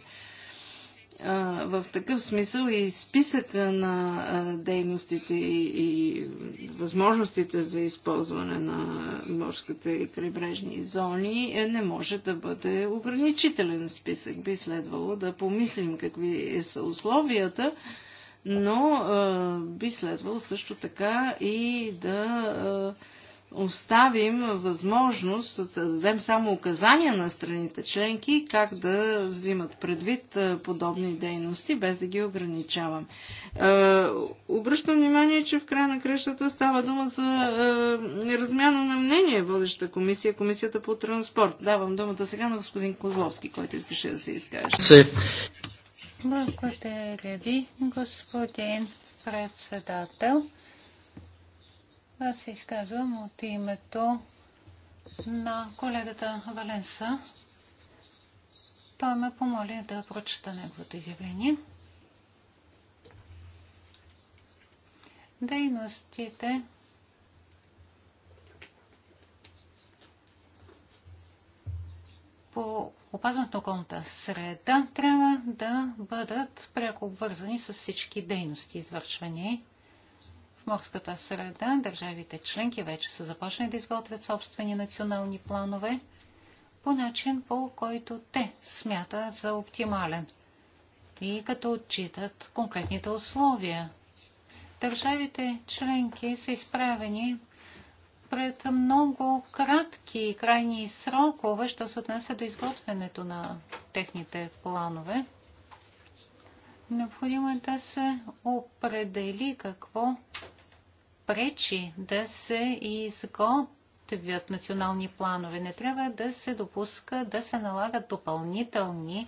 в такъв смисъл и списъка на дейностите и, възможностите за използване на морските и крайбрежни зони е, не може да бъде ограничителен списък. Би следвало да помислим какви са условията, но би следвало също така и да оставим възможност да дадем само указания на страните членки как да взимат предвид подобни дейности, без да ги ограничавам. Обръщам внимание, че в края на кръщата става дума за размяна на мнение водеща комисия, комисията по транспорт. Давам думата сега на господин Козловски, който искаше да се изкаже. Благодаря ви, господин председател. Аз се изказвам от името на колегата Валенса. Той ме помоли да прочета неговото изявление. Дейностите по опазването на околната среда трябва да бъдат пряко обвързани с всички дейности, извършвани морската среда държавите членки вече са започнали да изготвят собствени национални планове по начин, по който те смятат за оптимален и като отчитат конкретните условия. Държавите членки са изправени пред много кратки и крайни срокове, що се отнася до изготвянето на техните планове. Необходимо е да се определи какво пречи да се изготвят национални планове. Не трябва да се допуска да се налагат допълнителни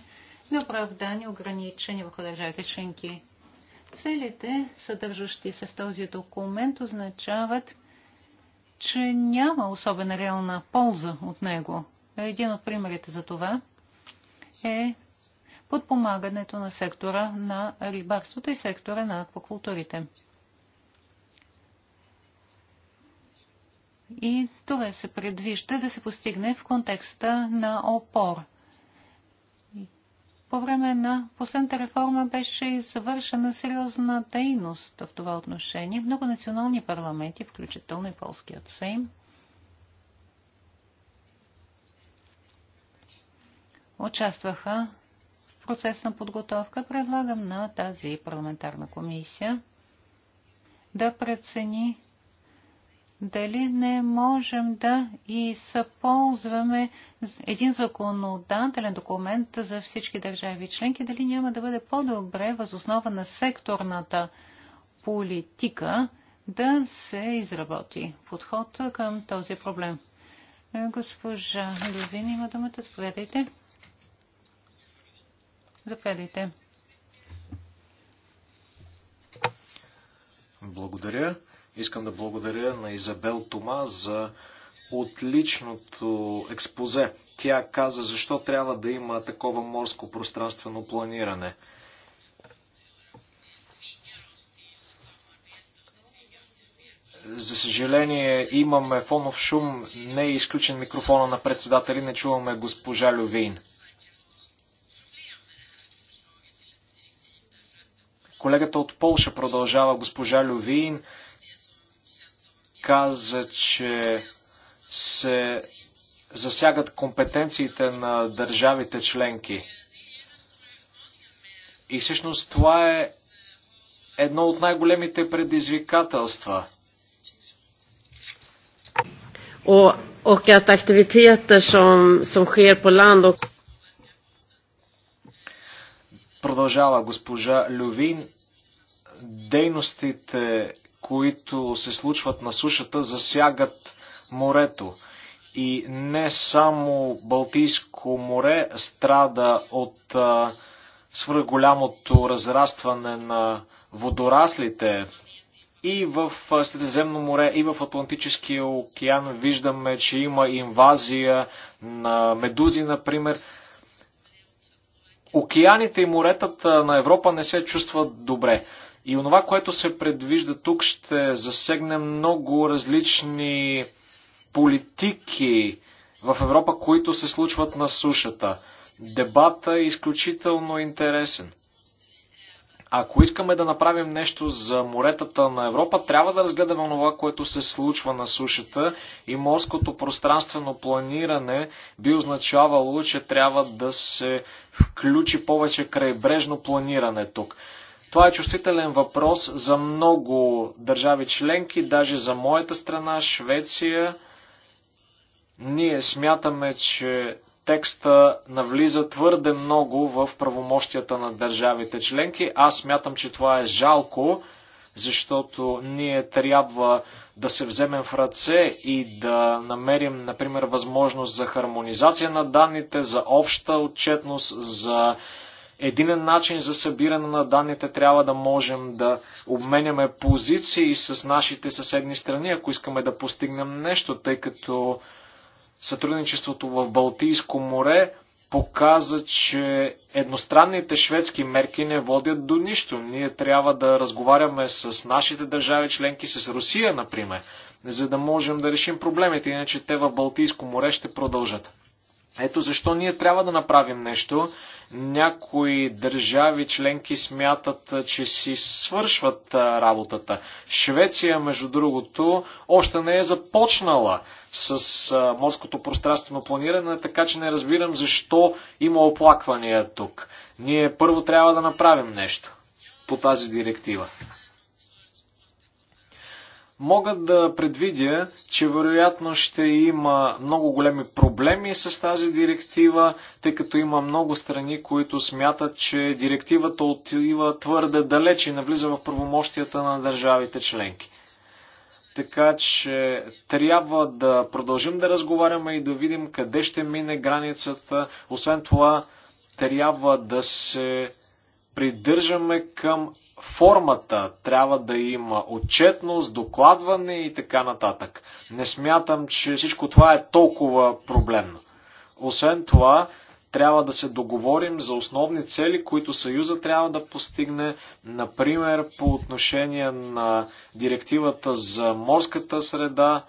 неоправдани ограничения върху държавите членки. Целите, съдържащи се в този документ, означават, че няма особена реална полза от него. Един от примерите за това е подпомагането на сектора на рибарството и сектора на аквакултурите. И това се предвижда да се постигне в контекста на опор. По време на последната реформа беше завършена сериозна дейност в това отношение. Много национални парламенти, включително и полският Сейм, участваха в процес на подготовка. Предлагам на тази парламентарна комисия да прецени дали не можем да използваме един законодателен документ за всички държави членки, дали няма да бъде по-добре възоснова на секторната политика да се изработи подход към този проблем. Госпожа Лювин има думата. Заповядайте. Заповядайте. Благодаря. Искам да благодаря на Изабел Тома за отличното експозе. Тя каза защо трябва да има такова морско пространствено планиране. За съжаление, имаме фонов шум, не е изключен микрофона на председатели, не чуваме госпожа Лювин. Колегата от Полша продължава госпожа Лювин каза, че се засягат компетенциите на държавите членки. И всъщност това е едно от най-големите предизвикателства. och att aktiviteter som, som sker på land och... Продължава госпожа Лювин. Дейностите които се случват на сушата, засягат морето. И не само Балтийско море страда от свърх голямото разрастване на водораслите. И в Средиземно море, и в Атлантическия океан виждаме, че има инвазия на медузи, например. Океаните и моретата на Европа не се чувстват добре. И онова, което се предвижда тук, ще засегне много различни политики в Европа, които се случват на сушата. Дебата е изключително интересен. Ако искаме да направим нещо за моретата на Европа, трябва да разгледаме това, което се случва на сушата и морското пространствено планиране би означавало, че трябва да се включи повече крайбрежно планиране тук. Това е чувствителен въпрос за много държави членки, даже за моята страна, Швеция. Ние смятаме, че текста навлиза твърде много в правомощията на държавите членки. Аз смятам, че това е жалко, защото ние трябва да се вземем в ръце и да намерим, например, възможност за хармонизация на данните, за обща отчетност, за единен начин за събиране на данните трябва да можем да обменяме позиции с нашите съседни страни, ако искаме да постигнем нещо, тъй като сътрудничеството в Балтийско море показа, че едностранните шведски мерки не водят до нищо. Ние трябва да разговаряме с нашите държави членки, с Русия, например, за да можем да решим проблемите, иначе те в Балтийско море ще продължат. Ето защо ние трябва да направим нещо. Някои държави членки смятат, че си свършват работата. Швеция, между другото, още не е започнала с морското пространствено планиране, така че не разбирам защо има оплаквания тук. Ние първо трябва да направим нещо по тази директива мога да предвидя, че вероятно ще има много големи проблеми с тази директива, тъй като има много страни, които смятат, че директивата отива твърде далеч и навлиза в правомощията на държавите членки. Така че трябва да продължим да разговаряме и да видим къде ще мине границата. Освен това, трябва да се придържаме към формата. Трябва да има отчетност, докладване и така нататък. Не смятам, че всичко това е толкова проблемно. Освен това, трябва да се договорим за основни цели, които Съюза трябва да постигне, например по отношение на директивата за морската среда.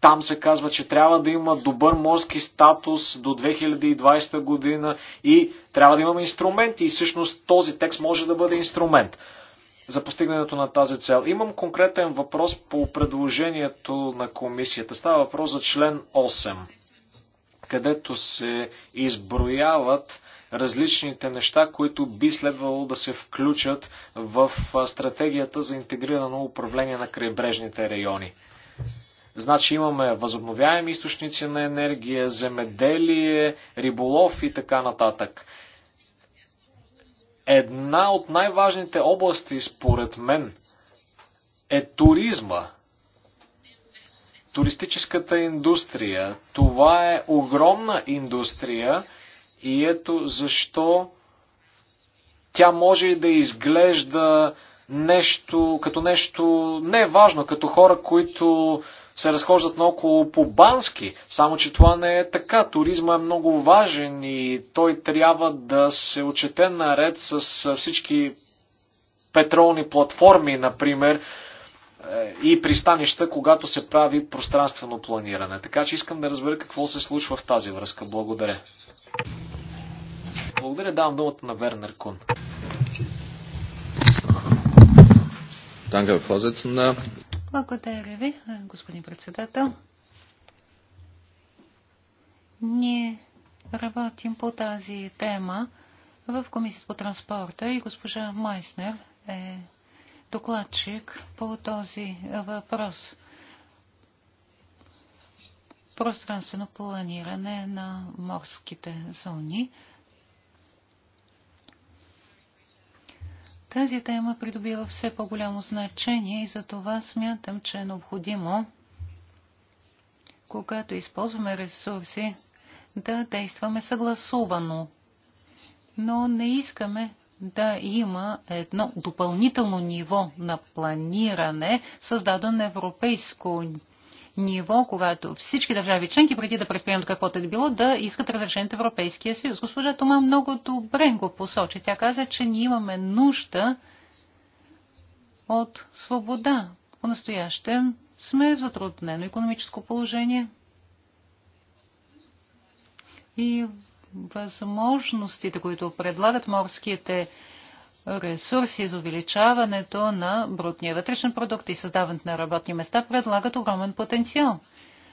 Там се казва, че трябва да има добър морски статус до 2020 година и трябва да имаме инструменти. И всъщност този текст може да бъде инструмент за постигането на тази цел. Имам конкретен въпрос по предложението на комисията. Става въпрос за член 8, където се изброяват различните неща, които би следвало да се включат в стратегията за интегрирано управление на крайбрежните райони. Значи имаме възобновяеми източници на енергия, земеделие, риболов и така нататък. Една от най-важните области, според мен, е туризма. Туристическата индустрия. Това е огромна индустрия и ето защо тя може и да изглежда нещо, като нещо не е важно, като хора, които се разхождат наоколо по-бански, само че това не е така. Туризма е много важен и той трябва да се отчете наред с всички петролни платформи, например, е, и пристанища, когато се прави пространствено планиране. Така че искам да разбера какво се случва в тази връзка. Благодаря. Благодаря, давам думата на Вернер Кун. Danke, Vorsitzender. Благодаря ви, господин председател. Ние работим по тази тема в Комисията по транспорта и госпожа Майснер е докладчик по този въпрос. Пространствено планиране на морските зони – Тази тема придобива все по-голямо значение и за това смятам, че е необходимо, когато използваме ресурси, да действаме съгласувано. Но не искаме да има едно допълнително ниво на планиране, създадено на европейско ниво, когато всички държави членки, преди да предприемат каквото е било, да искат разрешение от Европейския съюз. Госпожа Тома много добре го посочи. Тя каза, че ние имаме нужда от свобода. По-настоящем сме в затруднено економическо положение. И възможностите, които предлагат морските ресурси, за увеличаването на брутния вътрешен продукт и създаването на работни места предлагат огромен потенциал.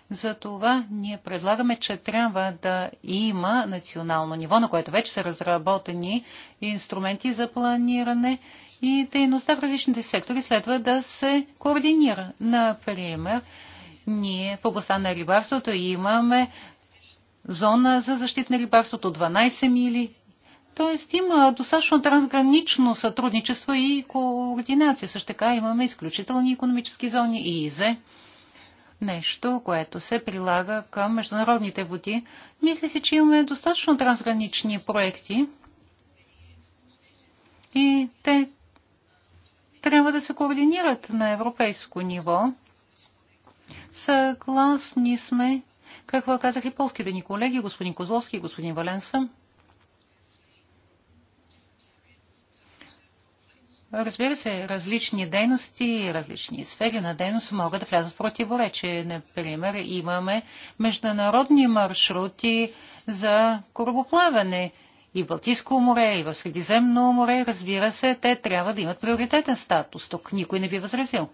Затова ние предлагаме, че трябва да има национално ниво, на което вече са разработени инструменти за планиране и дейността в различните сектори следва да се координира. Например, ние в областта на рибарството имаме зона за защита на рибарството 12 мили Тоест има достатъчно трансгранично сътрудничество и координация. Също така имаме изключителни економически зони и ИЗЕ. Нещо, което се прилага към международните води. Мисля си, че имаме достатъчно трансгранични проекти и те трябва да се координират на европейско ниво. Съгласни сме, какво казах и полските ни колеги, господин Козловски и господин Валенса. Разбира се, различни дейности, различни сфери на дейност могат да влязат в противоречие. Например, имаме международни маршрути за корабоплаване и в Балтийско море, и в Средиземно море. Разбира се, те трябва да имат приоритетен статус. Тук никой не би възразил.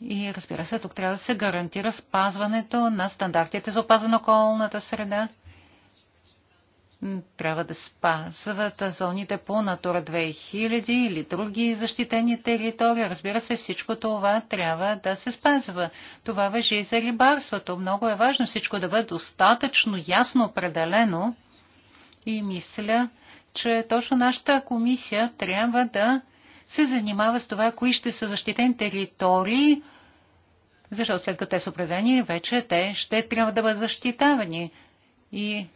И разбира се, тук трябва да се гарантира спазването на стандартите за опазване на околната среда трябва да спазват зоните по Натура 2000 или други защитени територии. Разбира се, всичко това трябва да се спазва. Това въжи и за рибарството. Много е важно всичко да бъде достатъчно ясно определено и мисля, че точно нашата комисия трябва да се занимава с това, кои ще са защитени територии, защото след като те са определени, вече те ще трябва да бъдат защитавани. И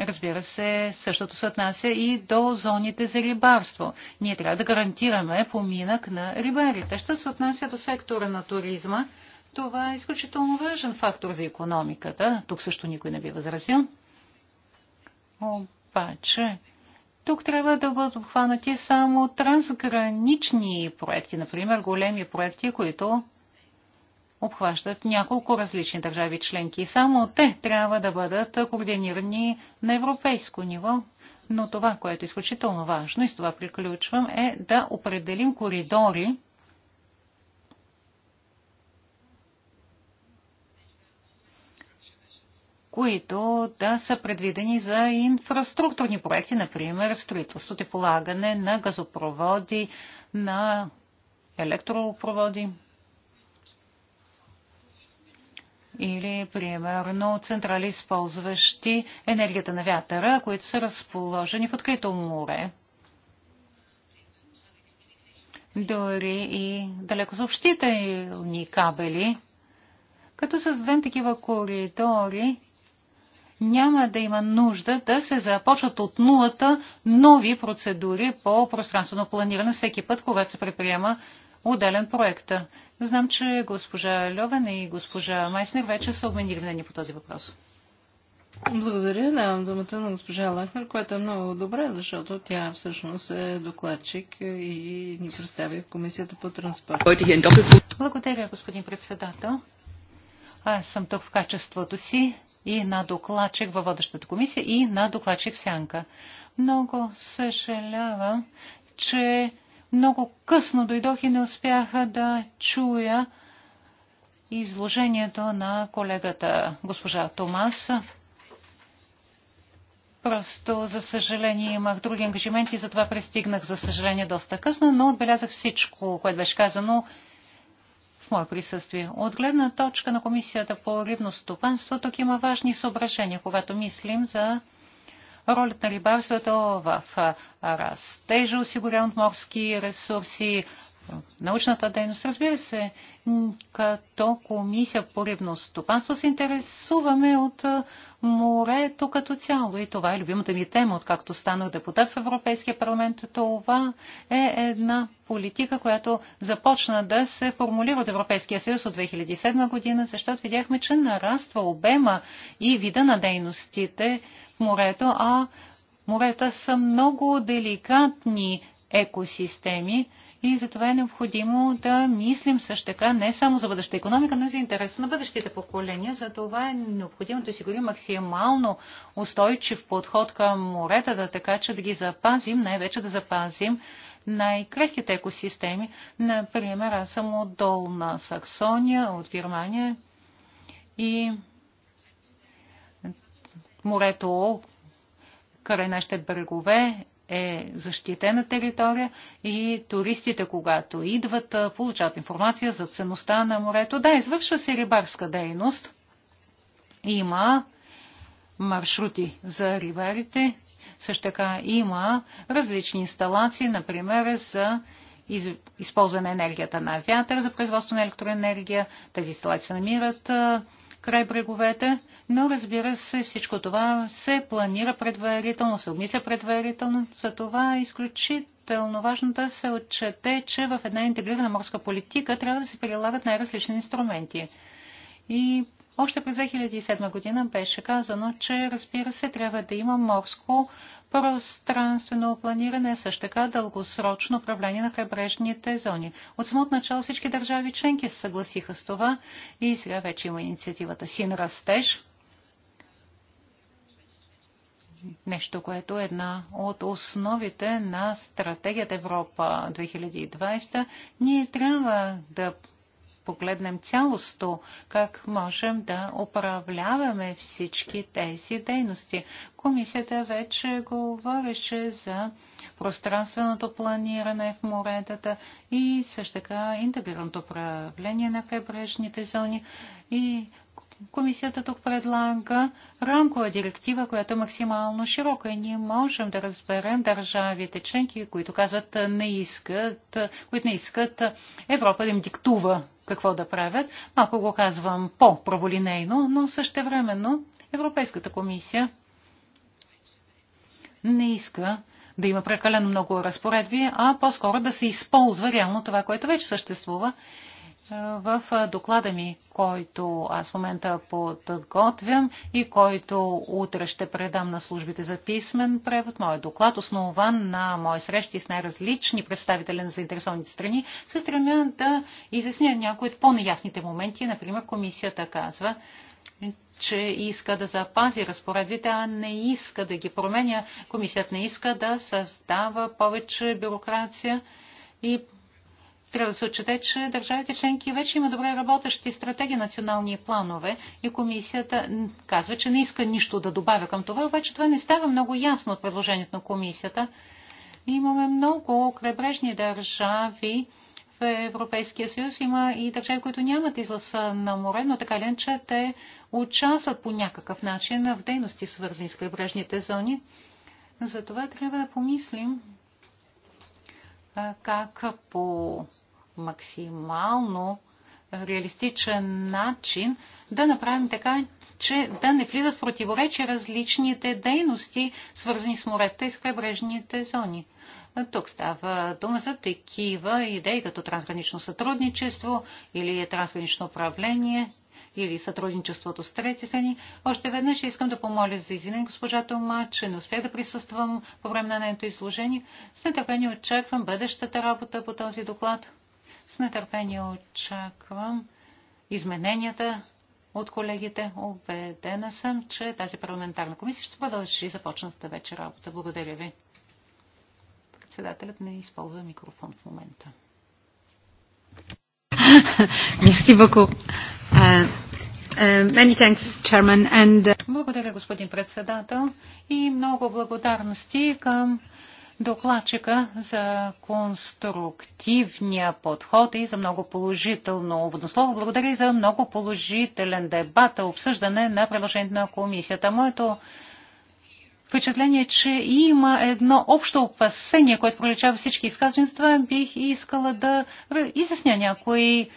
Разбира се, същото се отнася и до зоните за рибарство. Ние трябва да гарантираме поминък на рибарите. Що се отнася до сектора на туризма, това е изключително важен фактор за економиката. Тук също никой не би възразил. Обаче, тук трябва да бъдат обхванати само трансгранични проекти, например големи проекти, които обхващат няколко различни държави членки. Само те трябва да бъдат координирани на европейско ниво. Но това, което е изключително важно, и с това приключвам, е да определим коридори, които да са предвидени за инфраструктурни проекти, например строителството и полагане на газопроводи, на електропроводи. или, примерно, централи, използващи енергията на вятъра, които са разположени в открито море. Дори и далеко съобщителни кабели. Като създадем такива коридори, няма да има нужда да се започват от нулата нови процедури по пространствено планиране всеки път, когато се предприема отделен проект. Знам, че госпожа Льовен и госпожа Майснер вече са обменили мнение по този въпрос. Благодаря. Давам думата на госпожа Лахнер, която е много добре, защото тя всъщност е докладчик и ни представи в Комисията по транспорт. Благодаря, господин председател. Аз съм тук в качеството си и на докладчик във водещата комисия и на докладчик в Сянка. Много съжалявам, че много късно дойдох и не успяха да чуя изложението на колегата госпожа Томас. Просто, за съжаление, имах други ангажименти затова пристигнах, за съжаление, доста късно, но отбелязах всичко, което беше казано в мое присъствие. От гледна точка на Комисията по рибно стопанство, тук има важни съображения, когато мислим за ролята на рибарството в растежа, осигурен от морски ресурси, научната дейност. Разбира се, като комисия по рибно стопанство се интересуваме от морето като цяло. И това е любимата ми тема, откакто станах депутат в Европейския парламент. Това е една политика, която започна да се формулира от Европейския съюз от 2007 година, защото видяхме, че нараства обема и вида на дейностите морето, а морета са много деликатни екосистеми и затова е необходимо да мислим също така не само за бъдеща економика, но и за интереса на бъдещите поколения. За това е необходимо да осигурим максимално устойчив подход към моретата, така че да ги запазим, най-вече да запазим най-крехките екосистеми. Например, аз съм от Долна Саксония, от Германия и морето край нашите брегове е защитена територия и туристите, когато идват, получават информация за ценността на морето. Да, извършва се рибарска дейност. Има маршрути за рибарите. Също така има различни инсталации, например за използване на енергията на вятър за производство на електроенергия. Тези инсталации се намират край бреговете, но разбира се, всичко това се планира предварително, се обмисля предварително. За това е изключително важно да се отчете, че в една интегрирана морска политика трябва да се прилагат най-различни инструменти. И още през 2007 година беше казано, че разбира се трябва да има морско пространствено планиране, също така дългосрочно управление на крайбрежните зони. От самото начало всички държави членки се съгласиха с това и сега вече има инициативата Син Растеж. Нещо, което е една от основите на стратегията Европа 2020. Ние трябва да погледнем цялостто, как можем да управляваме всички тези дейности. Комисията вече говореше за пространственото планиране в моретата и също така интегрираното управление на крайбрежните зони. И комисията тук предлага рамкова директива, която е максимално широка и ние можем да разберем държавите членки, които казват не искат, които не искат Европа да им диктува какво да правят. Малко го казвам по-праволинейно, но същевременно Европейската комисия не иска да има прекалено много разпоредби, а по-скоро да се използва реално това, което вече съществува в доклада ми, който аз в момента подготвям и който утре ще предам на службите за писмен превод. Моят доклад, основан на мои срещи с най-различни представители на заинтересованите страни, се стремя да изясня някои от по-неясните моменти. Например, комисията казва, че иска да запази разпоредбите, а не иска да ги променя. Комисията не иска да създава повече бюрокрация и трябва да се отчете, че държавите членки вече има добре работещи стратегии, национални планове и комисията казва, че не иска нищо да добавя към това, обаче това не става много ясно от предложението на комисията. Имаме много крайбрежни държави в Европейския съюз. Има и държави, които нямат излъз на море, но така ли, че те участват по някакъв начин в дейности, свързани с крайбрежните зони. Затова трябва да помислим как по максимално реалистичен начин да направим така, че да не влизат в противоречие различните дейности, свързани с морета и с крайбрежните зони. Тук става дума за такива идеи като трансгранично сътрудничество или трансгранично управление или сътрудничеството с трети страни. Още веднъж искам да помоля за извинение госпожа Тома, че не успях да присъствам по време на нейното изложение. С нетърпение очаквам бъдещата работа по този доклад. С нетърпение очаквам измененията от колегите. Обедена съм, че тази парламентарна комисия ще продължи започната вече работа. Благодаря ви. Председателят не използва микрофон в момента. Мерси, beaucoup. Euh, Uh, uh, Благодаря, господин председател, и много благодарности към докладчика за конструктивния подход и за много положително водослово. Благодаря и за много положителен дебат, обсъждане на предложението на комисията. Моето впечатление, е, че има едно общо опасение, което пролича всички изказванства. Бих искала да изясня някои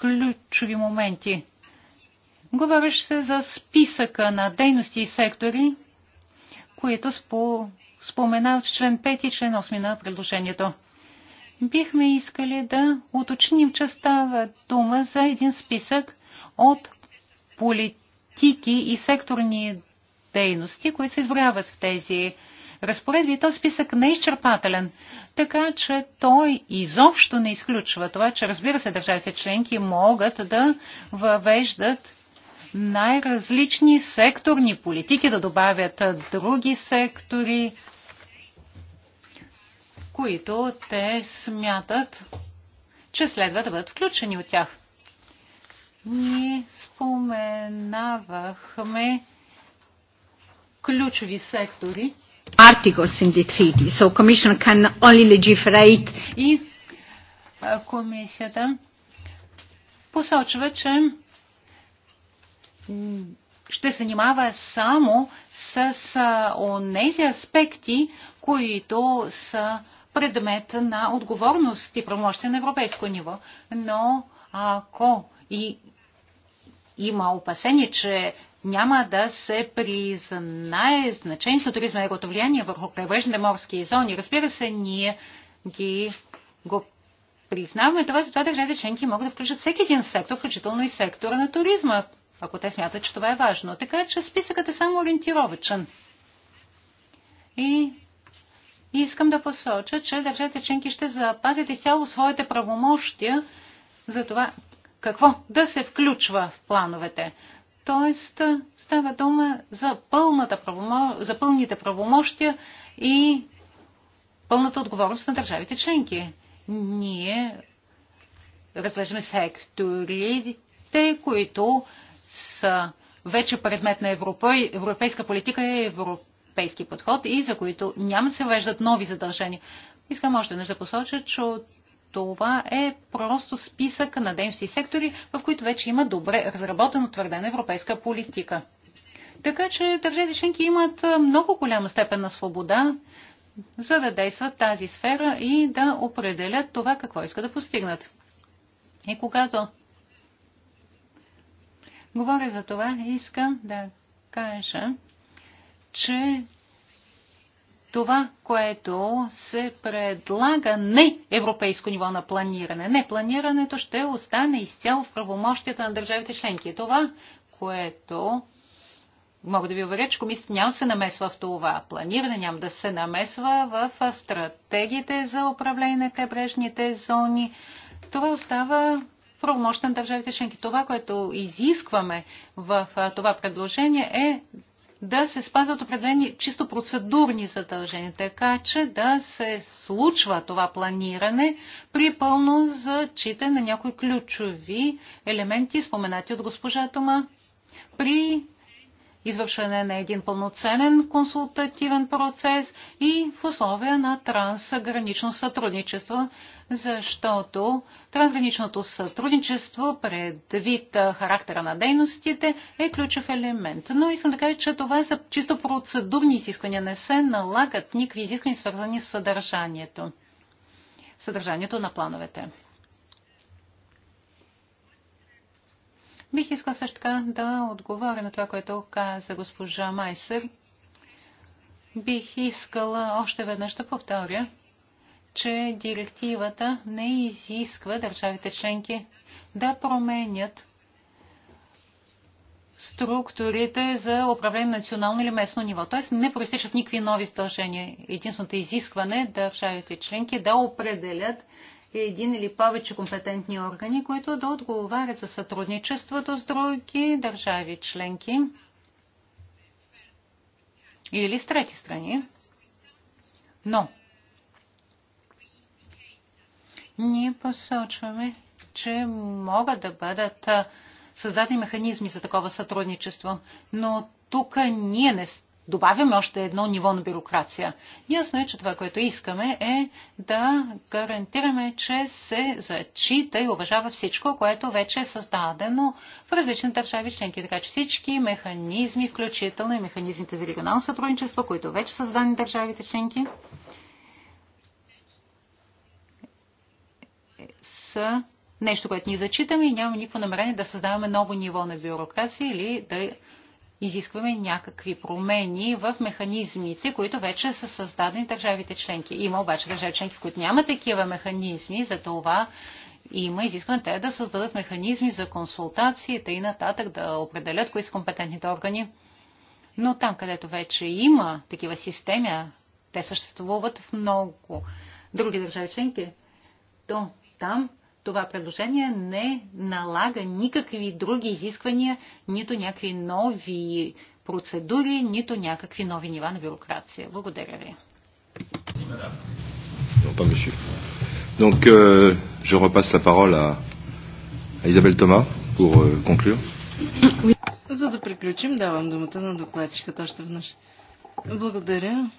ключови моменти. Говориш се за списъка на дейности и сектори, които спо, споменават член 5 и член 8 на предложението. Бихме искали да уточним, че става дума за един списък от политики и секторни дейности, които се изброяват в тези разпоредби. Този списък не е изчерпателен, така че той изобщо не изключва това, че разбира се, държавите членки могат да въвеждат най-различни секторни политики, да добавят други сектори, които те смятат, че следва да бъдат включени от тях. Ние споменавахме ключови сектори. Articles in so Commission can only legiferate. И комисията посочва, че ще занимава само с онези аспекти, които са предмет на отговорност и промощен на европейско ниво. Но ако и има опасение, че няма да се признае значението на туризма и неговото влияние върху крайбрежните морски зони. Разбира се, ние ги го признаваме това, за това държавите членки могат да включат всеки един сектор, включително и сектора на туризма, ако те смятат, че това е важно. Така че списъкът е само ориентировачен. И искам да посоча, че държавите членки ще запазят изцяло своите правомощия за това какво да се включва в плановете. Тоест става дума за, пълната правомо... за пълните правомощия и пълната отговорност на държавите членки. Ние разглеждаме секторите, които са вече предмет на Европа, европейска политика и европейски подход и за които няма да се веждат нови задължения. Искам още нещо да посоча, че това е просто списък на дейности и сектори, в които вече има добре разработена твърдена европейска политика. Така че държавите членки имат много голяма степен на свобода, за да действат тази сфера и да определят това какво иска да постигнат. И когато Говоря за това и искам да кажа, че това, което се предлага не европейско ниво на планиране. Не, планирането ще остане изцяло в правомощията на държавите членки. Това, което мога да ви уверя, че комисията няма да се намесва в това планиране, няма да се намесва в стратегиите за управление на крайбрежните зони. Това остава правомощите на държавите членки. Това, което изискваме в това предложение е да се спазват определени чисто процедурни задължения, така че да се случва това планиране при пълно зачитане на някои ключови елементи, споменати от госпожа Тома, при извършване на един пълноценен консултативен процес и в условия на трансгранично сътрудничество, защото трансграничното сътрудничество предвид характера на дейностите е ключов елемент. Но искам да кажа, че това са чисто процедурни изисквания, не се налагат никакви изисквания, свързани с съдържанието, съдържанието на плановете. Бих искал също така да отговоря на това, което каза госпожа Майсер. Бих искала още веднъж да повторя, че директивата не изисква държавите членки да променят структурите за управление на национално или местно ниво. Т.е. не проистичат никакви нови задължения. Единственото изискване е държавите членки да определят един или повече компетентни органи, които да отговарят за сътрудничеството с други държави членки или с трети страни. Но ние посочваме, че могат да бъдат създадени механизми за такова сътрудничество, но тук ние не добавяме още едно ниво на бюрокрация. Ясно е, че това, което искаме е да гарантираме, че се зачита и уважава всичко, което вече е създадено в различни държави членки. Така че всички механизми, включително и механизмите за регионално сътрудничество, които вече са създадени държавите членки, са нещо, което ни зачитаме и няма никакво намерение да създаваме ново ниво на бюрокрация или да изискваме някакви промени в механизмите, които вече са създадени държавите членки. Има обаче държави членки, които няма такива механизми, за това има изискване те да създадат механизми за консултациите и нататък да определят кои са компетентните органи. Но там, където вече има такива системи, те съществуват в много други държави членки, то там това предложение не налага никакви други изисквания, нито някакви нови процедури, нито някакви нови нива на бюрокрация. Благодаря ви. Euh, euh, За да приключим, давам думата на докладчиката още веднъж. Благодаря.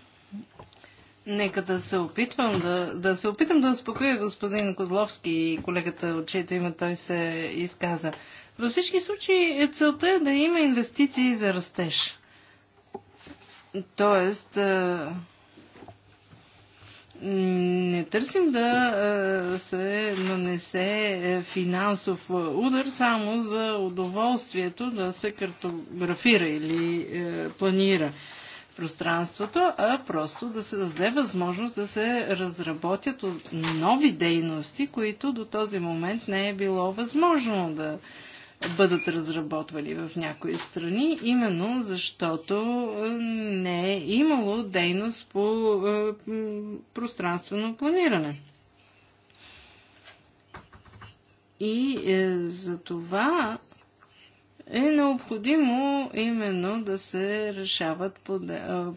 Нека да се опитвам да, да се опитам да успокоя господин Козловски и колегата, от чието име той се изказа. Във всички случаи целта е да има инвестиции за растеж. Тоест, не търсим да се нанесе е, финансов удар само за удоволствието да се картографира или е, планира пространството, а просто да се даде възможност да се разработят нови дейности, които до този момент не е било възможно да бъдат разработвали в някои страни, именно защото е, не е имало дейност по е, пространствено планиране. И е, за това е необходимо именно да се решават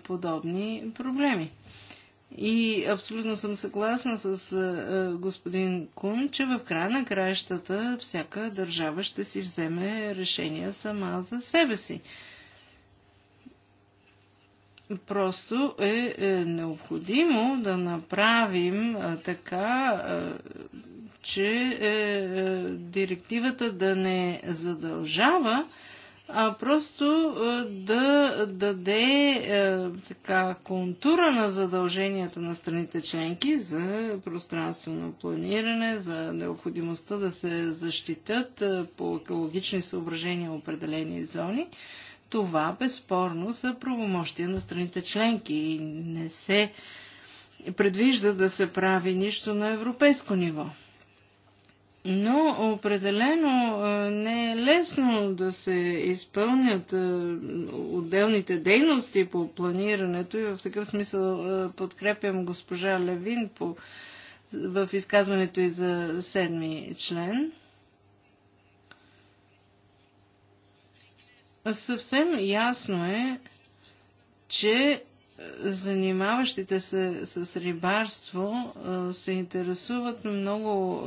подобни проблеми. И абсолютно съм съгласна с господин Кун, че в края на краищата всяка държава ще си вземе решения сама за себе си. Просто е, е необходимо да направим така че е, е, директивата да не задължава, а просто е, да даде е, така контура на задълженията на страните членки за пространствено планиране, за необходимостта да се защитят е, по екологични съображения определени зони. Това безспорно са правомощия на страните членки и не се предвижда да се прави нищо на европейско ниво. Но определено не е лесно да се изпълнят отделните дейности по планирането и в такъв смисъл подкрепям госпожа Левин по, в изказването и за седми член. Съвсем ясно е, че занимаващите се с рибарство се интересуват много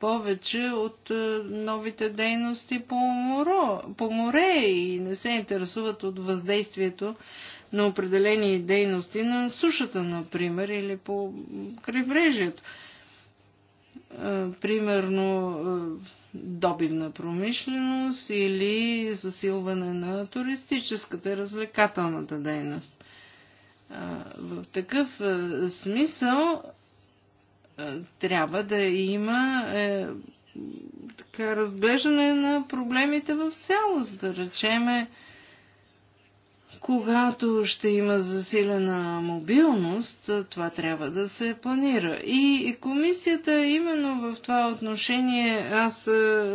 повече от е, новите дейности по, моро, по море и не се интересуват от въздействието на определени дейности на сушата, например, или по крайбрежието. Е, примерно е, добивна промишленост или засилване на туристическата и развлекателната дейност. В такъв смисъл е, трябва да има е, така разглеждане на проблемите в цялост. Да речеме, когато ще има засилена мобилност, това трябва да се планира. И, и комисията именно в това отношение, аз е,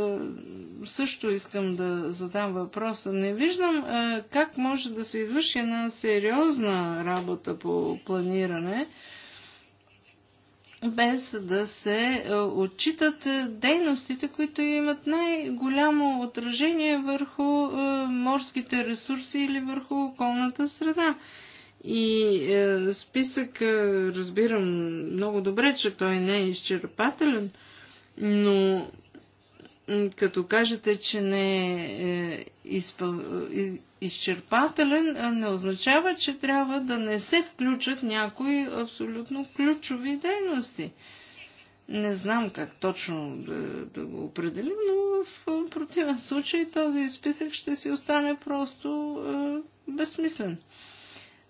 също искам да задам въпроса. Не виждам е, как може да се извърши една сериозна работа по планиране, без да се е, отчитат е, дейностите, които имат най-голямо отражение върху е, морските ресурси или върху околната среда. И списък разбирам много добре, че той не е изчерпателен, но като кажете, че не е, е, е изчерпателен, не означава, че трябва да не се включат някои абсолютно ключови дейности. Не знам как точно да, да го определим, но в противен случай този списък ще си остане просто е, безсмислен.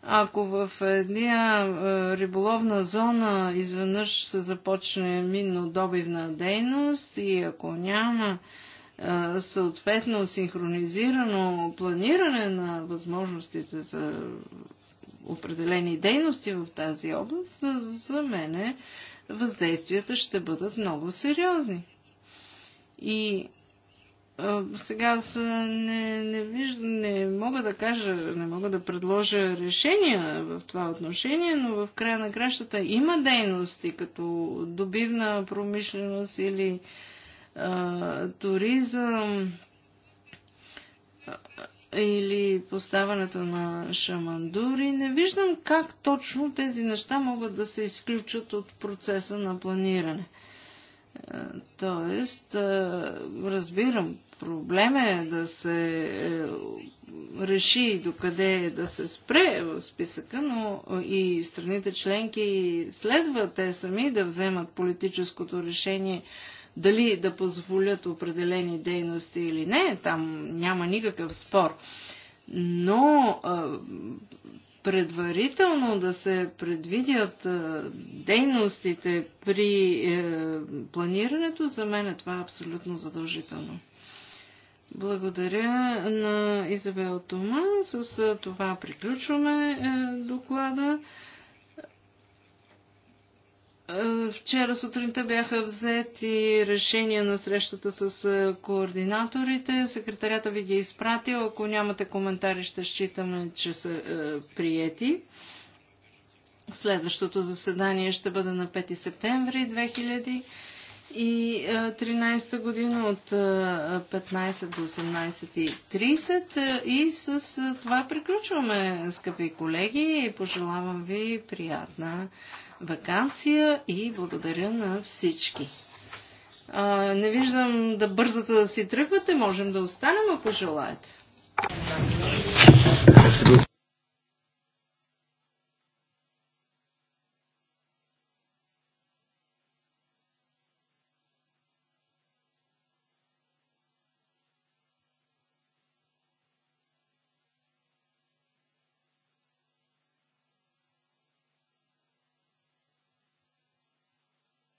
Ако в една е, риболовна зона изведнъж се започне минно-добивна дейност и ако няма е, съответно синхронизирано планиране на възможностите за определени дейности в тази област, е, за мен въздействията ще бъдат много сериозни. И сега не, не, вижд, не мога да кажа, не мога да предложа решения в това отношение, но в края на кращата има дейности, като добивна промишленост или а, туризъм или поставането на шамандури. Не виждам как точно тези неща могат да се изключат от процеса на планиране. Тоест, разбирам проблем е да се е, реши докъде е да се спре в списъка, но и страните членки следва те сами да вземат политическото решение дали да позволят определени дейности или не. Там няма никакъв спор. Но е, предварително да се предвидят дейностите при планирането, за мен е това е абсолютно задължително. Благодаря на Изабел Тома. С това приключваме е, доклада. Е, вчера сутринта бяха взети решения на срещата с е, координаторите. Секретарята ви ги е изпратил. Ако нямате коментари, ще считаме, че са е, приети. Следващото заседание ще бъде на 5 септември 2000. 2013 е, година от 15 е, до 18.30 е, и с това приключваме, скъпи колеги. Пожелавам ви приятна вакансия и благодаря на всички. Не виждам да бързате да си тръгвате, можем да останем, ако желаете.